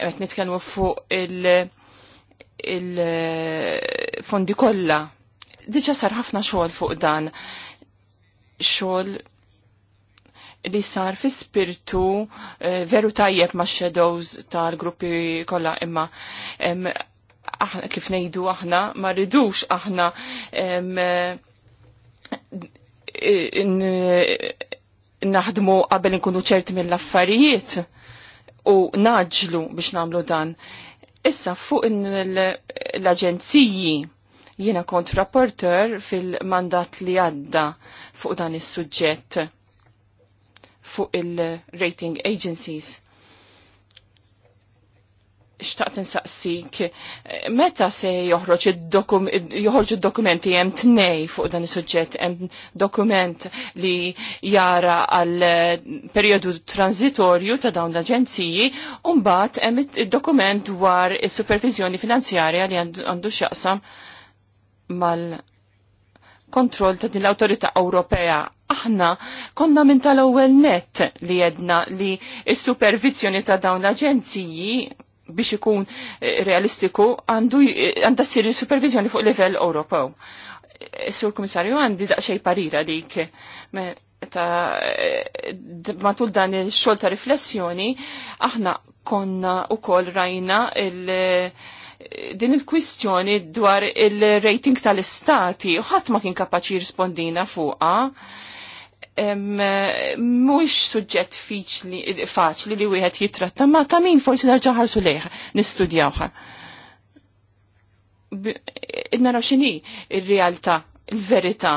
qed nitkellmu fuq il-fondi il kollha. Diġà sar ħafna xogħol fuq dan. Xogħol li sar fi spirtu eh, veru tajjeb ma' shadows tal-gruppi kollha imma aħna, kif ngħidu aħna ma rridux aħna eh, naħdmu qabel nkunu ċerti mill-affarijiet u naġlu biex namlu dan. Issa fuq l-aġenziji jiena kont rapporter fil-mandat li għadda fuq dan is-suġġett fuq il-rating agencies xtaqt insaqsik, meta se joħroġ il dokumenti hemm tnej fuq dan is-suġġett hemm dokument li jara għal eh, perjodu transitorju ta' dawn l-aġenziji u mbagħad hemm id-dokument dwar is-supervizjoni finanzjarja li għandu x'jaqsam mal kontroll ta' din l autorita Ewropea. Aħna konna minn tal-ewwel net li jedna li s-supervizjoni ta' dawn l-aġenziji biex ikun eh, realistiku għandu eh, għandha ssir supervizjoni fuq livell Ewropew. Eh, Sur Kummissarju għandi daqsxej parira dik ta' matul dan il-xol ta' riflessjoni aħna konna u koll rajna il- din il-kwistjoni dwar il-rating tal-istati u ħadd ma kien kapaċi jirrispondina fuqha mux suġġett faċli li wieħed jitratta, ma ta' min forsi darġa' ħarsu leħ nistudjawħa. Naraw xini il-realtà, il-verità.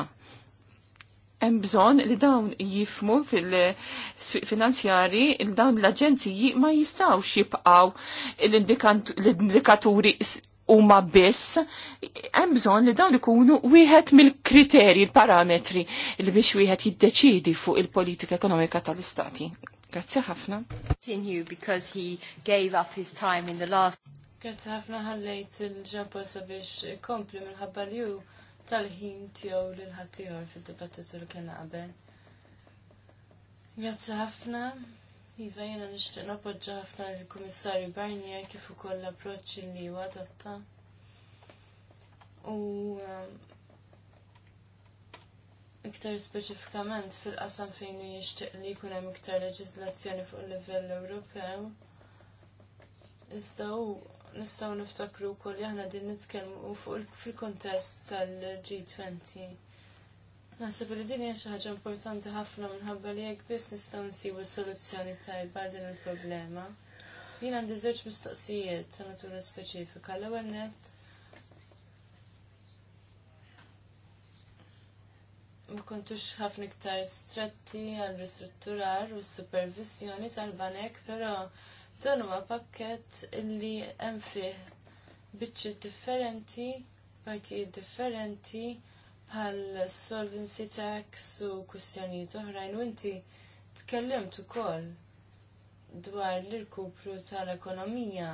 Hemm bżonn li dawn jifmu fil-finanzjari il dawn l-aġenziji ma jistawx jibqaw l-indikaturi ma biss, hemm bżonn li dawn ikunu wieħed mill-kriterji, l-parametri li biex wieħed jiddeċidi fuq il-politika ekonomika tal-istati. Grazzi ħafna. Continue because he gave up his time in the last. Grazzi ħafna ħallejt il-ġampa sabiex kompli minħabba li tal-ħin tiegħu lil ħaddieħor fid-dibattitu li kien qabel. Grazzi ħafna. Iva jena nishtiq napoġġa ħafna l-Kummissarju Barnier kif ukoll l-approċċ li huwa adotta. U um, iktar speċifikament fil-qasam fejn jixtieq li jkun hemm iktar leġiżlazzjoni fuq il-livell Ewropew. Iżda nistgħu niftakru wkoll li aħna din nitkellmu fuq fil-kuntest tal-G20. Nasib li din hija xi ħaġa importanti ħafna minħabba li jekk biss nistgħu nsibu soluzzjoni tajba din il-problema. Jien għandi żewġ mistoqsijiet ta' natura speċifika. L-ewwel nett ma kontux ħafna iktar stretti għal ristrutturar u supervizjoni tal-banek, però dan huwa pakkett li hemm fih biċċi differenti, partijiet differenti bħal solvency tax u kustjoni oħrajn u inti tkellimt ukoll dwar l-irkupru tal-ekonomija.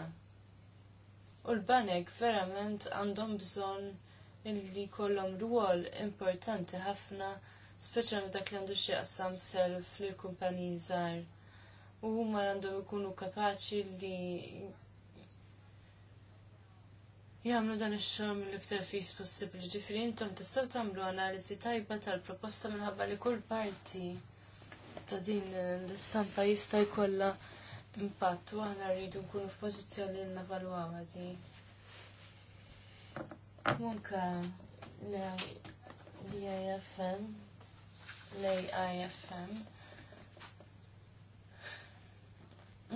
U l-banek verament għandhom bżonn illi jkollhom ruol importanti ħafna, speċjalment dak li għandu xi qasam self lill kumpaniji żgħar. U huma għandhom ikunu kapaċi li jagħmlu dan ix-xogħol mill-iktar fis possibbli. Ġifieri intom tistgħu tagħmlu analiżi tajba tal-proposta minħabba li kull parti ta' din l-istampa jista' jkollha impatt u aħna rridu nkunu f'pożizzjoni li navalwaw di. Munka l-IFM, l-IFM.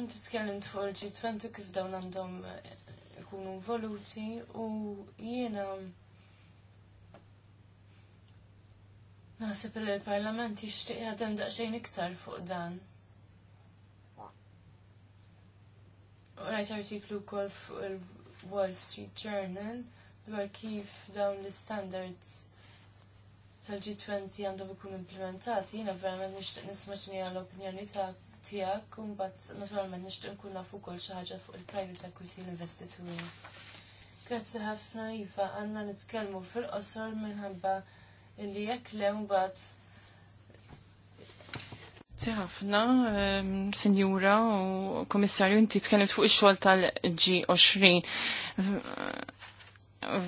Inti tkellimt fuq il-G20 kif dawn għandhom ikunu involuti u jiena naħseb li l-Parlament jixtieq jadem daqsxejn iktar fuq dan. Rajt artiklu wkoll fuq il-Wall Street Journal dwar kif dawn l-standards tal-G20 għandhom ikunu implementati, jiena verament nixtieq nisma' x'inhi l-opinjoni ta' tijak, kumbat naturalment nixtieq nkun naf ukoll xi ħaġa fuq il-private equity l-investituri. Grazzi ħafna Iva, għandna nitkellmu fil-qosor minħabba li jekk le mbagħad Grazzi ħafna, ehm, Sinjura u Komissarju, inti tkellimt fuq ix-xogħol tal-G20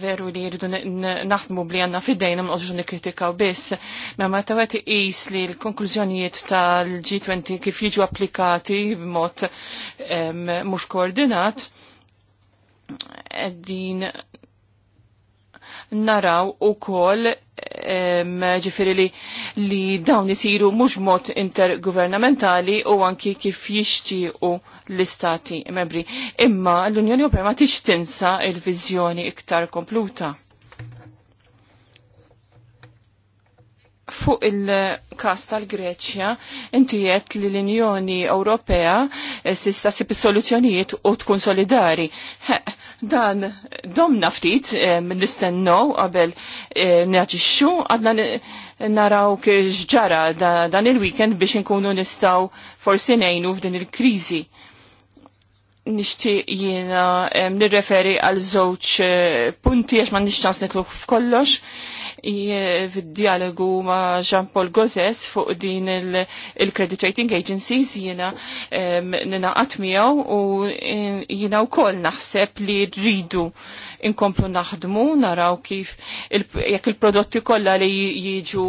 veru li jiridu naħdmu bli għanna fidejna mnqosġu nikritikaw biss, ma ma tawet jis li l-konklużjonijiet tal-G20 kif jiġu applikati b'mod mhux koordinat, din naraw u kol ġifiri li, li dawn isiru mhux mod intergovernamentali u anki kif jixtiequ l-istati membri. Imma l-Unjoni Ewropea ma tix tinsa il-viżjoni iktar kompluta fuq il-kas tal-Greċja, inti jett li l-Unjoni Ewropea eh, sissa sib soluzzjonijiet u tkun solidari. Dan domna ftit eh, minn nistennow qabel eh, neħġixxu għadna naraw kħġġara dan il-weekend biex nkunu nistaw forsi nejnu f'din il-krizi nishtiq jiena nirreferi għal żewġ eh, punti għax ma nixċans nitlu f'kollox fid-dialogu ma' Jean-Paul Gozes fuq din il-Credit Rating Agencies jiena ninaqat miegħu u eh, jiena wkoll naħseb li rridu inkomplu naħdmu naraw kif jekk il-prodotti kollha li jiġu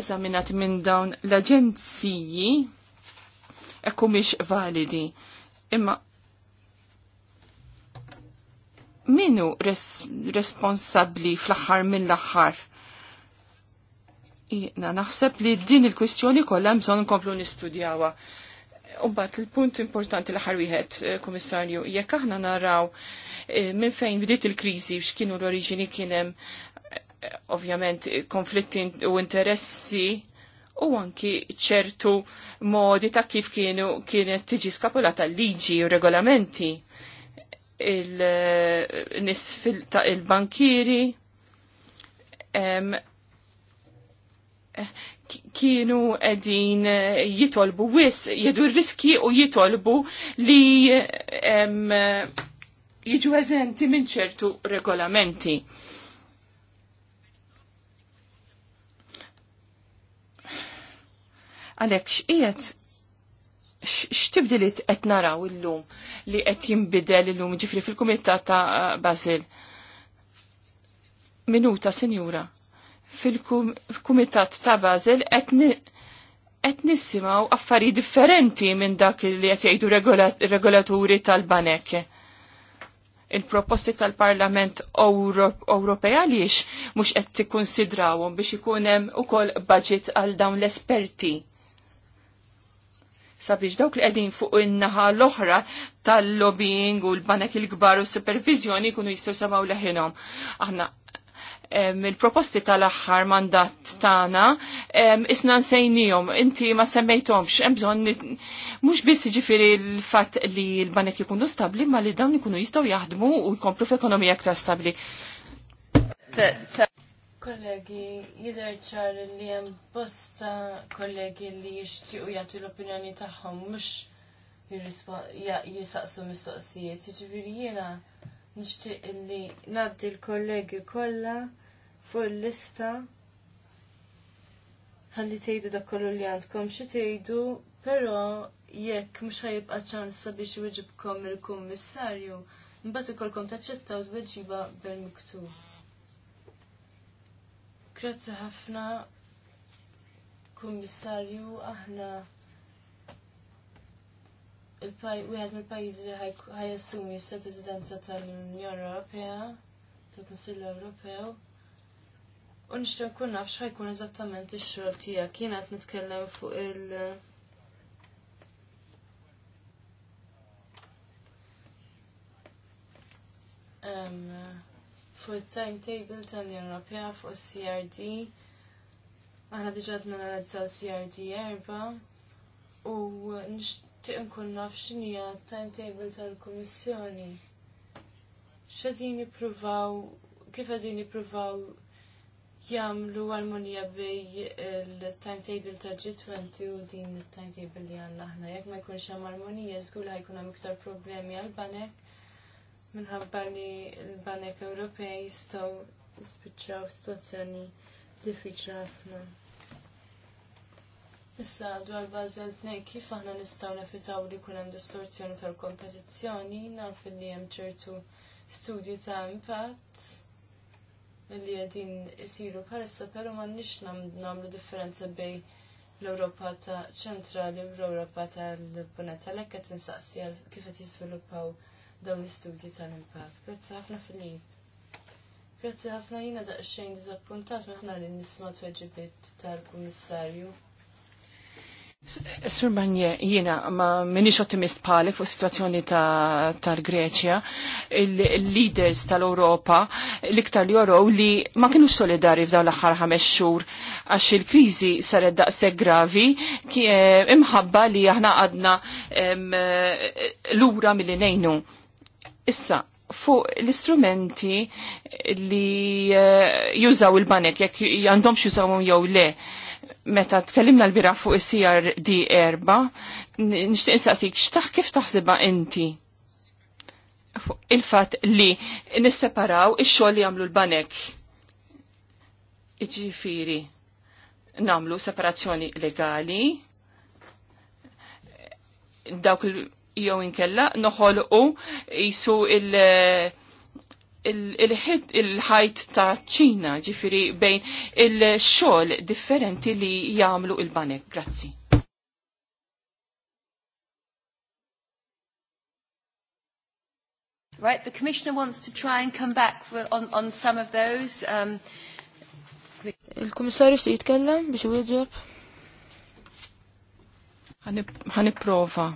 eżaminati minn dawn l-aġenziji ekku miex validi. Imma minu res responsabli fl-axar mill-axar? Jina naħseb li din il-kwistjoni kollha bżonn nkomplu nistudjawha. Umbat, il-punt importanti l-ħar wieħed, eh, komissarju, jekk aħna naraw eh, minn fejn bdiet il-kriżi x'kienu l-oriġini kien hemm eh, ovvjament konflitti u interessi u anki ċertu modi ta' kif kienu kienet tiġi skapolata liġi u regolamenti il-nis eh, ta' il-bankiri eh, kienu edin eh, jitolbu wis, jedu riski u jitolbu li jiġu eżenti minn ċertu regolamenti Għalhekk x'qiegħed x'tibdilit qed naraw illum li qed jinbidel illum ġifri fil-kumitat ta' Basil. Minuta, sinjura. Fil-kumitat ta' Basil qed nisimgħu affarijiet differenti minn dak li qed jgħidu regolaturi tal-banek il-proposti tal-Parlament Ewropej għaliex mhux qed tikkunsidrawhom biex ikun hemm ukoll budget għal dawn l-esperti sabiex dawk li qegħdin fuq in-naħa l-oħra tal-lobbying u l-banek il-kbar u s-supervizjoni jkunu jistgħu samaw leħinhom. Aħna il-proposti tal-axħar mandat tana, isna nsejnijom, inti ma semmejtomx, bżon, mux biss ġifiri l-fat li l-banek jikunu stabli, ma li dawn jikunu jistaw jaħdmu u jkomplu f'ekonomija ktar stabli. Kollegi, ċar li jem bosta kollegi li jishtiqu jgħatu l-opinjoni taħħom, mux jisaqsu mistoqsijiet. Ġiviri jena nishtiq li naddi l-kollegi kolla fuq l-lista ħalli tejdu da kollu li għandkom xie tejdu, pero jekk mux ħajibqa ċansa biex wieġibkom il-kommissarju, mbagħad ikolkom taċċettaw tweġiba bil-miktub. Grazzi ħafna, kummissarju, aħna il-wieħed mill-pajjiżi li ħajassumi s-Presidenza tal-Unjoni Ewropea, tal-Kunsill Ewropew. U nixtieq kun naf x'ħajkun eżattament ix-xogħol tiegħek. Kien nitkellem fuq il- Um, uh, fuq il-timetable tal-Unjoni Ewropea fuq CRD. Aħna diġà għadna CRD erba u nixtieq nkun naf xinija timetable tal-Kummissjoni. X'adin jippruvaw kif qegħdin jippruvaw jagħmlu armonija bej il-timetable ta' G20 u din it-timetable li għanna ħna. Jekk ma jkunx hemm armonija żgur jkun hemm iktar problemi għal banek minħabba li l-Banek Ewropej jistgħu jispiċċaw situazzjoni diffiċli ħafna. Issa, dwar Basel 2, kif aħna nistgħu nefitaw li jkun hemm distorzjoni tal-kompetizzjoni, naf li hemm ċertu studji ta' impatt li qegħdin isiru bħalissa, però m'għandniex nagħmlu differenza bejn l-Ewropa ta' ċentrali u l-Ewropa tal-Punent. Għalhekk qed insaqsi kif qed jiżviluppaw dawn l-istudji tal-impatt. Grazzi ħafna fil Grazzi ħafna jina xejn diżappuntat meħna li nisma tweġibiet tal-Kummissarju. Sur Banje, jina ma minix ottimist palik fuq situazzjoni tal-Greċja, il-leaders tal-Europa, l-iktar li jorow li ma kienu solidari f'daw l axar ħames xhur għax il-kriżi saret daqshekk gravi eh, imħabba li aħna għadna eh, lura milli ngħinu Issa, fuq l-istrumenti li eh, jużaw il-banek, jekk għandhom jużawhom jew le, meta tkellimna l-bira fuq is-CRD erba, nixtieq insaqsik x'taħ kif taħsiba inti il-fatt li nisseparaw ix-xogħol li jagħmlu l-banek. Iġifieri namlu separazzjoni legali dawk il jew inkella noħolqu jisu il- il-ħajt ta' ċina ġifiri bejn il-xol differenti li jamlu il-banek. Grazzi. Right, the Commissioner wants to try and come back on, on some of those. Um, Il-Komissarju xti jitkellem biex u jġib? prova.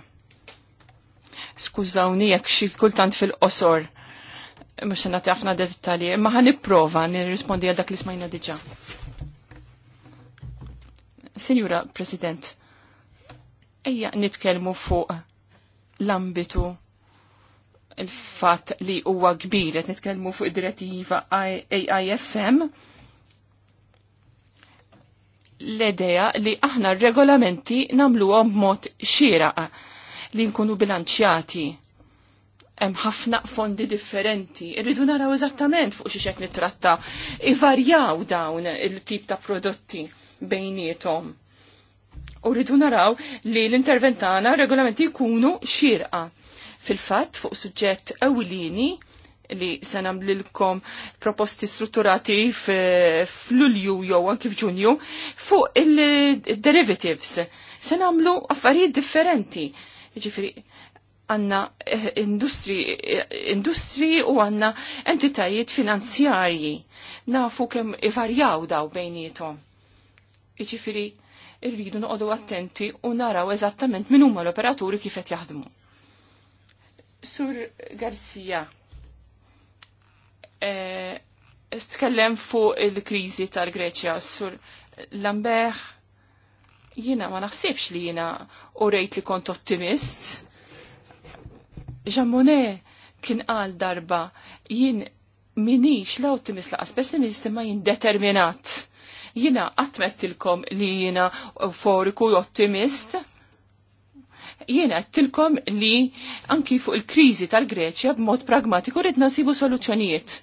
Skużawni jekk xi kultant fil-qosor mux nati ħafna dettali, imma għan nipprova nirrispondi għal dak li smajna diġa. Sinjura President, ejja nitkelmu fuq l-ambitu il-fat li huwa kbir, qed nitkellmu fuq id-direttiva AIFM l-idea li aħna r-regolamenti namluhom b'mod xieraq li nkunu bilanċjati. Hemm ħafna fondi differenti. Irridu naraw eżattament fuq xi xek nitratta. Ivarjaw dawn il-tip ta' prodotti bejnietom. U rridu naraw li l-interventana regolamenti jkunu xirqa. Fil-fatt fuq suġġett ewlieni li se nagħmlilkom proposti strutturati f'Lulju jew anki f'Ġunju fuq il-derivatives. Se nagħmlu affarijiet differenti Ġifri, għanna eh, industri, eh, industri u għanna entitajiet finanzjarji. Nafu kem ivarjaw daw bejnietom. Iġifiri, irridu noqodu attenti u naraw eżattament minn huma l-operaturi kif qed jaħdmu. Sur Garcia, istkellem eh, fuq il-kriżi tal-Greċja, sur Lambert Jina ma naħsibx li jina u rejt li kont ottimist. Ġammone kien qal darba jien minix la ottimist laqas pessimist imma jien determinat. Jina għatmettilkom li jina euforiku ottimist jiena tilkom li anki fuq il-krizi tal-Greċja b'mod pragmatiku ridna nasibu soluzzjonijiet.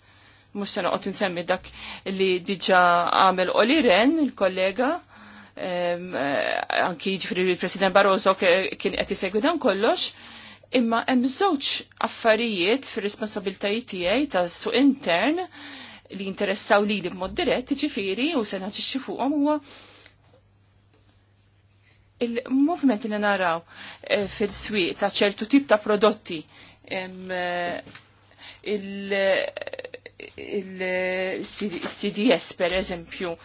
Mux sena qot nsemmi dak li diġa għamel Oliren, il-kollega, Eh, anki ġifri il-President Barroso kien qed isegwi dan kollox, imma hemm żewġ affarijiet fir-responsabiltajiet tiegħi tas-suq intern li interessaw li li b'mod dirett, ġifiri, u se naċiċi fuqom huwa il-movement li naraw eh, fil swi ta' ċertu tip ta' prodotti eh, il-CDS per eżempju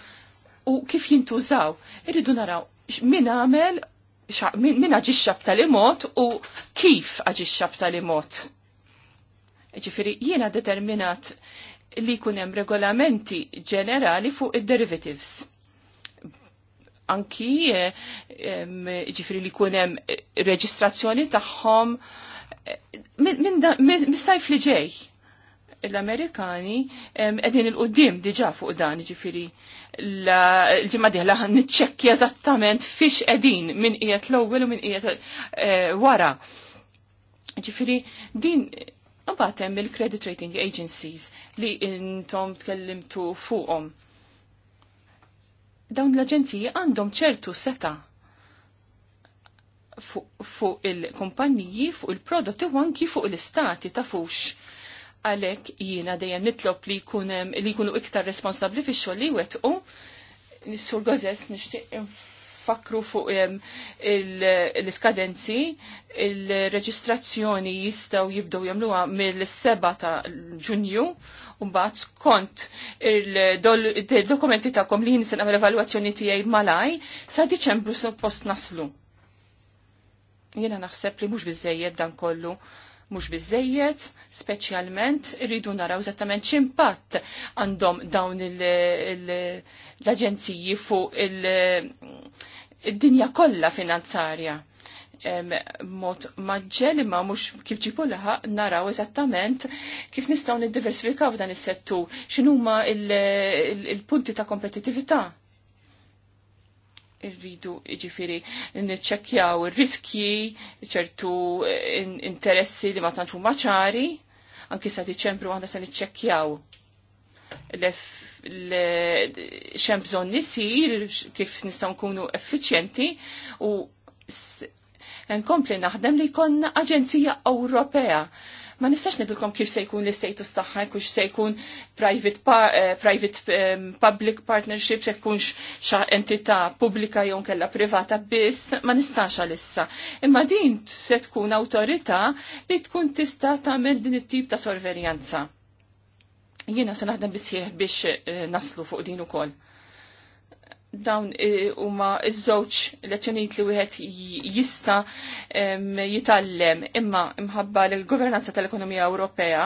u kif jintużaw. Irridu naraw min għamel, min aġixxa b'tali mod u kif aġixxa b'tali mod. Ġifiri, jiena determinat li kunem regolamenti ġenerali fuq id-derivatives anki eh, ġifiri li kunem eh, reġistrazzjoni taħħom eh, minn sajf li ġej. L-Amerikani edin il-qoddim diġa fuq dan ġifiri l-ġimma diħla nitċekkja eżattament fiex edin minn qiegħed l-ewwel u minn qiegħed eh, wara. Ġifieri din Mbagħad hemm il-credit rating agencies li intom tkellimtu fuqhom. Dawn l-aġenziji għandhom ċertu seta fuq il-kumpanniji, fuq il-prodotti u anki fuq l-istati tafux għalek jiena dejjem nitlob li kunem li jkunu iktar responsabli fi xogħol li wetqu. Sur Gozess nixtieq fakru fuq l-iskadenzi, il-reġistrazzjoni jistaw jibdow jamluwa mill-7 ta' ġunju, mbagħad skont il-dokumenti ta'kom li jinsen għamil evalwazzjoni tiegħi malaj, sa' Diċembru post naslu. Jena naħseb li mhux biżejjed dan kollu mhux biżejjed, speċjalment irridu naraw eżattament x'impatt għandhom dawn l-aġenziji fuq il-dinja kollha finanzarja. Mod maġġel imma mhux kif ġipu laħaq naraw eżattament kif nistgħu niddiversifikaw dan is-settur, x'inhuma il-punti ta' kompetitività irridu ġifiri nċekjaw il-riski, ċertu interessi li ma tanċu maċari, anki sa' diċembru għanda sa' nċekjaw xem bżon nisir, kif nistaw nkunu effiċjenti u nkompli naħdem li konna aġenzija Ewropea Ma nistax nidilkom kif se jkun l-status tagħha, kux se jkun private, pa, eh, private um, public partnership, se jkun xa entità pubblika jew kella privata biss, ma nistax għalissa. Imma din se tkun awtorità li tkun tista' tagħmel din it-tip ta' sorverjanza. Jiena se naħdem bisħieħ biex eh, naslu fuq din ukoll dawn eh, huma iż-żewġ lezzjonijiet li wieħed jista jitallem imma imħabba l-governanza tal-ekonomija Ewropea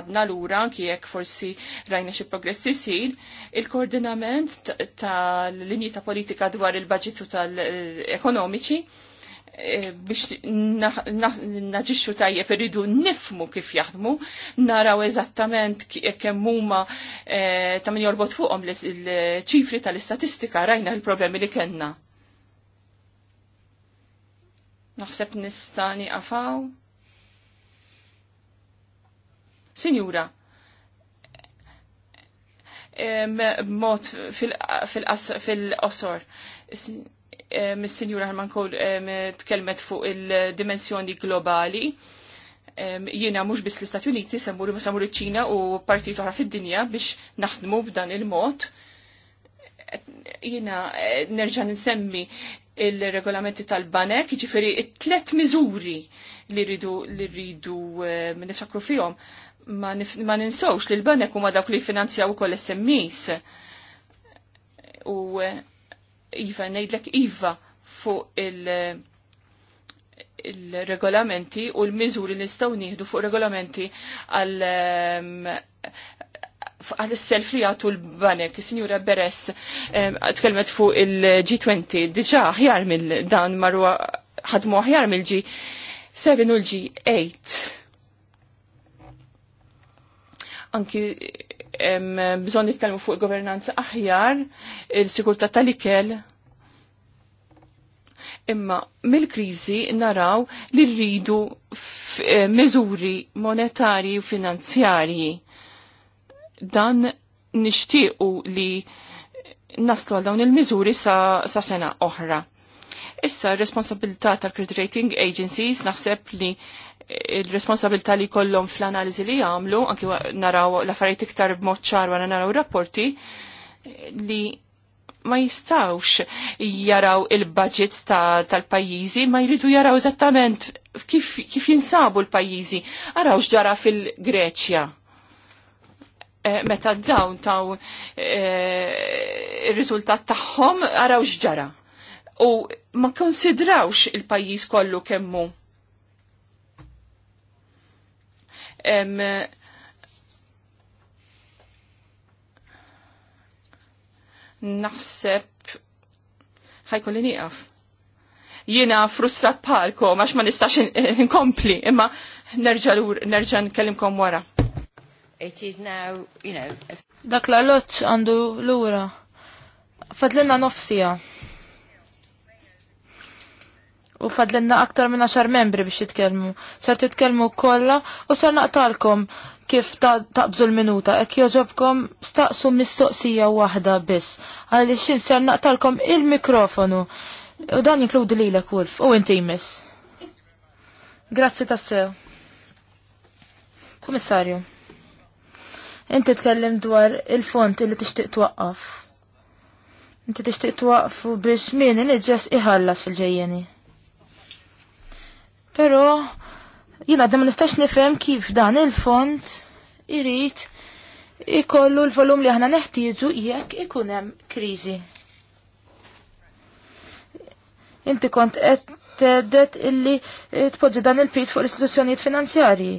għadna lura anki jekk forsi rajna xi progress isir, il-koordinament tal-linji ta' politika dwar il-baġitu tal-ekonomiċi eh, Eh, biex naġixxu tajjeb idu nifmu kif jaħdmu, naraw eżattament eh, kemm huma eh, ta' min jorbot fuqhom il-ċifri tal-istatistika rajna il-problemi li kellna. Naħseb nistani għafaw? Sinjura, mod fil-qosor. Fil Eh, mis-Sinjura Herman Kohl eh, tkellmet fuq il-dimensjoni globali. Jiena mhux biss l-Istati Uniti semmur ma semmur iċ-Ċina u partit oħra fid-dinja biex naħdmu b'dan il-mod. Jiena eh, nerġa' nsemmi il-regolamenti tal-banek, ġifiri it-tlet miżuri li rridu li rridu niftakru fihom. Ma, ninsawx li l-banek huma dawk li finanzjaw ukoll SMEs. U Iva, nejdlek Iva fuq il- il-regolamenti u l-miżuri li nistgħu nieħdu fuq regolamenti għal għal-self li għatu l-banek, signora Beres, tkelmet fuq il-G20, diġa ħjar mill-dan marwa ħadmu ħjar mill-G7 u l-G8. Anki bżon nitkellmu fuq il-governanza aħjar, il-sigurtà tal-ikel. Imma mill-kriżi naraw li rridu eh, miżuri monetari u finanzjarji. Dan nixtiequ li naslu għal dawn il-miżuri sa, sa sena oħra. Issa, responsabilità tal-credit rating agencies naħseb li il-responsabilità li kollom fl-analiżi li jagħmlu, anki naraw l-affarijiet iktar b'mod ċar wara naraw rapporti li ma jistawx jaraw il-budget tal-pajjiżi, ta ma jridu jaraw eżattament kif, kif jinsabu l-pajjiżi. Araw x'ġara fil-Greċja eh, meta dawn taw eh, il-rizultat tagħhom araw x'ġara. U ma konsidrawx il-pajjiż kollu kemmu. naħseb ħajkolli niqaf. Jina frustrat palko, għax ma nistax inkompli, imma nerġa' nkellimkom wara. It is now, you know. Dak la lot għandu l-ura. Fadlina nofsija u fadlenna aktar minn 10 membri biex jitkellmu. Ser titkellmu kollha u ser naqtalkom kif taqbżu l-minuta, ek joġobkom staqsu mistoqsija waħda biss. Għalli xin ser naqtalkom il-mikrofonu. U dan jinkludi lilek Wolf, u inti jmiss. Grazzi tassew. Komissarju, inti tkellim dwar il-font li tixtieq twaqqaf. Inti tixtieq twaqqfu biex min il-ġess iħallas fil-ġejjeni. Pero jina għadda ma nistax nifhem kif dan il-font irrit ikollu l-volum li aħna neħtieġu jekk ikun hemm kriżi. Inti kont qed tedet illi tpoġġi dan il-pis fuq l-istituzzjonijiet finanzjarji.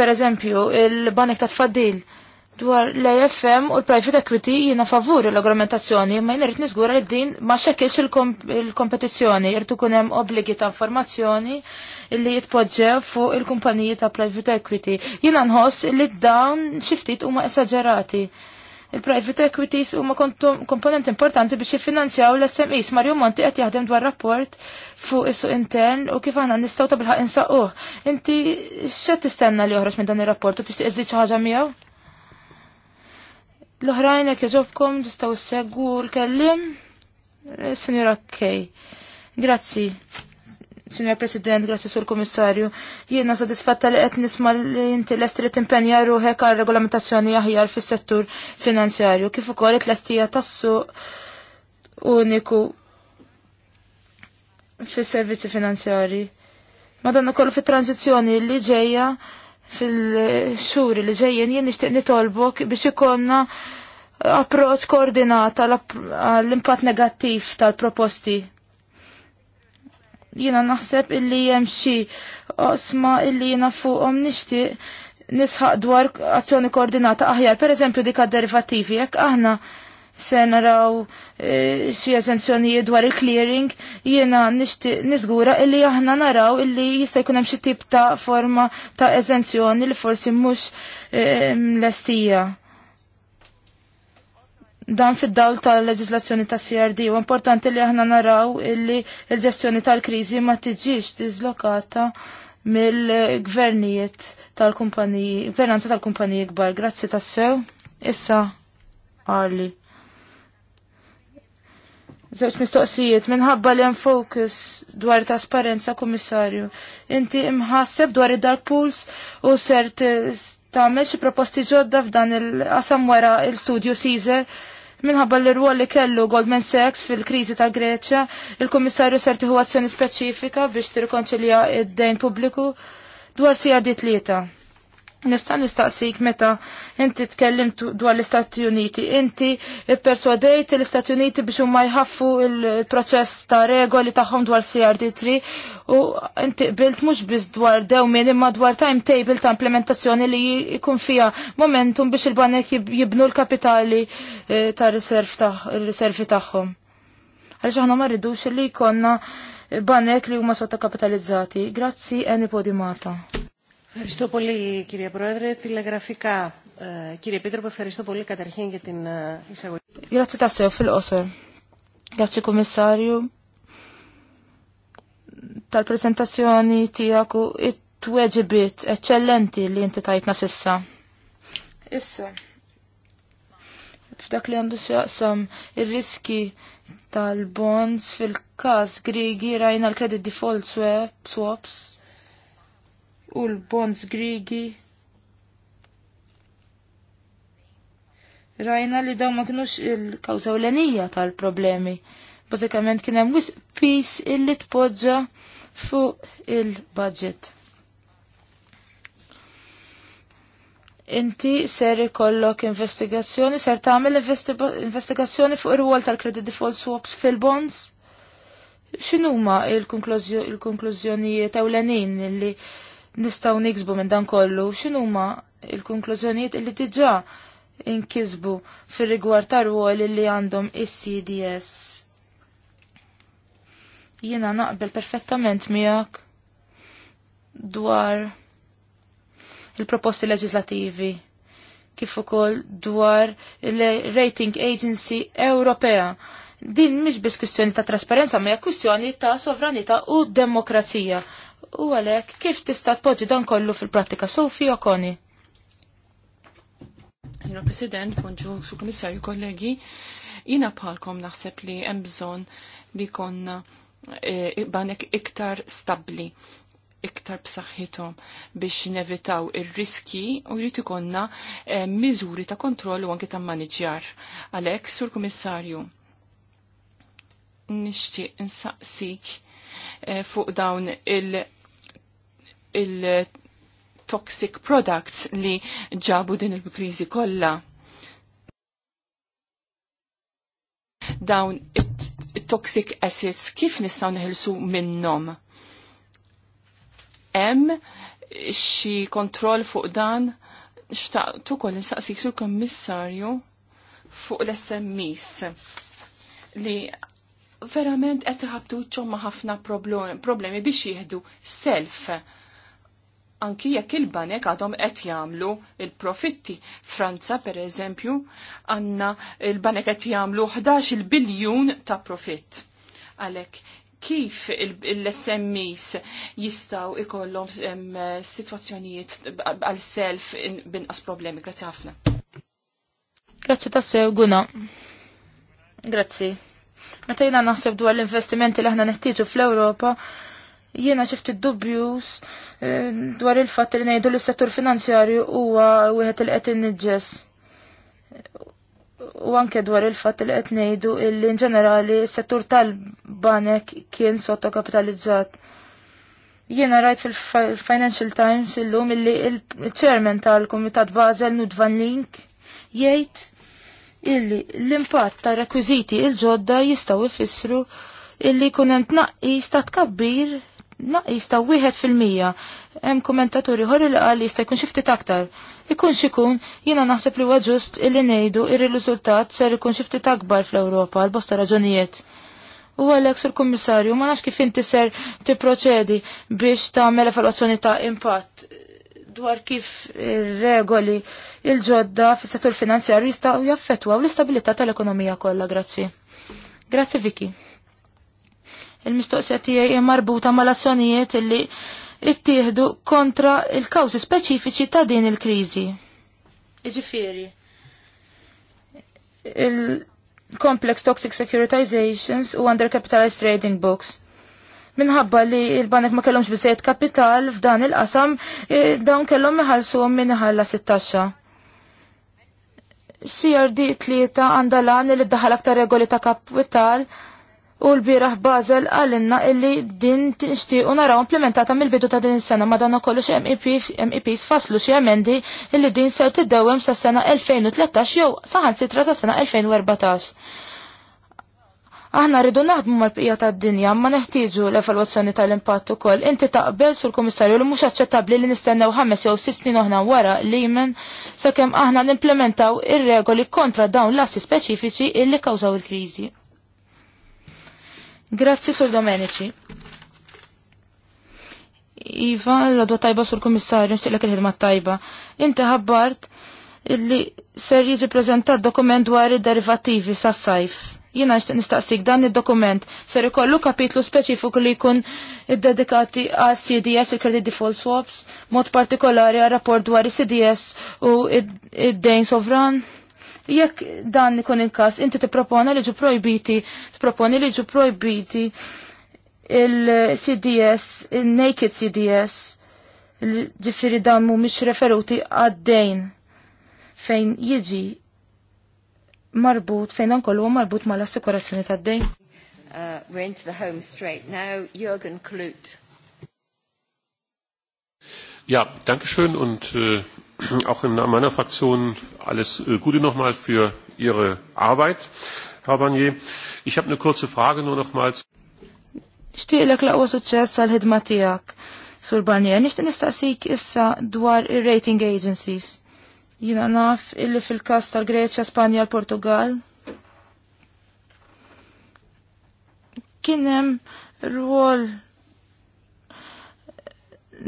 Per eżempju, il-banek ta' tfaddil dwar l-AFM u l-private equity jiena favur l agrumentazzjoni ma jina rritni niżgura li din ma xekilx il-kompetizzjoni, jirtu kunem hemm obbligi ta' informazzjoni li jitpoġġew fuq il-kumpaniji ta' private equity. Jiena nħoss li dawn xi ftit huma esagerati. Il-private equities huma komponent importanti biex jiffinanzjaw l-SMEs. Mario Monti qed jaħdem dwar rapport fuq issu intern u kif aħna nistgħu tabilħaq insaquh. Inti x'qed tistenna li joħroġ minn dan ir-rapport u tixtieq iżid xi ħaġa miegħu? L-oħrajn jekk jogħġobkom s ssegwu l-kellim. Eh, Sinjora Kej. Grazzi. Signor President, grazzi sur Komissarju. Jiena sodisfatta li qed nisma' li inti lest li timpenja ruħek għal regolamentazzjoni aħjar fis-settur finanzjarju kif ukoll it-lestija tas uniku fis-servizzi finanzjarji. Madan ukoll fit-tranzizzjoni li ġejja fil-xuri li ġejjen jien nixtieq nitolbok biex ikonna approċ koordinata l-impatt negattiv tal-proposti. Jiena naħseb illi hemm xi osma illi jiena fuqhom nixtieq nisħaq dwar azzjoni koordinata aħjar, pereżempju dik derivattivi jekk aħna se naraw eh, xie xi dwar il-clearing, jiena niżgura illi aħna naraw illi jista' jkun hemm xi tip ta' forma ta' eżenzjoni li forsi mhux lestija. Dan fid-dawl tal-leġislazzjoni ta' CRD u importanti li aħna naraw illi l ġestjoni tal-kriżi ma tiġix dislokata mill-gvernijiet tal-kumpaniji, gvernanza tal-kumpaniji kbar. Grazzi tassew. Issa, Arli. Zewġ mistoqsijiet, minħabba li fokus dwar trasparenza, komissarju. Inti imħasseb dwar id-dark pools u ser tagħmel xi proposti ġodda f'dan il-qasam wara il-studju Caesar. Minħabba l ruol li kellu Goldman Sachs fil-kriżi tal Greċja, il-Kummissarju ser tieħu azzjoni speċifika biex tirkonċilja id-dejn pubbliku dwar CRD tlieta. Nista' nistaqsik meta inti tkellim dwar l-Istati Uniti, inti ipperswadejt l-Istati Uniti biex huma jħaffu il-proċess ta' regoli tagħhom dwar CRD3 u inti qbilt mhux biss dwar dewmien imma dwar timetable ta' implementazzjoni li jkun fiha momentum biex il-banek jibnu l-kapitali eh, ta' riservi tagħhom. Għaliex aħna ma rridux li jkollna banek li huma sotta kapitalizzati. Grazzi Eni Podimata. Ευχαριστώ πολύ κύριε Πρόεδρε. Τηλεγραφικά, κύριε Επίτροπο, ευχαριστώ πολύ καταρχήν για την εισαγωγή. Grazie a te, Filosor. Grazie commissario. Tal-prezentazzjoni tiegħek u it-tweġibiet eċċellenti li inti tajtna sissa. Issa. F'dak li għandu xaqsam ir-riski tal-bonds fil-każ Grigi rajna l-credit default swaps u l-bonds grigi. Rajna li daw ma kienux il-kawza l-enija tal-problemi. Bazzikament kien hemm wisq pis illi tpoġġa fuq il-budget. inti ser ikollok investigazzjoni, ser tagħmel investigazzjoni fuq ir-rwol tal-credit default swaps fil-bonds? X'inhuma il-konklużjonijiet ewlenin li nistgħu niksbu minn dan kollu x'inhuma il-konklużjonijiet li diġà inkisbu fir-rigward tar-rwol li għandhom is-CDS. Jiena naqbel perfettament miegħek dwar il-proposti leġislativi kif ukoll dwar il-Rating Agency Ewropea. Din mhix biss kwistjoni ta' trasparenza, ma hija kwistjoni ta' sovranità u demokrazija. U għalek, kif tista' tpoġġi dan kollu fil-prattika? Sofi Koni? Signor President, bonġu, su komissarju kollegi, jina bħalkom naħseb li hemm bżonn li konna e, banek iktar stabli iktar b'saħħithom biex nevitaw ir-riski u jrid ikonna e, miżuri ta' kontroll u anke ta' maniġjar. Għalhekk, Sur Kummissarju, nixtieq insaqsik Eh, fuq dawn il- il- toxic products li ġabu din il-krizi kollha. Dawn it-toxic assets kif nistgħu neħilsu minnhom? Hemm xi kontroll fuq dan xtaqtu kol nistaqsik sur kommissarju fuq l-SMIs li verament qed iħabtu ċomma ħafna problemi biex jieħdu self anki jekk il-banek għadhom qed jagħmlu il-profitti. Franza pereżempju għandna il-banek qed jagħmlu 11 biljun ta' profitt. Għalhekk kif l-SMEs jistaw ikollhom situazzjonijiet għal self binqas problemi. Grazzi ħafna. Grazzi tassew, Guna. Grazzi. Meta jina naħseb dwar l-investimenti li aħna neħtieġu fl-Ewropa, jiena xift id-dubjus eh, dwar il-fatt li ngħidu li s-settur finanzjarju huwa wieħed il qed inniġġess. U anke dwar il-fatt li qed ngħidu illi in ġenerali s-settur tal-banek kien sottokapitalizzat. Jiena rajt fil-Financial Times illum illi il-chairman tal-Kumitat Basel Nudvan Link jgħid illi l-impatt ta' rekwiziti il-ġodda jistaw ifissru illi kunem tnaqqis ta' tkabbir naqis ta' wieħed fil-mija. Hemm kumentaturi ħorri li qal jista' jkun xifti ftit aktar. Ikun xikun, jiena naħseb li huwa ġust illi ngħidu ir-riżultat ser ikun xifti t'akbar akbar fl-Ewropa għal bosta raġunijiet. U għalhekk sur kummissarju ma nafx kif inti ser tipproċedi biex tagħmel evalwazzjoni ta' impatt dwar kif regoli il-ġodda fis settur finanzjarju jistgħu jaffettwaw l-istabilità tal-ekonomija kollha, grazzi. Grazzi Viki. Il-mistoqsija tiegħi marbuta mal-azzjonijiet illi ittieħdu kontra il-kawżi speċifiċi ta' din il-kriżi. Iġifieri il-complex toxic securitizations u undercapitalized trading books minħabba li l-banek ma kellhomx biżejjed kapital f'dan il-qasam e, dawn kellhom iħallsuhom minħalla 16 CRD tlieta għandha lan li ddaħal aktar regoli ta' kapital u l-biraħ Basel għalinna illi din tinxtiequ naraw implementata mill-bidu ta' din is-sena madonna kollu xi MEPs e faslu xi emendi illi din se tiddewwem sas sena 2013 jew saħansitra sas sena 2014 Aħna rridu naħdmu mal-bqija tad-dinja, ma neħtieġu l-evalwazzjoni tal-impatt ukoll. Inti taqbel sur kummissarju li mhux aċċettabbli li nistennew ħames jew sitt snin oħna wara li jmen sakemm aħna nimplementaw ir-regoli kontra dawn l-assi speċifiċi illi kawżaw il-kriżi. Grazzi sur Domenici. Iva, l-għadwa tajba sur kummissarju, nsiqlek il-ħidma tajba. Inti ħabbart illi ser jiġi prezentat dokument dwar id-derivativi sa' sajf Jiena nistaqsik dan id-dokument ser ikollu kapitlu speċifiku li jkun id-dedikati għal CDS il-credit default swaps, mod partikolari għal rapport dwar CDS u id-dejn sovran. Jekk dan ikun il kas inti tippropona li ġu projbiti, tipproponi li ġu projbiti il-CDS, il-naked CDS, ġifiri dan mu mux referuti għad-dejn fejn jiġi marbut fejn dan kollu marbut mal-assikurazzjoni tad-dejn. Uh, we're into the home straight now. Jürgen Klut. Ja, danke schön und äh, auch im Namen meiner Fraktion alles äh, Gute nochmal für Ihre Arbeit, Herr Barnier. Ich habe eine kurze Frage nur nochmals. Xtieqlek laqwa suċċess għal-ħidma tiegħek, Sur Barnier. Nixtieq nistaqsik issa dwar ir-rating agencies. Jina naf illi fil-kas tal-Greċja, Spanja, l-Portugal. Kienem rwol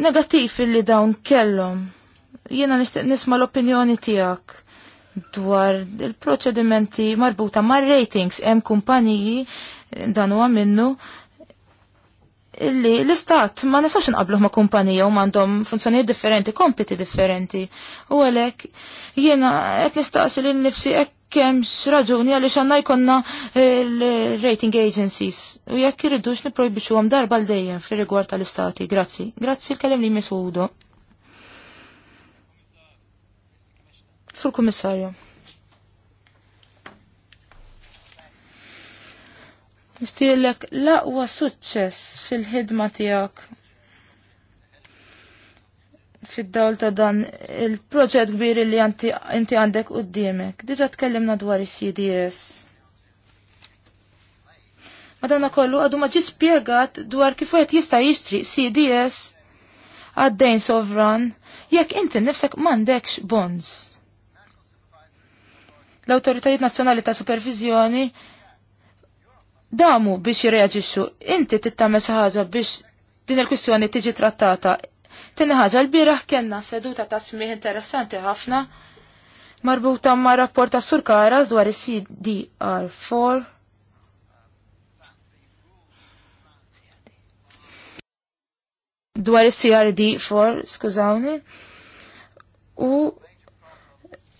negattiv illi dawn kellom. Jina nisma l-opinjoni tijak dwar il-proċedimenti marbuta mar ratings hemm kumpaniji dan huwa minnu illi l-istat ma nistax inqabluh ma' kumpanija u m'għandhom funzjonijiet differenti, kompiti differenti. U għalhekk jiena qed nistaqsi lil nifsi hekk kemmx raġuni għaliex għandna jkollna eh, l-rating agencies u jekk irridux niprojbixu għam darba l-dejjem fir-rigward tal-istati. Grazzi. Grazzi l-kelem li miswudo. Sur kummissarju. Nistielek laqwa suċċess fil-ħidma tiegħek fid-dawl ta' dan il-proġett kbir li inti għandek u d-diemek. Diġa tkellimna dwar is-CDS. Madonna kollu għadu ma spiegat dwar kif jt jista jistri CDS għaddejn sovran jekk inti nifsek mandekx bonds. L-autoritajiet nazzjonali ta' supervizjoni damu biex jirreagġixxu. Inti tittamel xi ħaġa biex din il-kwistjoni tiġi trattata. Tieni ħaġa l-bieraħ kellna seduta ta' smih interessanti ħafna marbuta ma' rapport ta' Sur Karas dwar is-CDR4. dwar is-CRD4, skużawni, u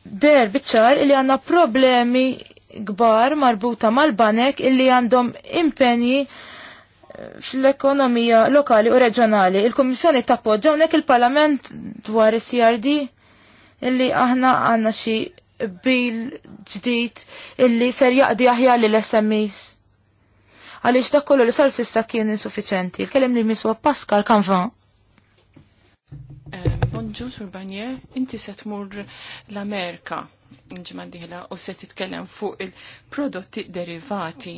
der biċċar li għanna problemi gbar marbuta mal-banek illi għandhom impenji fl-ekonomija lokali u reġjonali. Il-Kommissjoni tappoġġa hawnhekk il-Parlament dwar is-CRD illi aħna għandna xi bil ġdid illi ser jaqdi aħjar lil SMEs. Għaliex dak kollu li sar sissa kien insuffiċenti. Il-kelem li miswa Pascal Kanvan. Ġu Surbanjer, inti se tmur l-Amerika ġimma diħla u se titkellem fuq il-prodotti derivati.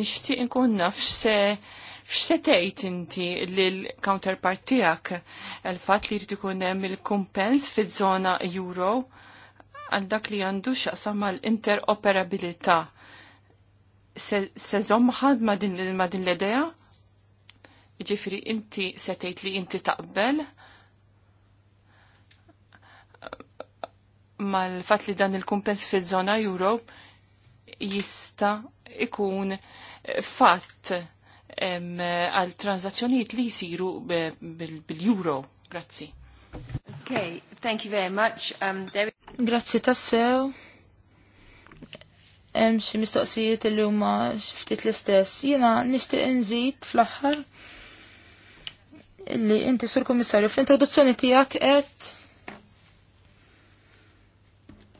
Nixtieq inkun naf x'se tgħid inti lill-counterpart tiegħek għall-fatt li jrid ikun hemm il-kumpens fiż-żona euro għal dak li għandu x'aqsam mal-interoperabilità. Se żomm ma' din l-idea? Ġifri inti se tgħid li inti taqbel? mal-fat li dan il-kumpens fil-zona euro jista ikun fatt għal transazzjonijiet li jisiru bil-euro. Grazzi. Okay, thank you very much. Um, David... Grazzi tassew. Hemm xi mistoqsijiet illi huma ftit l-istess. Jiena nixtieq inżid fl-aħħar li inti sur kummissarju fl-introduzzjoni tiegħek qed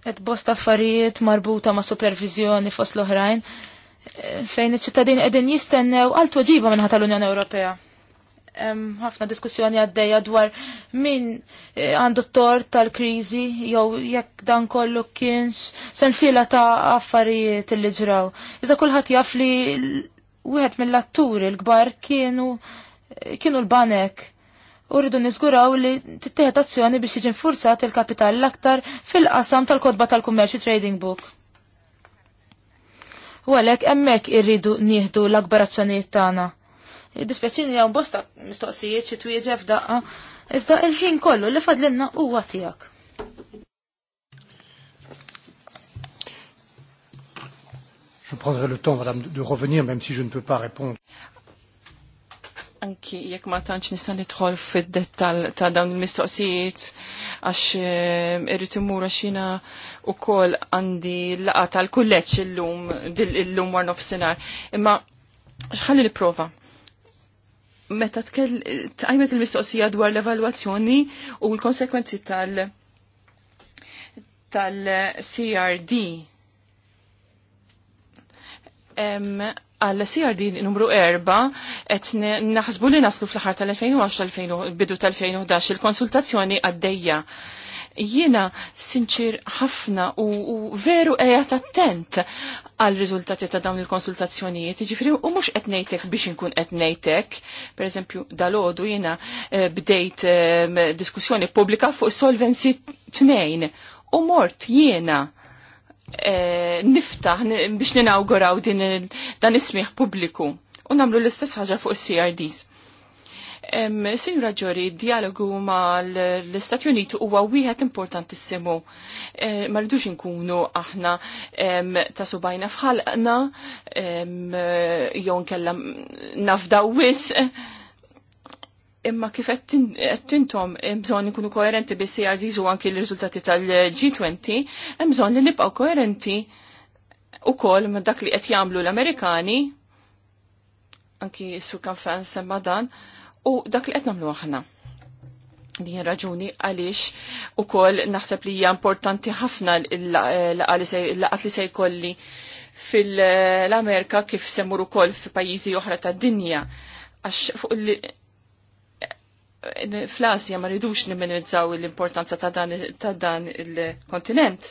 et bosta affarijiet marbuta ma' supervizjoni fost l-oħrajn eh, fejn iċ-ċittadini qegħdin jistennew għal tweġiba minn tal-Unjoni Ewropea. Ħafna diskussjoni għaddejja dwar min eh, għandu t-tort tal-kriżi jew jekk dan kollu kienx sensiela ta' affarijiet li ġraw. Iżda kulħadd jaf li wieħed mill-atturi l-kbar kienu eh, kienu l-banek u rridu niżguraw li tittieħed azzjoni biex jiġi nfurzat il-kapital l-aktar fil-qasam tal-kodba tal commerci trading book. U għalhekk hemmhekk irridu nieħdu l-akbar azzjonijiet tagħna. Dispjaċini jew bosta mistoqsijiet xi twieġeb daqqa, iżda il-ħin kollu li fadlinna huwa tiegħek. Je prendrai le temps, madame, de revenir, même si je ne peux pas répondre anki jekk ma tantx nista' nidħol fid-dettall ta' dawn il-mistoqsijiet għax eh, irrid imur għax jiena wkoll għandi laqa tal-kulleġġ illum illum war nofsinhar. Imma ħalli nipprova. Meta tqajmet il-mistoqsija dwar l-evalwazzjoni u l-konsekwenzi tal- tal-CRD għall CRD numru 4 qed naħsbu li naslu fl-ħar tal-2010 bidu tal-2011 il-konsultazzjoni għaddejja. Jiena sinċir ħafna u, u veru qiegħed attent għal riżultati ta' dawn il-konsultazzjonijiet, ġifri u mhux qed ngħidlek biex inkun qed ngħidlek. Pereżempju dalodu jiena eh, bdejt eh, diskussjoni pubblika fuq solvency tnejn u mort jiena E, niftaħ biex ninawguraw din dan ismiħ pubbliku u namlu l-istess ħaġa fuq CRDs. Sinjura ġori, dialogu ma l-Istati Uniti huwa wieħed importantissimu. E, ma rridux inkunu aħna ta' subajna fħalqna, jew nkella nafdaw wisq imma kif għettintom bżonn nkunu koerenti bi CRDs u anki l-rizultati tal-G20, bżonn li nibqaw koerenti u kol ma dak li qed jagħmlu l-Amerikani, anki sur kan fan semma dan, u dak li qed nagħmlu aħna. Din raġuni għaliex u kol naħseb li hija importanti ħafna l-laqat li se jkolli fil-Amerika kif semmur ukoll f'pajjiżi oħra tad-dinja għax fuq fl-Asja ma ridux nimmenizzaw l-importanza ta' dan, il-kontinent.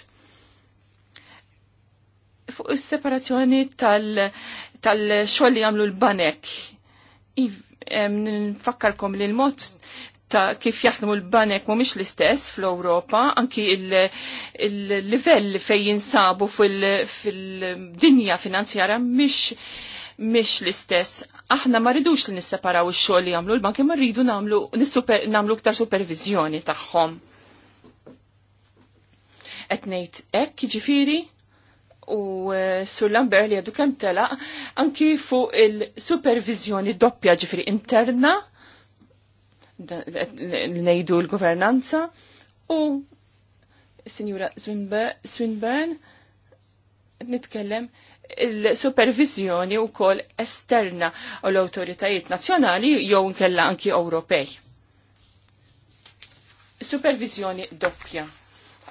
Fuq is-separazzjoni tal-xogħol li jagħmlu l-banek. Nfakkarkom li l-mod ta' kif jaħdmu l-banek mhumiex l-istess fl-Ewropa, anki il-livell fejn jinsabu fil-dinja finanzjara mhix l-istess aħna ma ridux li nisseparaw ix-xogħol li jagħmlu l bank imma rridu nagħmlu nagħmlu iktar supervizjoni tagħhom. Qed ngħid hekk jiġifieri u eh, Sur Lambert li għadu kem telaq anki fuq il-supervizjoni doppja ġifri interna nejdu l-governanza u Signora Swinburne nitkellem il-supervizjoni u kol esterna u l-autoritajiet nazjonali jew nkella anki Ewropej. Supervizjoni doppja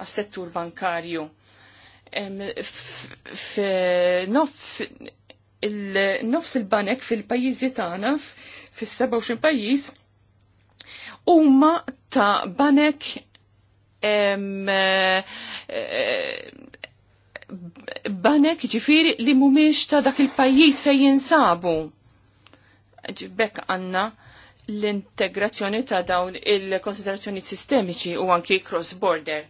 għas-settur bankarju. Nofs il-banek fil-pajjiżi tagħna fis-27 pajjiż huma ta' banek eh, banek ġifiri li mumiex ta' dak il-pajjiż fej jinsabu. Ġibbek għanna l-integrazzjoni ta' dawn il-konsiderazzjoni sistemiċi u anki cross-border.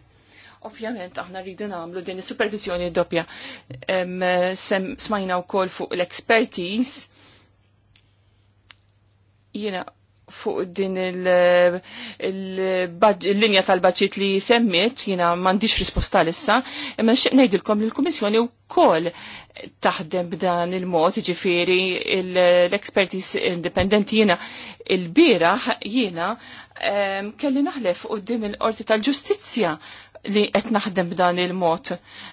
Ovvjament, aħna rridu namlu din supervizjoni doppja. Smajna u kol fuq l-expertise. Jena, fuq din il-linja tal-budget li semmit, jina mandiċ risposta lissa, imma nejdilkom li l-Komissjoni u kol taħdem b'dan il-mod, ġifiri l-expertis independent jina il-biraħ jina kelli naħlef u din il-orti tal-ġustizja li qed naħdem b'dan il-mod.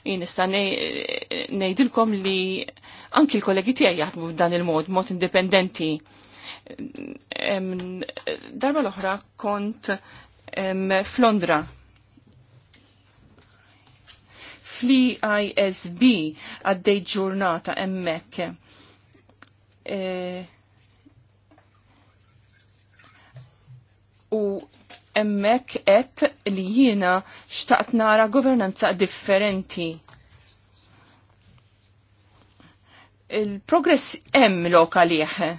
Jina sta ngħidilkom li anki l-kollegi tiegħi jaħdmu b'dan il-mod, mod indipendenti darba l-oħra kont Flondra Fli isb għaddej ġurnata emmek. E, u emmek et li jiena xtaqt nara governanza differenti. Il-progress em lokalieħe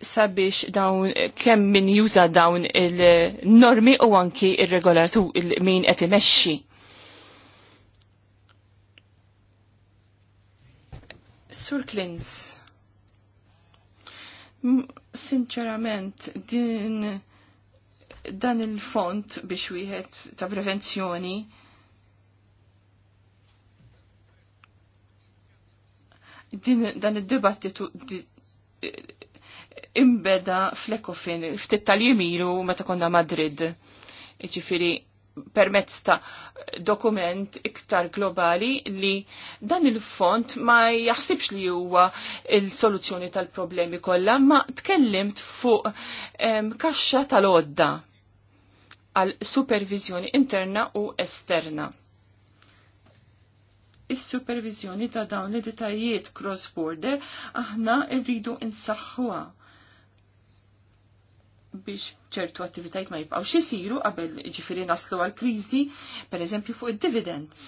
sabiex dawn kemm min juża dawn il-normi u anki il regolatu il min qed imexxi. Sur Klins, sinċerament din dan il-font biex wieħed ta' prevenzjoni din dan id-dibattitu imbeda fl-ekofin, ftit tal-jemilu meta konna Madrid. Ġifiri, permezz ta' dokument iktar globali li dan il-font ma jaħsibx li huwa il-soluzzjoni tal-problemi kollha, ma tkellimt fuq kaxxa tal-odda għal supervizjoni interna u esterna. Is-supervizjoni ta' dawn l-editajiet cross-border aħna rridu insaħħuha biex ċertu attivitajt ma jibqaw xisiru qabel ġifiri naslu għal krizi, per eżempju fuq id-dividends.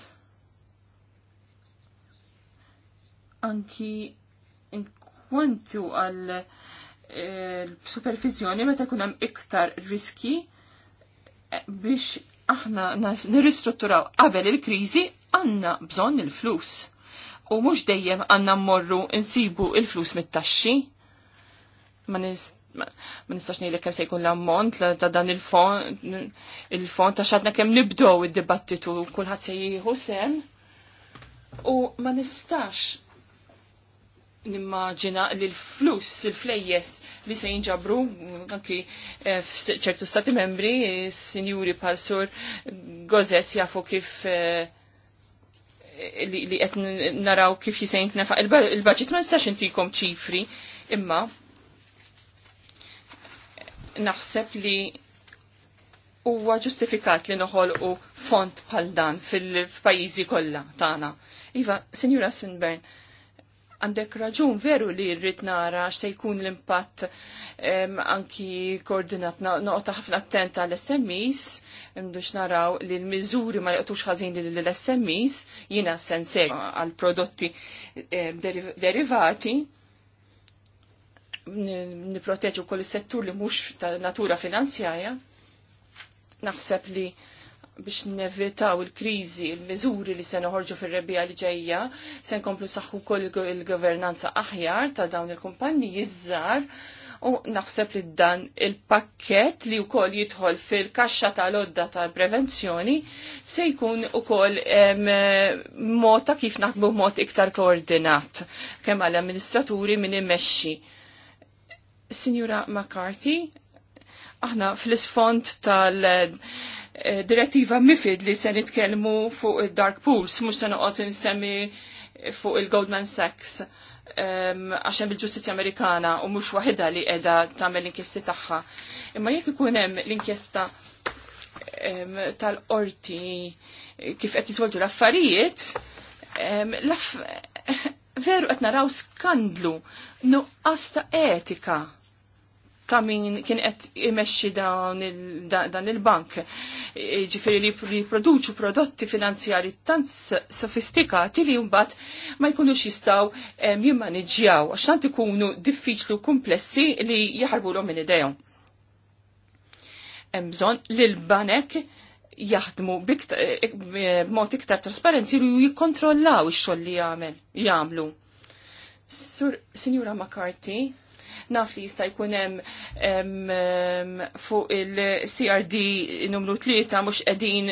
Anki inkwantu għal eh, supervizjoni meta kun hemm iktar riski eh, biex aħna nirristrutturaw qabel il-kriżi għandna bżonn il-flus. U mhux dejjem għandna mmorru nsibu il-flus mit-taxxi. Ma nist ma nistax ngħidlek kemm se jkun l-ammont ta' dan il-fond il-fond ta' xadna kemm nibdew id-dibattitu kulħadd se jieħu sem. U ma nistax nimmaġina li l-flus, il-flejjes li se jinġabru anki eh, f'ċertu stati membri, sinjuri pal sur Gozes jafu kif eh, li qed naraw kif jisejn nefaq il-baġit ma nistax intikom ċifri imma naħseb li huwa ġustifikat li noħolqu font bħal dan fil-pajjiżi kollha tagħna. Iva, Sinjura Sinbern, għandek raġun veru li rrid nara se jkun l-impatt anki koordinat noqta ħafna attent l smis mdux naraw li l-mizuri ma liqtux ħażin li l smis jina sensej għal prodotti derivati niproteġu kol settur li mhux ta' natura finanzjarja. Naħseb li biex nevitaw il-krizi, il-mizuri li se uħorġu fil-rebija li ġejja, se nkomplu saħħu kol il-governanza aħjar ta' dawn il-kumpanni jizzar u naħseb li dan il-pakket li u kol jidħol fil-kaxxa tal-odda ta' prevenzjoni se jkun u kol mota ta' kif naħbu mod iktar koordinat kemm għall amministraturi minn imexxi. Signora McCarthy, aħna fl-isfond tal-direttiva MIFID li se nitkellmu fuq il-Dark Pools, mux se noqgħod insemmi fuq il-Goldman Sachs għaxem um, bil-ġustizja Amerikana u mux wahida li edha tamel l-inkjesti taħħa. Imma jek ikun hemm l-inkjesta um, tal-orti kif qed jitwolġu l-affarijiet, um, laff veru qed naraw skandlu nuqqas ta' etika ta' min kien qed imexxi dan il-bank. Ġifieri li jipproduċu prodotti finanzjari tant sofistikati li mbagħad ma jkunux jistgħu jimmaniġġjaw għax tant ikunu diffiċli u kumplessi li jaħarbulhom minn idejhom. Hemm bżonn li l-banek jaħdmu b'mod iktar trasparenti li jikkontrollaw ix-xogħol li jagħmel jagħmlu. Sur Sinjura McCarthy, Naf li jista' jkun hemm fuq il-CRD numru tlieta mhux qegħdin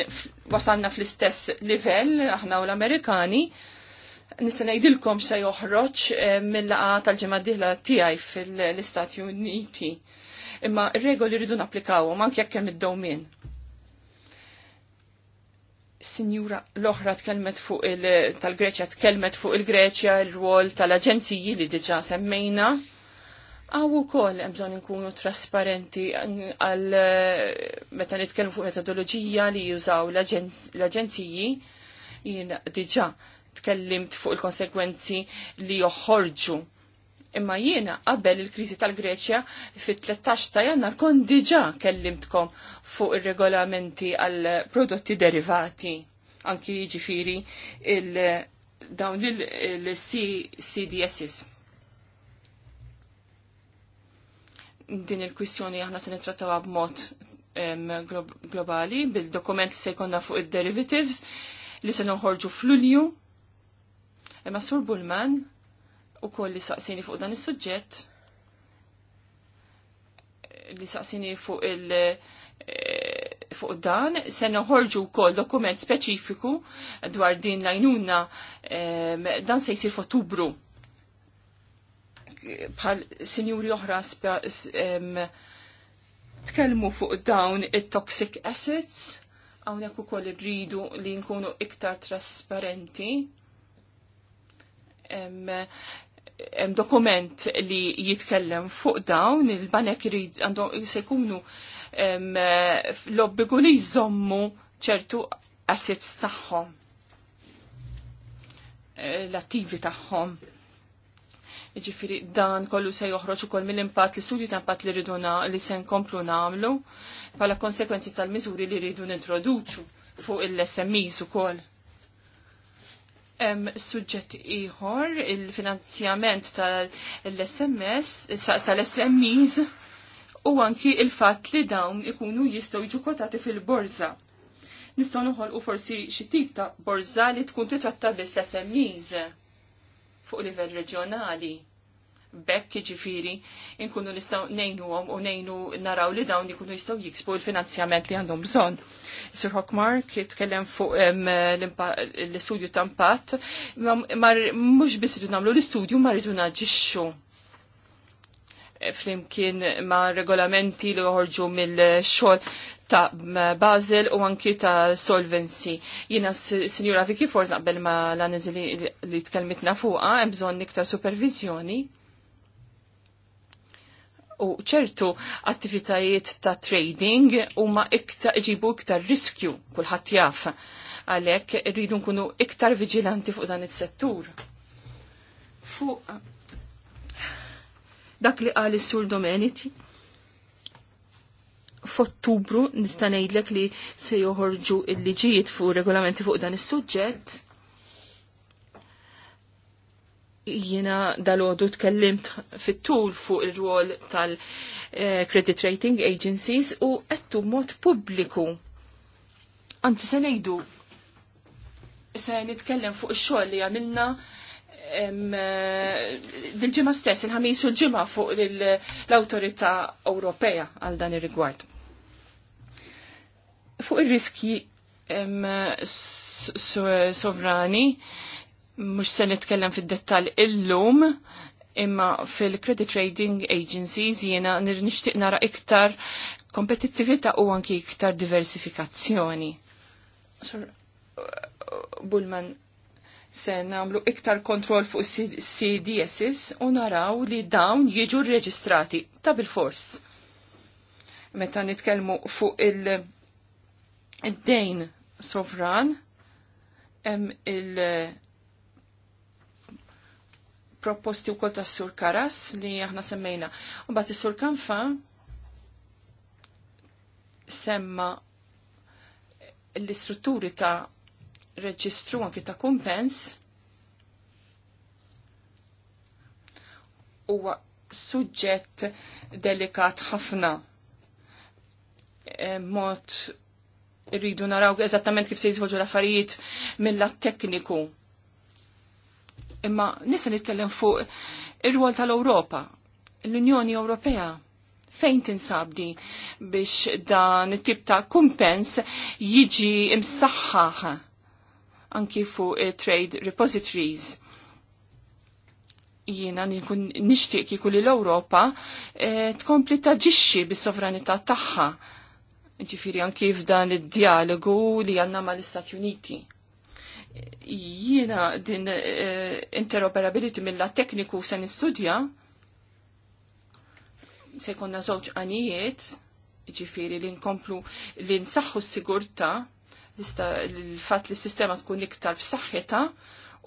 wasanna fl-istess livell aħna u l-Amerikani. Nista' ngħidilkom se joħroġ mill-laqgħa tal-ġimgħa diħla tiegħi fil-Istati Uniti. Imma r-regoli rridu napplikawhom anke jekk hemm id-dowmin. Sinjura l-oħra tkellmet fuq il- tal-Greċja tkellmet fuq il-Greċja r-rwol tal-aġenziji li diġa semmejna Għaw u kol, bżon nkunu trasparenti għal eh, meta nitkellmu fuq metodoloġija li jużaw l-aġenziji jina diġa tkellimt fuq il-konsekwenzi li joħorġu. Imma jiena qabel il-kriżi tal-Greċja fit-13 ta' jannar kon diġa kellimtkom fuq ir-regolamenti għal prodotti derivati, anki ġifiri il-dawn il-CDSs. din il-kwistjoni aħna se nittrattawha b'mod globali bil-dokument li se jkollna fuq id-derivatives li se nħorġu f'Lulju. Imma Sur Bulman ukoll li saqsini fuq dan is-suġġett li saqsini fuq il- e, fuq dan se noħorġu wkoll dokument speċifiku dwar din lajnuna dan se jsir f'Ottubru bħal sinjuri oħra tkellmu fuq dawn it-toxic assets, għawnek u koll rridu li nkunu iktar trasparenti. Em dokument li jitkellem fuq dawn, il-banek rrid għandu se jkunu l obbigu li jżommu ċertu assets tagħhom eh, l-attivi tagħhom Ġifiri dan kollu se joħroġ ukoll mill-impatt li studju ta' impatt li rridu li se nkomplu nagħmlu bħala konsekwenzi tal-miżuri li rridu nintroduċu fuq il-SMEs ukoll. Hemm suġġett ieħor il-finanzjament tal-SMS tal-SMEs u anki il-fatt li dawn ikunu jistgħu jiġu kotati fil-borża nistaw noħolqu forsi xi tip ta' borza li tkun titratta biss l semmiż fuq livell reġjonali. Bekk ġifiri inkunu nistaw nejnu għom u nejnu naraw li dawn ikunu jistaw jiksbu l finanzjament li għandhom bżon. Sir Hockmark jitkellem fuq l-istudju tampat, mux bis namlu l-istudju ma rridu naġiċu flimkien ma' regolamenti li joħorġu mill-xol ta' Basel u anki ta' Solvency. Jina, Signora Vicky Ford, naqbel ma' l li li tkelmitna fuqa, bżonn iktar supervizjoni u ċertu attivitajiet ta' trading u ma' iktar iġibu iktar riskju kullħat jaf għalek rridu nkunu iktar vigilanti fuq dan il-settur. Fuq dak li qal is-Sur domeniti f'Ottubru nista' ngħidlek li se joħorġu l-liġijiet fuq regolamenti fuq dan is-suġġett. Jiena dalodu tkellimt fit-tul fuq ir-rwol tal-credit rating agencies u qedtu mod pubbliku. Anzi se ngħidu se nitkellem fuq ix-xogħol li għamilna Eh, dil-ġimma stess, il-ħamis u l-ġimma fuq l-autorita Ewropea għal dan ir-rigward. Fuq ir-riski sovrani, mux se nitkellem fid-dettal illum, imma fil-credit trading agencies jiena nixtieq nara iktar kompetittività u anki iktar diversifikazzjoni. Eh, Bulman, se namlu iktar kontroll fuq CDSs u naraw li dawn jiġu reġistrati ta' bil-fors. Meta nitkellmu fuq il-dejn sovran, hemm il- proposti u kol ta' sur Karas li aħna semmejna. U bat sur Kanfa semma l-istrutturi ta' reġistru anki ta' kumpens huwa suġġett delikat ħafna. E, mod rridu naraw eżattament kif se jiżvolġu l-affarijiet mill tekniku. Imma nista' nitkellem fuq ir-rwol tal-Ewropa, l-Unjoni Ewropea fejn tinsab din biex dan it-tip ta' kumpens jiġi imsaħħaħ anki fuq eh, trade repositories jiena nkun nixtieq kieku li l-Ewropa eh, tkompli taġixxi bis-sovranità tagħha. Ġifieri anki f'dan id-dialogu li għandna mal-Istati Uniti. Jiena din eh, interoperability mill tekniku se nistudja se jkollna żewġ għanijiet, ġifieri li nkomplu li nsaħħu s-sigurtà l-fat li s-sistema tkun iktar b'saħħitha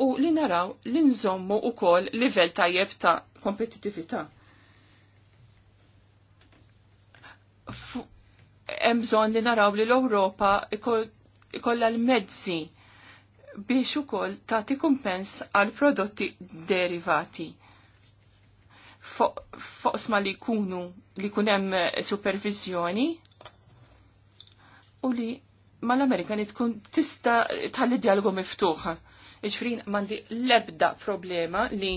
u li naraw li nżommu ukoll livell tajjeb ta' kompetitività. Hemm bżonn li naraw li l-Ewropa ikollha l-mezzi biex ukoll tagħti kumpens għal prodotti derivati foqsma li jkunu li jkun hemm supervizjoni u li mal-Amerikani tkun tista tal dialogu miftuħa. Iġfrin mandi lebda problema li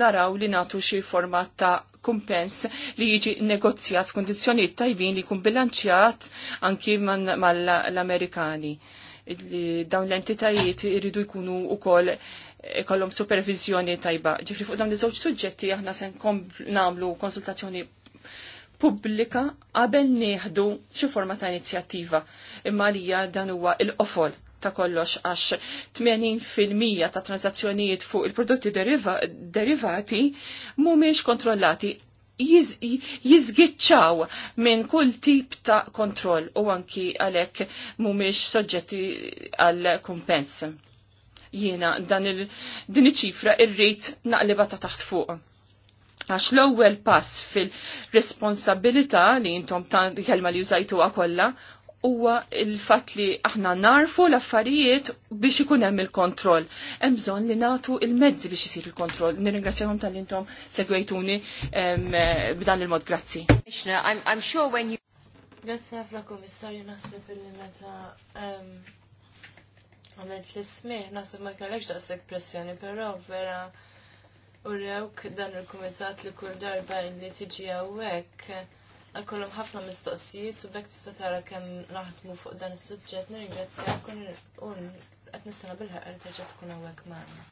naraw li natu xi format ta' kumpens li jiġi negozjat f'kondizzjonijiet tajbin li jkun bilanċjat anki mal-Amerikani. Dawn l-entitajiet iridu jkunu wkoll eh, kollhom supervizjoni tajba. Ġifri fuq dawn iż-żewġ suġġetti aħna se nagħmlu konsultazzjoni pubblika qabel nieħdu xi forma ta' inizjattiva imma li dan huwa l-qofol ta' kollox għax 80% ta' transazzjonijiet fuq il-prodotti deriva, derivati mhumiex kontrollati jizgitċaw minn kull tip ta' kontroll u anki għalek mumiex soġġetti għal kumpens. Jiena dan il ċifra il irrit naqliba ta' taħt fuq għax l-ewwel pass fil-responsabilità li intom ta' kelma li użajtuha kollha huwa il-fatt li aħna narfu l-affarijiet biex ikun hemm il-kontroll. Hemm bżonn li nagħtu il-mezzi biex isir il-kontroll. Nirringrazzjahom tal-intom segwejtuni b'dan il-mod grazzi. I'm sure when you Grazzi ħafna kummissarju naħseb illi meta għamilt l ismi naħseb ma kellekx daqshekk pressjoni, però vera u rewk dan il-kumitat li kull darba li tiġi għawek għakollum ħafna mistoqsijiet u bekk tista' tara kemm naħdmu fuq dan is-suġġett nirringrazzjak u qed nistana bil għal li tkun hawnhekk magħna.